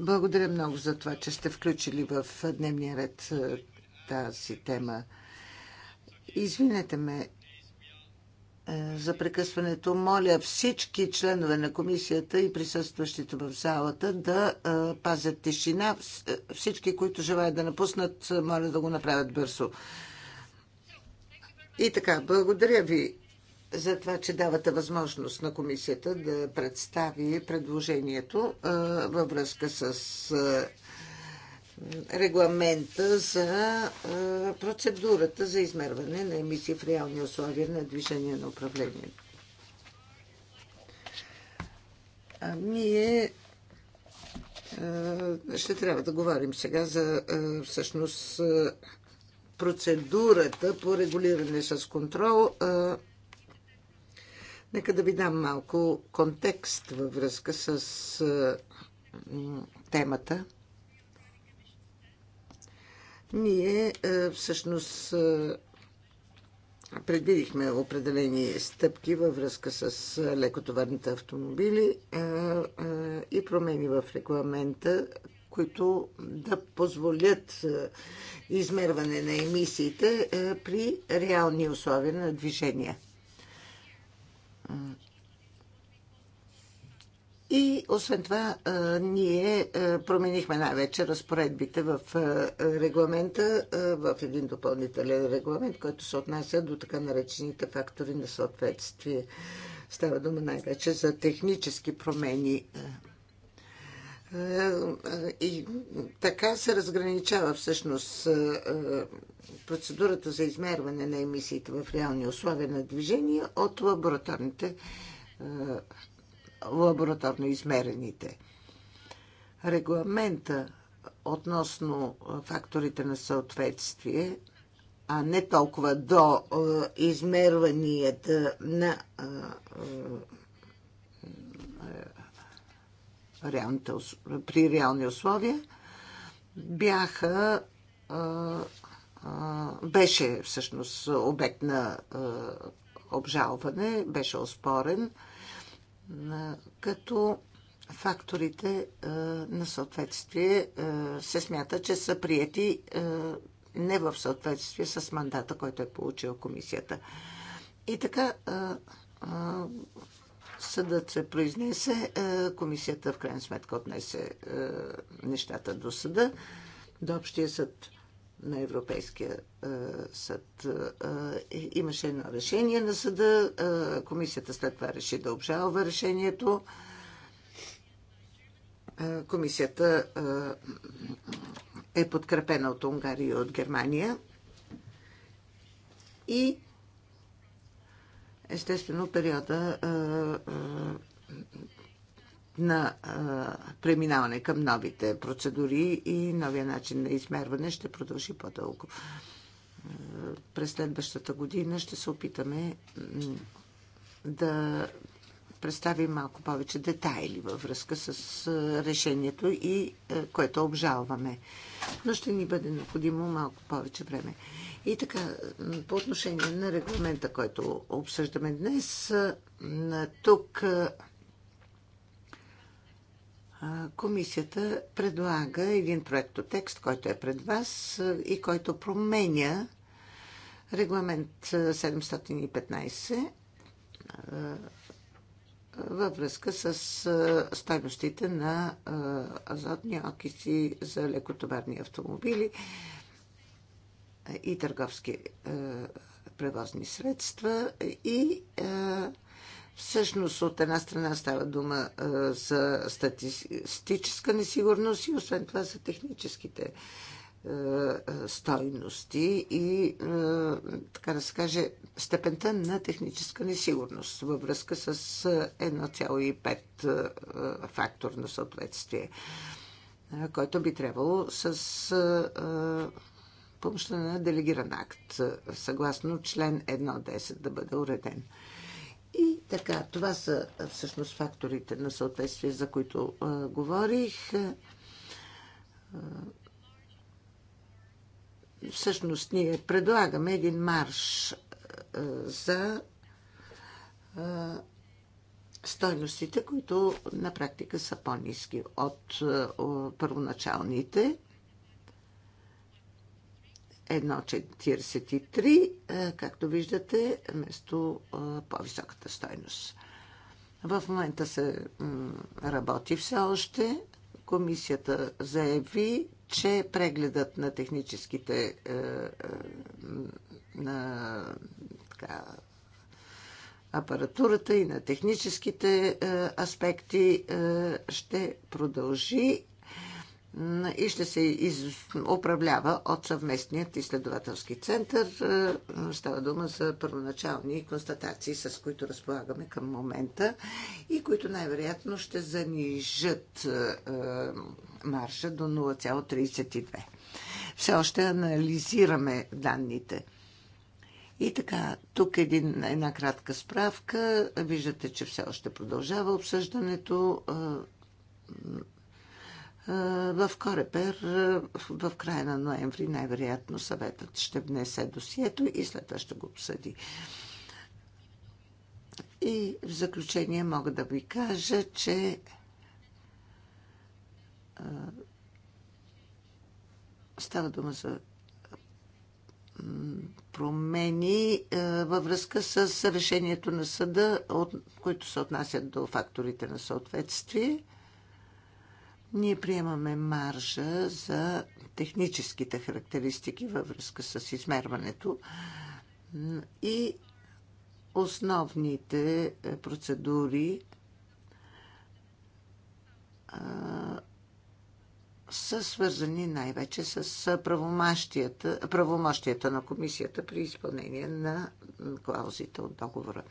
Благодаря много за това, че сте включили в дневния ред е, тази тема. Извинете ме е, за прекъсването. Моля всички членове на комисията и присъстващите в залата да е, пазят тишина. Всички, които желаят да напуснат, моля да го направят бързо. И така, благодаря ви за това, че давате възможност на комисията да представи предложението във връзка с регламента за процедурата за измерване на емисии в реални условия на движение на управление. А ние ще трябва да говорим сега за всъщност процедурата по регулиране с контрол Нека да ви дам малко контекст във връзка с темата. Ние всъщност предвидихме определени стъпки във връзка с лекотоварните автомобили и промени в регламента, които да позволят измерване на емисиите при реални условия на движение. И освен това, ние променихме най-вече разпоредбите в регламента, в един допълнителен регламент, който се отнася до така наречените фактори на съответствие. Става дума най-вече за технически промени е, и така се разграничава всъщност е, процедурата за измерване на емисиите в реални условия на движение от лабораторните, е, лабораторно измерените. Регламента относно факторите на съответствие, а не толкова до измерванията на реалните, при реални условия, бяха беше всъщност обект на обжалване, беше оспорен, като факторите на съответствие се смята, че са прияти не в съответствие с мандата, който е получил комисията. И така Съдът се произнесе, е, комисията в крайна сметка отнесе е, нещата до съда, до общия съд на Европейския е, съд. Имаше едно решение на съда, комисията след това реши да обжалва решението. Комисията е подкрепена от Унгария и от Германия. И Естествено, периода на преминаване към новите процедури и новия начин на измерване ще продължи по-дълго. През следващата година ще се опитаме да представим малко повече детайли във връзка с решението и което обжалваме. Но ще ни бъде необходимо малко повече време. И така, по отношение на регламента, който обсъждаме днес, тук комисията предлага един проектотекст, който е пред вас и който променя регламент 715 във връзка с стойностите на азотни окиси за лекотоварни автомобили и търговски е, превозни средства и е, Всъщност, от една страна става дума е, за статистическа несигурност и освен това за техническите е, стойности и, е, така да се каже, степента на техническа несигурност във връзка с 1,5 е, фактор на съответствие, а, който би трябвало с помощта на делегиран акт, съгласно член 1.10 да бъде уреден. И така, това са всъщност факторите на съответствие, за които а, говорих. А, всъщност ние предлагаме един марш а, за а, стойностите, които на практика са по-низки от а, първоначалните. 1,43, е, както виждате, вместо е, по-високата стойност. В момента се работи все още. Комисията заяви, че прегледът на техническите е, на така, апаратурата и на техническите аспекти ще продължи и ще се из... управлява от съвместният изследователски център. Е, става дума за първоначални констатации, с които разполагаме към момента и които най-вероятно ще занижат е, е, марша до 0,32. Все още анализираме данните. И така, тук един, една кратка справка. Виждате, че все още продължава обсъждането в Корепер в края на ноември най-вероятно съветът ще внесе досието и след това ще го обсъди. И в заключение мога да ви кажа, че става дума за промени във връзка с решението на съда, които се отнасят до факторите на съответствие – ние приемаме маржа за техническите характеристики във връзка с измерването и основните е, процедури са свързани най-вече с правомощията на комисията при изпълнение на клаузите от договора.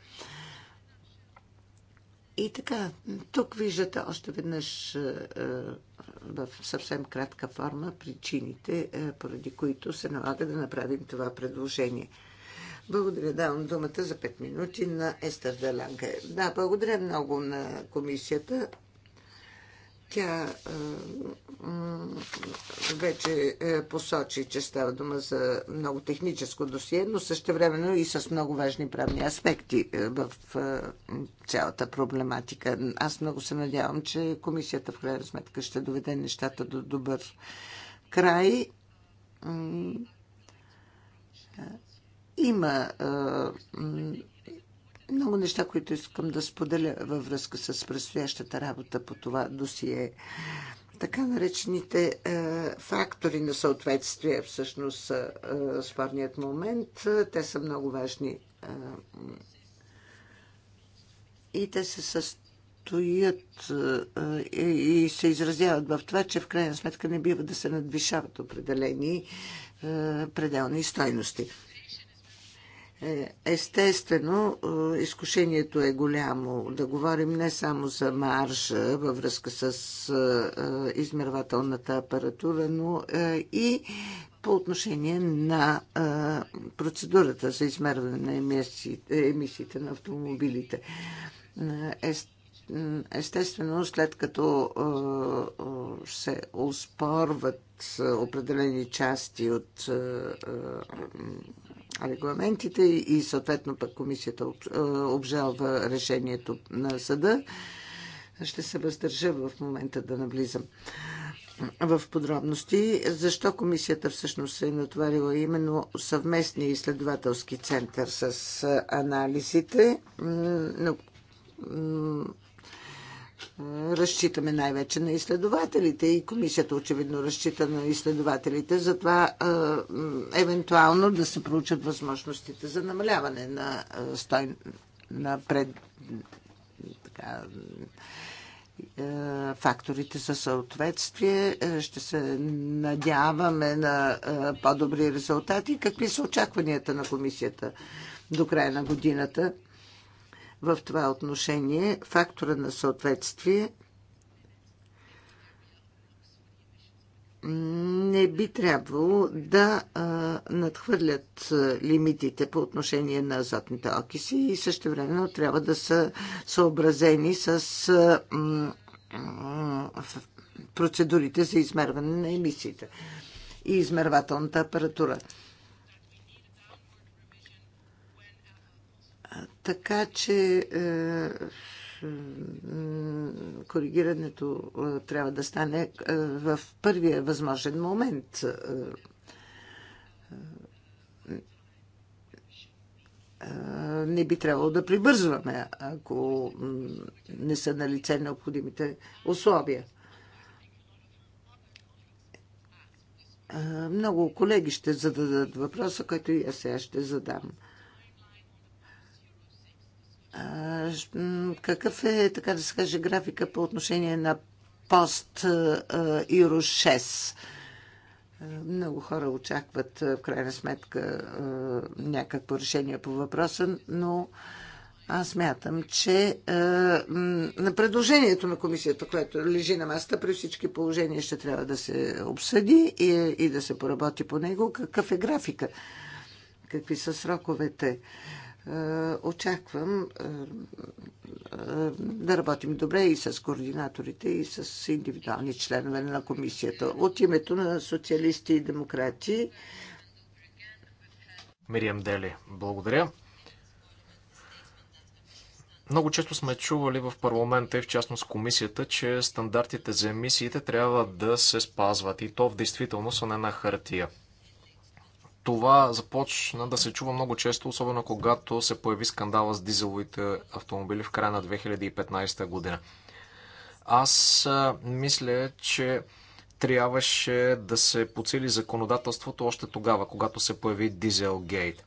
И така, тук виждате още веднъж е, е, в съвсем кратка форма причините, е, поради които се налага да направим това предложение. Благодаря. Давам думата за 5 минути на Естер Даланка. Да, благодаря много на комисията тя вече е, посочи, че става дума за много техническо досие, но времено и с много важни правни аспекти е, в цялата проблематика. Аз много се надявам, че комисията в крайна сметка ще доведе нещата до добър край. Има много неща, които искам да споделя във връзка с предстоящата работа по това досие. Така наречените е, фактори на съответствие всъщност е, спорният момент. Те са много важни. Е, и те се състоят е, и се изразяват в това, че в крайна сметка не бива да се надвишават определени е, пределни стойности. Е, естествено, е, изкушението е голямо да говорим не само за маржа във връзка с е, измервателната апаратура, но и по отношение на процедурата за измерване на емисиите, емисиите на автомобилите. Естествено, след като се оспорват определени части от регламентите и съответно пък комисията е, обжалва решението на съда. Ще се въздържа в момента да навлизам в подробности. Защо комисията всъщност е натварила именно съвместния изследователски център с е, анализите? разчитаме най-вече на изследователите и комисията очевидно разчита на изследователите, затова евентуално да се проучат възможностите за намаляване на стой, на пред, така, факторите за съответствие. Ще се надяваме на по-добри резултати. Какви са очакванията на комисията до края на годината? в това отношение фактора на съответствие не би трябвало да а, надхвърлят лимитите по отношение на азотните окиси и също времено трябва да са съобразени с а, а, процедурите за измерване на емисиите и измервателната апаратура. Така че е, коригирането е, трябва да стане е, в първия възможен момент. Не би трябвало да прибързваме, ако не са на лице необходимите условия. Много колеги ще зададат въпроса, който и аз сега ще задам. Какъв е, така да се каже, графика по отношение на пост Юро 6? Много хора очакват в крайна сметка някакво решение по въпроса, но аз мятам, че на предложението на комисията, което лежи на масата, при всички положения ще трябва да се обсъди и, и да се поработи по него. Какъв е графика? Какви са сроковете? Е, очаквам е, е, да работим добре и с координаторите, и с индивидуални членове на комисията. От името на социалисти и демократи. Мириам Дели, благодаря. Много често сме чували в парламента и в частност комисията, че стандартите за емисиите трябва да се спазват и то в действителност, а не на хартия. Това започна да се чува много често, особено когато се появи скандала с дизеловите автомобили в края на 2015 година. Аз мисля, че трябваше да се подсили законодателството още тогава, когато се появи дизел Гейт.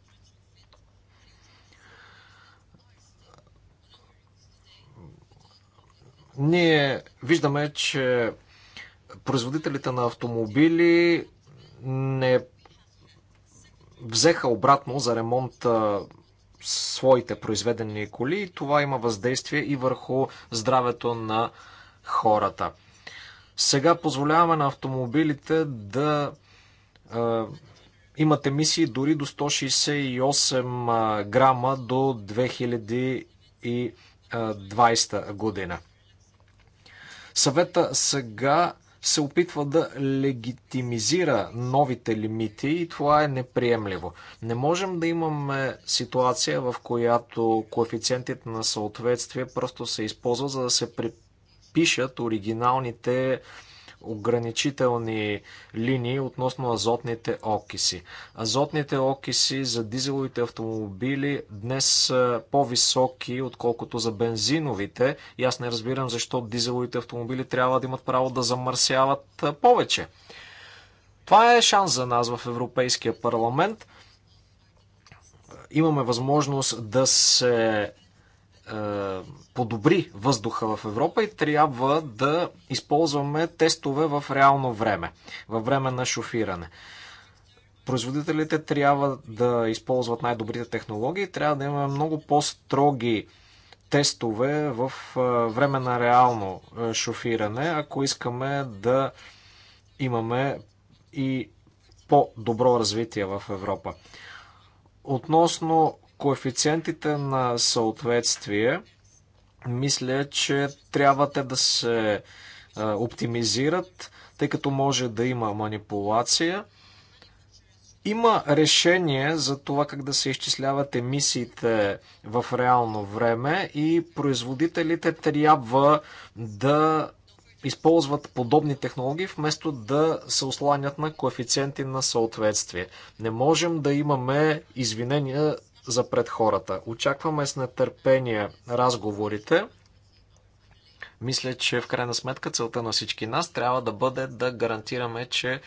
Ние виждаме, че производителите на автомобили не взеха обратно за ремонт своите произведени коли и това има въздействие и върху здравето на хората. Сега позволяваме на автомобилите да е, имат емисии дори до 168 грама до 2020 година. Съвета сега се опитва да легитимизира новите лимити и това е неприемливо. Не можем да имаме ситуация, в която коефициентите на съответствие просто се използват, за да се припишат оригиналните ограничителни линии относно азотните окиси. Азотните окиси за дизеловите автомобили днес са по-високи, отколкото за бензиновите. И аз не разбирам защо дизеловите автомобили трябва да имат право да замърсяват повече. Това е шанс за нас в Европейския парламент. Имаме възможност да се е, подобри въздуха в Европа и трябва да използваме тестове в реално време, във време на шофиране. Производителите трябва да използват най-добрите технологии, трябва да имаме много по-строги тестове в е, време на реално е, шофиране, ако искаме да имаме и по-добро развитие в Европа. Относно коефициентите на съответствие, мисля, че трябва те да се оптимизират, тъй като може да има манипулация. Има решение за това как да се изчисляват емисиите в реално време и производителите трябва да използват подобни технологии, вместо да се осланят на коефициенти на съответствие. Не можем да имаме извинения за пред хората. Очакваме с нетърпение разговорите. Мисля, че в крайна сметка целта на всички нас трябва да бъде да гарантираме, че е,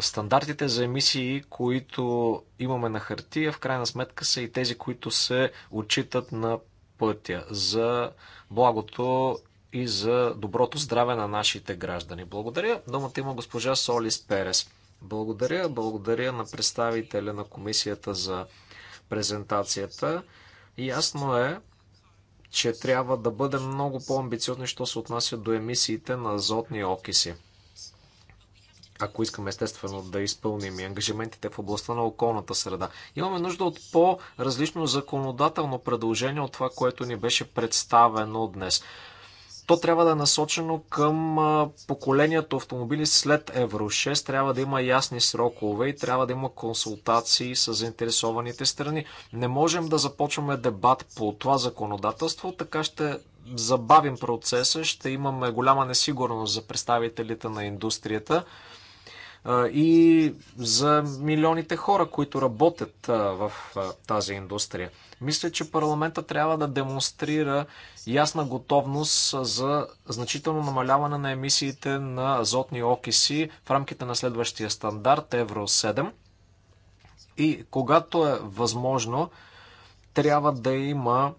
стандартите за емисии, които имаме на хартия, в крайна сметка са и тези, които се отчитат на пътя за благото и за доброто здраве на нашите граждани. Благодаря. Думата има госпожа Солис Перес. Благодаря. Благодаря на представителя на комисията за презентацията. Ясно е, че трябва да бъдем много по-амбициозни, що се отнася до емисиите на азотни окиси. Ако искаме естествено да изпълним и ангажиментите в областта на околната среда. Имаме нужда от по-различно законодателно предложение от това, което ни беше представено днес. То трябва да е насочено към поколението автомобили след Евро 6. Трябва да има ясни срокове и трябва да има консултации с заинтересованите страни. Не можем да започваме дебат по това законодателство, така ще забавим процеса, ще имаме голяма несигурност за представителите на индустрията и за милионите хора, които работят в тази индустрия. Мисля, че парламента трябва да демонстрира ясна готовност за значително намаляване на емисиите на азотни окиси в рамките на следващия стандарт Евро 7. И когато е възможно, трябва да има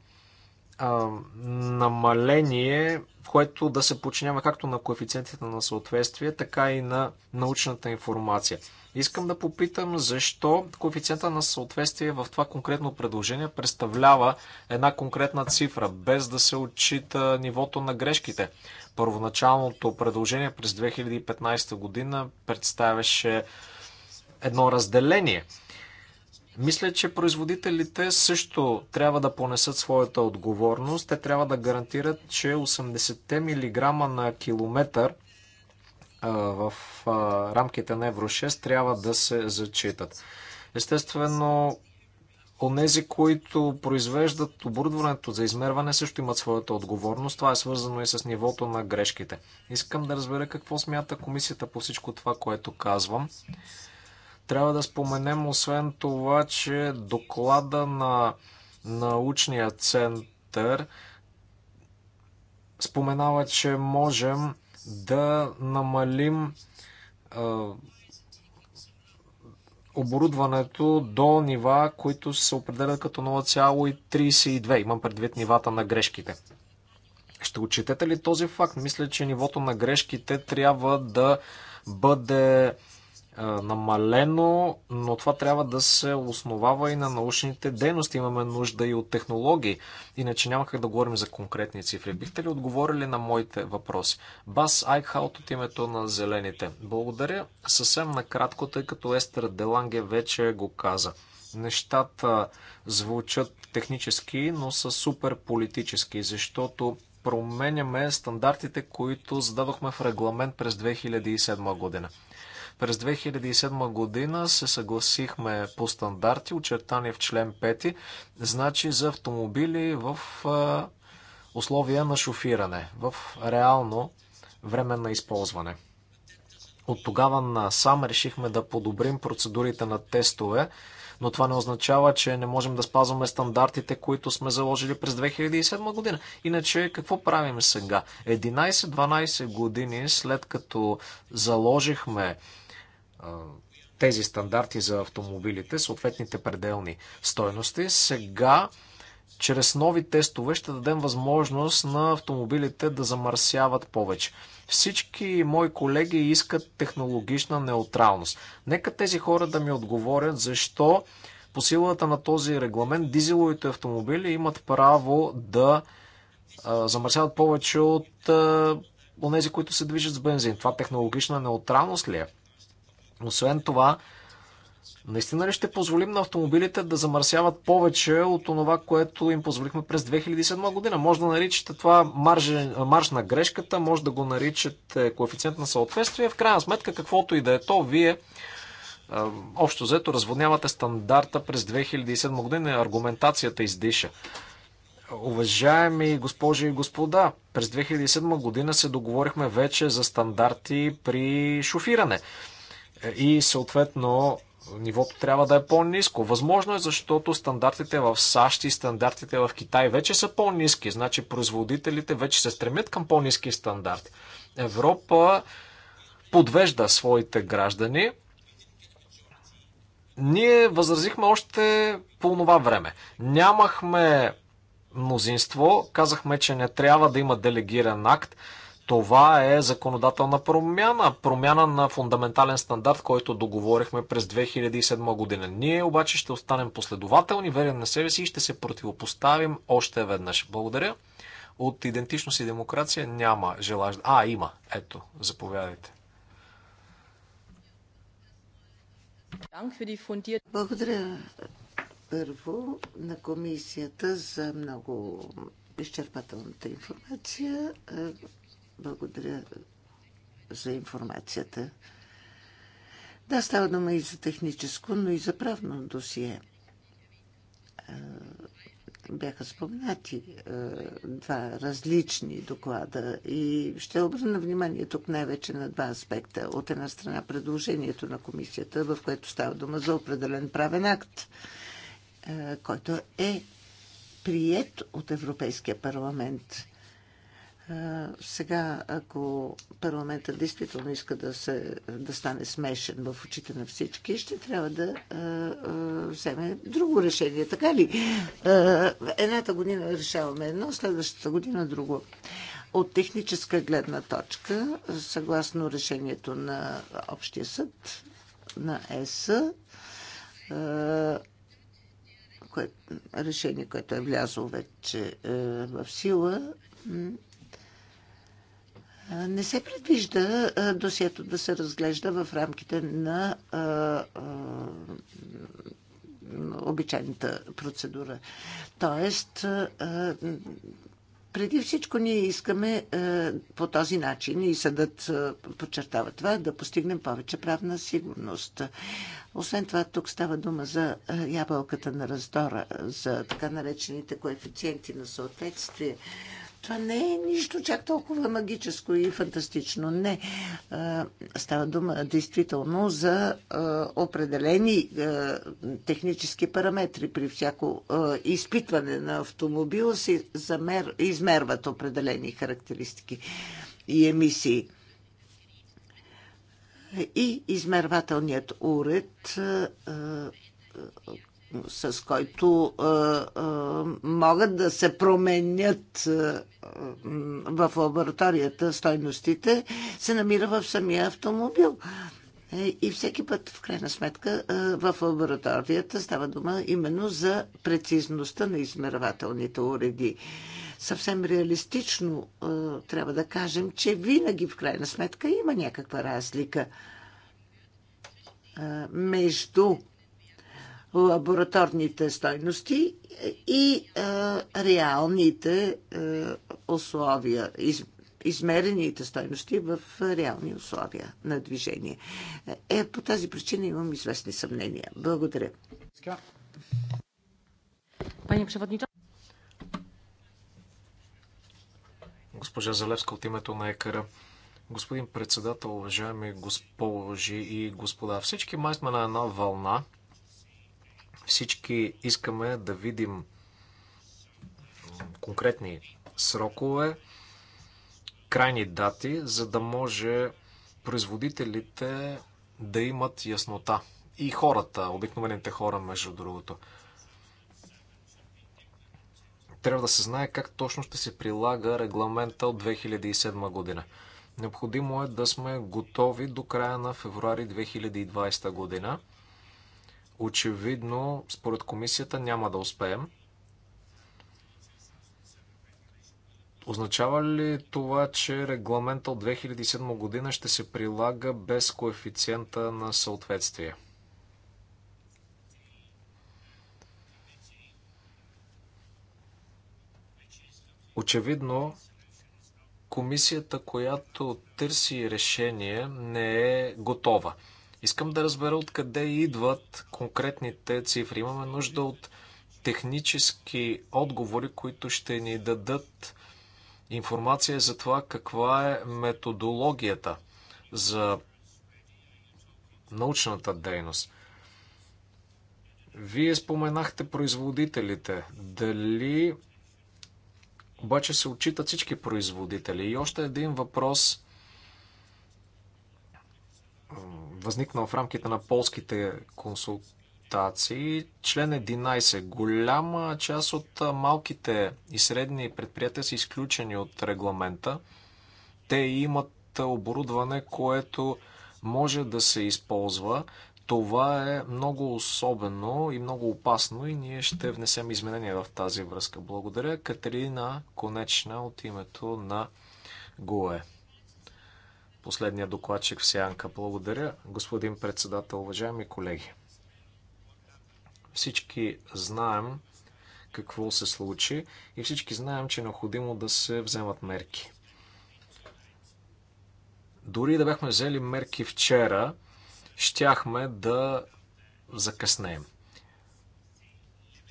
намаление в което да се подчинява както на коефициентите на съответствие, така и на научната информация. Искам да попитам защо коефициента на съответствие в това конкретно предложение представлява една конкретна цифра, без да се отчита нивото на грешките. Първоначалното предложение през 2015 година представяше едно разделение – мисля, че производителите също трябва да понесат своята отговорност. Те трябва да гарантират, че 80 мг на километър в рамките на Евро 6 трябва да се зачитат. Естествено, Онези, които произвеждат оборудването за измерване, също имат своята отговорност. Това е свързано и с нивото на грешките. Искам да разбера какво смята комисията по всичко това, което казвам. Трябва да споменем освен това, че доклада на научния център споменава, че можем да намалим оборудването до нива, които се определят като 0,32. Имам предвид нивата на грешките. Ще отчетете ли този факт? Мисля, че нивото на грешките трябва да бъде е, намалено, но това трябва да се основава и на научните дейности. Имаме нужда и от технологии. Иначе няма как да говорим за конкретни цифри. Бихте ли отговорили на моите въпроси? Бас Айкхаут от името на Зелените. Благодаря съвсем накратко, тъй като Естер Деланге вече го каза. Нещата звучат технически, но са супер политически, защото променяме стандартите, които задавахме в регламент през 2007 година. През 2007 година се съгласихме по стандарти, очертани в член 5, значи за автомобили в условия на шофиране, в реално време на използване. От тогава насам решихме да подобрим процедурите на тестове, но това не означава, че не можем да спазваме стандартите, които сме заложили през 2007 година. Иначе какво правим сега? 11-12 години след като заложихме тези стандарти за автомобилите, съответните пределни стойности. Сега, чрез нови тестове, ще дадем възможност на автомобилите да замърсяват повече. Всички мои колеги искат технологична неутралност. Нека тези хора да ми отговорят защо по силата на този регламент дизеловите автомобили имат право да а, замърсяват повече от тези, които се движат с бензин. Това технологична неутралност ли е? Освен това, наистина ли ще позволим на автомобилите да замърсяват повече от това, което им позволихме през 2007 година? Може да наричате това марж, марж на грешката, може да го наричате коефициент на съответствие. В крайна сметка, каквото и да е то, вие е, общо взето разводнявате стандарта през 2007 година. Аргументацията издиша. Уважаеми госпожи и господа, през 2007 година се договорихме вече за стандарти при шофиране и съответно нивото трябва да е по-низко. Възможно е, защото стандартите в САЩ и стандартите в Китай вече са по-низки, значи производителите вече се стремят към по-низки стандарти. Европа подвежда своите граждани. Ние възразихме още по това време. Нямахме мнозинство, казахме, че не трябва да има делегиран акт. Това е законодателна промяна, промяна на фундаментален стандарт, който договорихме през 2007 година. Ние обаче ще останем последователни, верен на себе си и ще се противопоставим още веднъж. Благодаря. От идентичност и демокрация няма желажда. А, има. Ето, заповядайте. Благодаря първо на комисията за много изчерпателната информация. Благодаря за информацията. Да, става дума и за техническо, но и за правно досие. Бяха споменати два различни доклада и ще обърна внимание тук най-вече на два аспекта. От една страна предложението на комисията, в което става дума за определен правен акт, който е прият от Европейския парламент сега, ако парламентът действително иска да, се, да стане смешен в очите на всички, ще трябва да а, а, вземе друго решение. Така ли? А, едната година решаваме едно, следващата година друго. От техническа гледна точка, съгласно решението на Общия съд на ЕС, кое, решение, което е влязло вече е, в сила, не се предвижда досието да се разглежда в рамките на обичайната процедура. Тоест, преди всичко ние искаме по този начин и съдът подчертава това, да постигнем повече правна сигурност. Освен това, тук става дума за ябълката на раздора, за така наречените коефициенти на съответствие. Това не е нищо чак толкова магическо и фантастично. Не. Става дума действително за определени технически параметри. При всяко изпитване на автомобила се измерват определени характеристики и емисии. И измервателният уред с който могат да се променят в лабораторията стойностите, се намира в самия автомобил. Е, и всеки път, в крайна сметка, в лабораторията става дума именно за прецизността на измервателните уреди. Съвсем реалистично трябва да кажем, че винаги, в крайна сметка, има някаква разлика между лабораторните стойности и реалните условия, измерените стойности в реални условия на движение. Е, по тази причина имам известни съмнения. Благодаря. Пани Госпожа Залевска от името на екара Господин председател, уважаеми госпожи и господа, всички май сме на една вълна – всички искаме да видим конкретни срокове, крайни дати, за да може производителите да имат яснота. И хората, обикновените хора, между другото. Трябва да се знае как точно ще се прилага регламента от 2007 година. Необходимо е да сме готови до края на февруари 2020 година. Очевидно, според комисията няма да успеем. Означава ли това, че регламента от 2007 година ще се прилага без коефициента на съответствие? Очевидно, комисията, която търси решение, не е готова Искам да разбера откъде идват конкретните цифри. Имаме нужда от технически отговори, които ще ни дадат информация за това каква е методологията за научната дейност. Вие споменахте производителите. Дали обаче се отчитат всички производители? И още един въпрос – възникнал в рамките на полските консултации. Член 11. Голяма част от малките и средни предприятия са изключени от регламента. Те имат оборудване, което може да се използва. Това е много особено и много опасно и ние ще внесем изменения в тази връзка. Благодаря. Катерина Конечна от името на ГОЕ последния докладчик в Сянка. Благодаря, господин председател, уважаеми колеги. Всички знаем какво се случи и всички знаем, че е необходимо да се вземат мерки. Дори да бяхме взели мерки вчера, щяхме да закъснеем.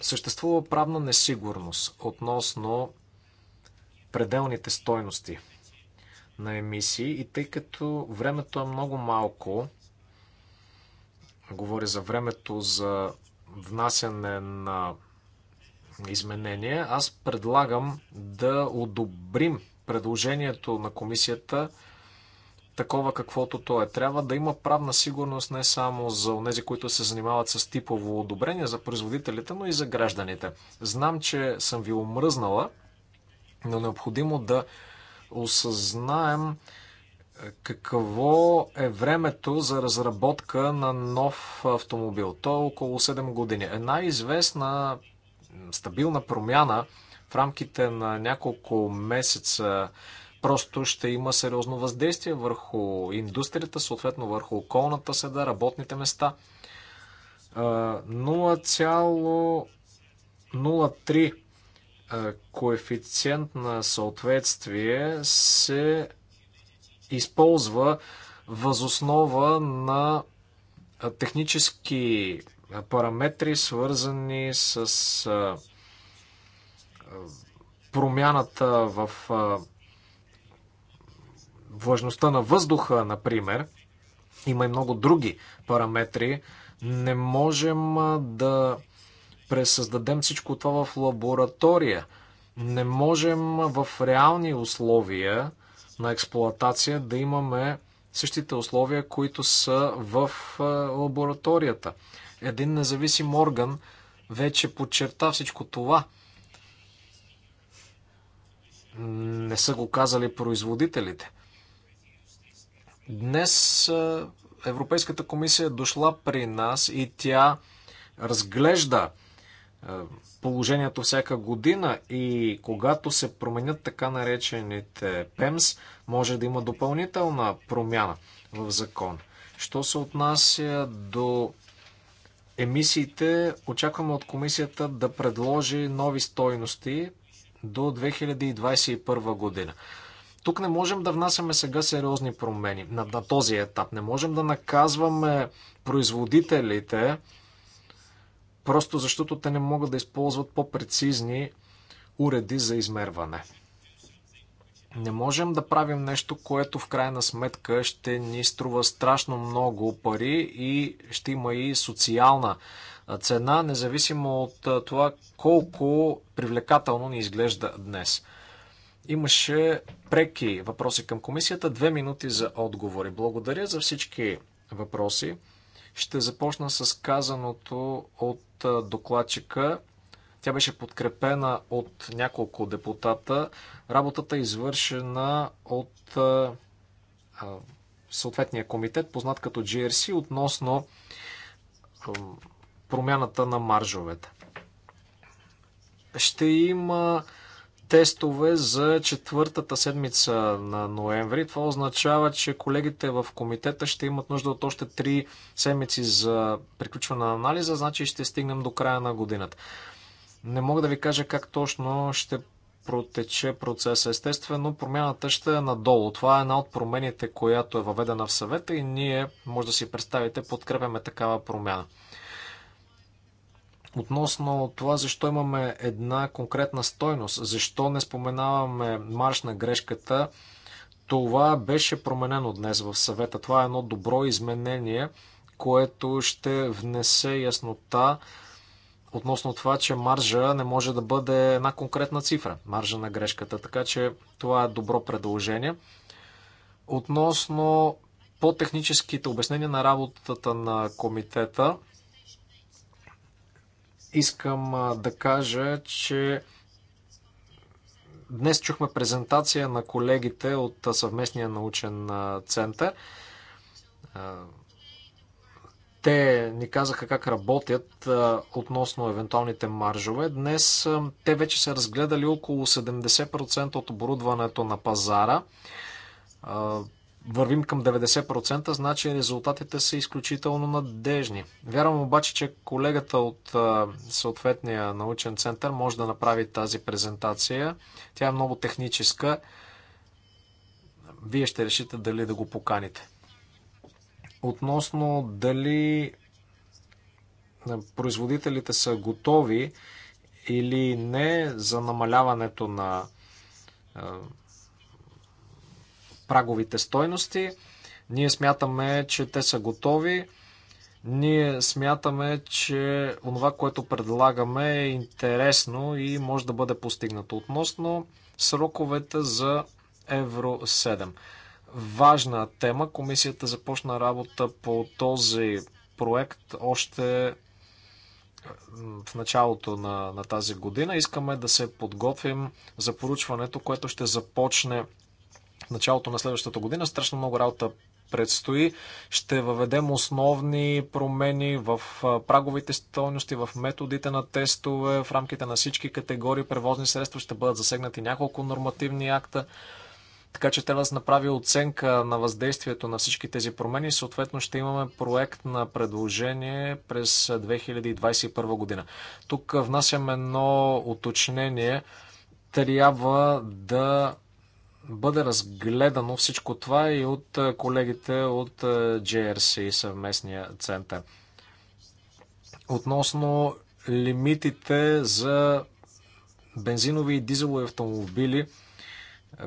Съществува правна несигурност относно пределните стойности – на емисии и тъй като времето е много малко, говоря за времето за внасяне на изменения, аз предлагам да одобрим предложението на комисията такова каквото то е. Трябва да има правна сигурност не само за тези, които се занимават с типово одобрение за производителите, но и за гражданите. Знам, че съм ви омръзнала, но е необходимо да осъзнаем е, какво е времето за разработка на нов автомобил. То е около 7 години. Една известна стабилна промяна в рамките на няколко месеца просто ще има сериозно въздействие върху индустрията, съответно върху околната седа, работните места. Е, коефициент на съответствие се използва възоснова на технически параметри, свързани с промяната в влажността на въздуха, например. Има и много други параметри. Не можем да пресъздадем всичко това в лаборатория. Не можем в реални условия на експлоатация да имаме същите условия, които са в лабораторията. Един независим орган вече подчерта всичко това. Не са го казали производителите. Днес Европейската комисия е дошла при нас и тя разглежда е, положението всяка година и когато се променят така наречените ПЕМС, може да има допълнителна промяна в закон. Що се отнася до емисиите, очакваме от комисията да предложи нови стойности до 2021 година. Тук не можем да внасяме сега сериозни промени на, на този етап. Не можем да наказваме производителите, просто защото те не могат да използват по-прецизни уреди за измерване. Не можем да правим нещо, което в крайна сметка ще ни струва страшно много пари и ще има и социална цена, независимо от това колко привлекателно ни изглежда днес. Имаше преки въпроси към комисията, две минути за отговори. Благодаря за всички въпроси. Ще започна с казаното от докладчика. Тя беше подкрепена от няколко депутата. Работата е извършена от съответния комитет, познат като GRC, относно промяната на маржовете. Ще има тестове за четвъртата седмица на ноември. Това означава, че колегите в комитета ще имат нужда от още три седмици за приключване на анализа, значи ще стигнем до края на годината. Не мога да ви кажа как точно ще протече процеса. Естествено, промяната ще е надолу. Това е една от промените, която е въведена в съвета и ние, може да си представите, подкрепяме такава промяна относно това защо имаме една конкретна стойност, защо не споменаваме марш на грешката, това беше променено днес в съвета. Това е едно добро изменение, което ще внесе яснота относно това, че маржа не може да бъде една конкретна цифра, маржа на грешката. Така че това е добро предложение. Относно по-техническите обяснения на работата на комитета, искам да кажа, че днес чухме презентация на колегите от съвместния научен център. Те ни казаха как работят относно евентуалните маржове. Днес те вече са разгледали около 70% от оборудването на пазара вървим към 90%, значи резултатите са изключително надежни. Вярвам обаче, че колегата от съответния научен център може да направи тази презентация. Тя е много техническа. Вие ще решите дали да го поканите. Относно дали производителите са готови или не за намаляването на праговите стойности. Ние смятаме, че те са готови. Ние смятаме, че това, което предлагаме е интересно и може да бъде постигнато относно сроковете за Евро 7. Важна тема. Комисията започна работа по този проект още в началото на, на тази година. Искаме да се подготвим за поручването, което ще започне в началото на следващата година. Страшно много работа предстои. Ще въведем основни промени в праговите стойности, в методите на тестове, в рамките на всички категории превозни средства ще бъдат засегнати няколко нормативни акта. Така че трябва да се направи оценка на въздействието на всички тези промени. Съответно ще имаме проект на предложение през 2021 година. Тук внасям едно уточнение. Трябва да бъде разгледано всичко това и от колегите от JRC, съвместния център. Относно лимитите за бензинови и дизелови автомобили,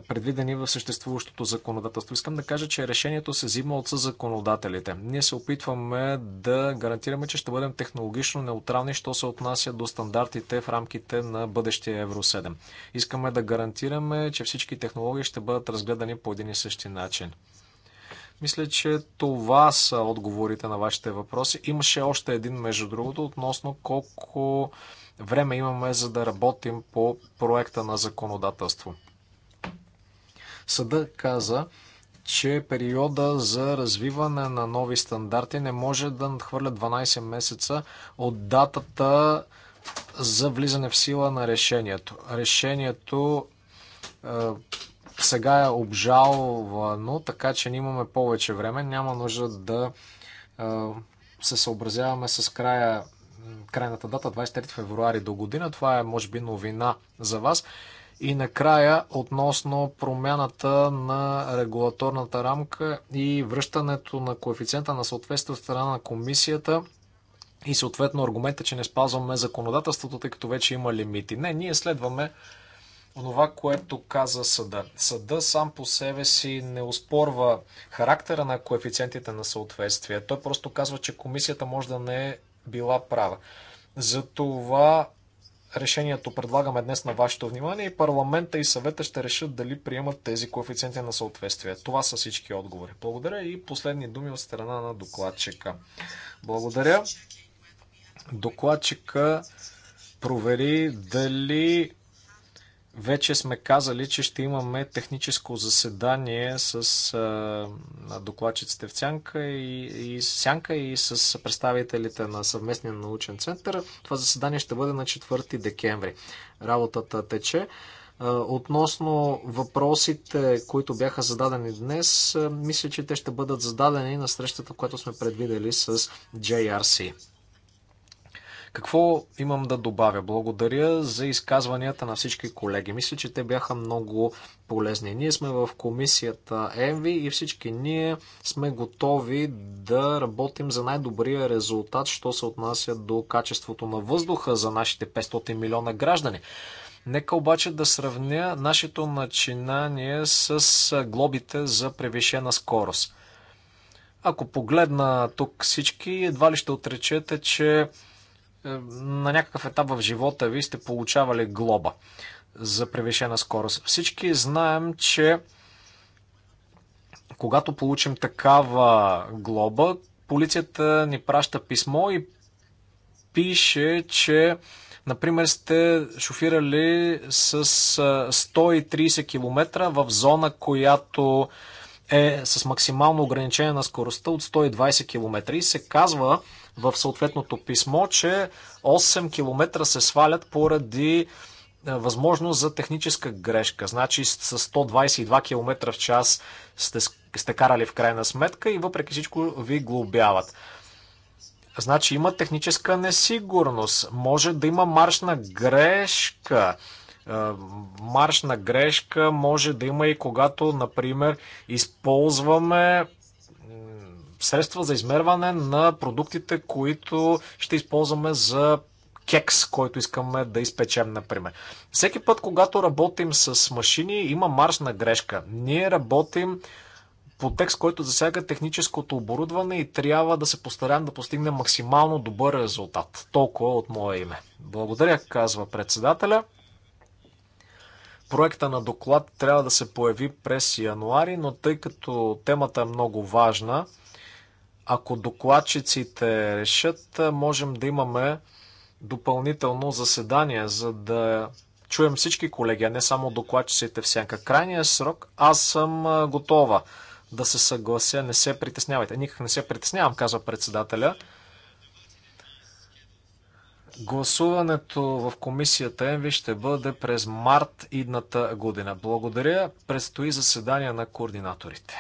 предвидени в съществуващото законодателство. Искам да кажа, че решението се взима от законодателите. Ние се опитваме да гарантираме, че ще бъдем технологично неутрални, що се отнася до стандартите в рамките на бъдещия Евро 7. Искаме да гарантираме, че всички технологии ще бъдат разгледани по един и същи начин. Мисля, че това са отговорите на вашите въпроси. Имаше още един, между другото, относно колко време имаме за да работим по проекта на законодателство. Съда каза, че периода за развиване на нови стандарти не може да надхвърля 12 месеца от датата за влизане в сила на решението. Решението е, сега е обжалвано, така че ние имаме повече време. Няма нужда да е, се съобразяваме с края, крайната дата, 23 февруари до година. Това е, може би, новина за вас. И накрая, относно промяната на регулаторната рамка и връщането на коефициента на съответствие от страна на комисията и съответно аргумента, че не спазваме законодателството, тъй като вече има лимити. Не, ние следваме това, което каза съда. Съда сам по себе си не успорва характера на коефициентите на съответствие. Той просто казва, че комисията може да не е била права. Затова решението предлагаме днес на вашето внимание и парламента и съвета ще решат дали приемат тези коефициенти на съответствие. Това са всички отговори. Благодаря и последни думи от страна на докладчика. Благодаря. Докладчика провери дали вече сме казали, че ще имаме техническо заседание с а, докладчиците в Сянка и, и, Сянка и с представителите на съвместния научен център. Това заседание ще бъде на 4 декември. Работата тече. Относно въпросите, които бяха зададени днес, мисля, че те ще бъдат зададени на срещата, която сме предвидели с JRC. Какво имам да добавя? Благодаря за изказванията на всички колеги. Мисля, че те бяха много полезни. Ние сме в комисията ЕМВИ и всички ние сме готови да работим за най-добрия резултат, що се отнася до качеството на въздуха за нашите 500 милиона граждани. Нека обаче да сравня нашето начинание с глобите за превишена скорост. Ако погледна тук всички, едва ли ще отречете, че на някакъв етап в живота ви сте получавали глоба за превишена скорост. Всички знаем, че когато получим такава глоба, полицията ни праща писмо и пише, че например сте шофирали с 130 км в зона, която е с максимално ограничение на скоростта от 120 км и се казва, в съответното писмо, че 8 км се свалят поради е, възможност за техническа грешка. Значи с 122 км в час сте, сте карали в крайна сметка и въпреки всичко ви глобяват. Значи има техническа несигурност. Може да има маршна грешка. Е, маршна грешка може да има и когато, например, използваме средства за измерване на продуктите, които ще използваме за кекс, който искаме да изпечем, например. Всеки път, когато работим с машини, има маршна грешка. Ние работим по текст, който засяга техническото оборудване и трябва да се постараем да постигне максимално добър резултат. Толкова от мое име. Благодаря, казва председателя. Проекта на доклад трябва да се появи през януари, но тъй като темата е много важна, ако докладчиците решат, можем да имаме допълнително заседание, за да чуем всички колеги, а не само докладчиците в сянка. Крайният срок, аз съм готова да се съглася, не се притеснявайте. Никак не се притеснявам, казва председателя. Гласуването в комисията МВ ще бъде през март идната година. Благодаря. Предстои заседание на координаторите.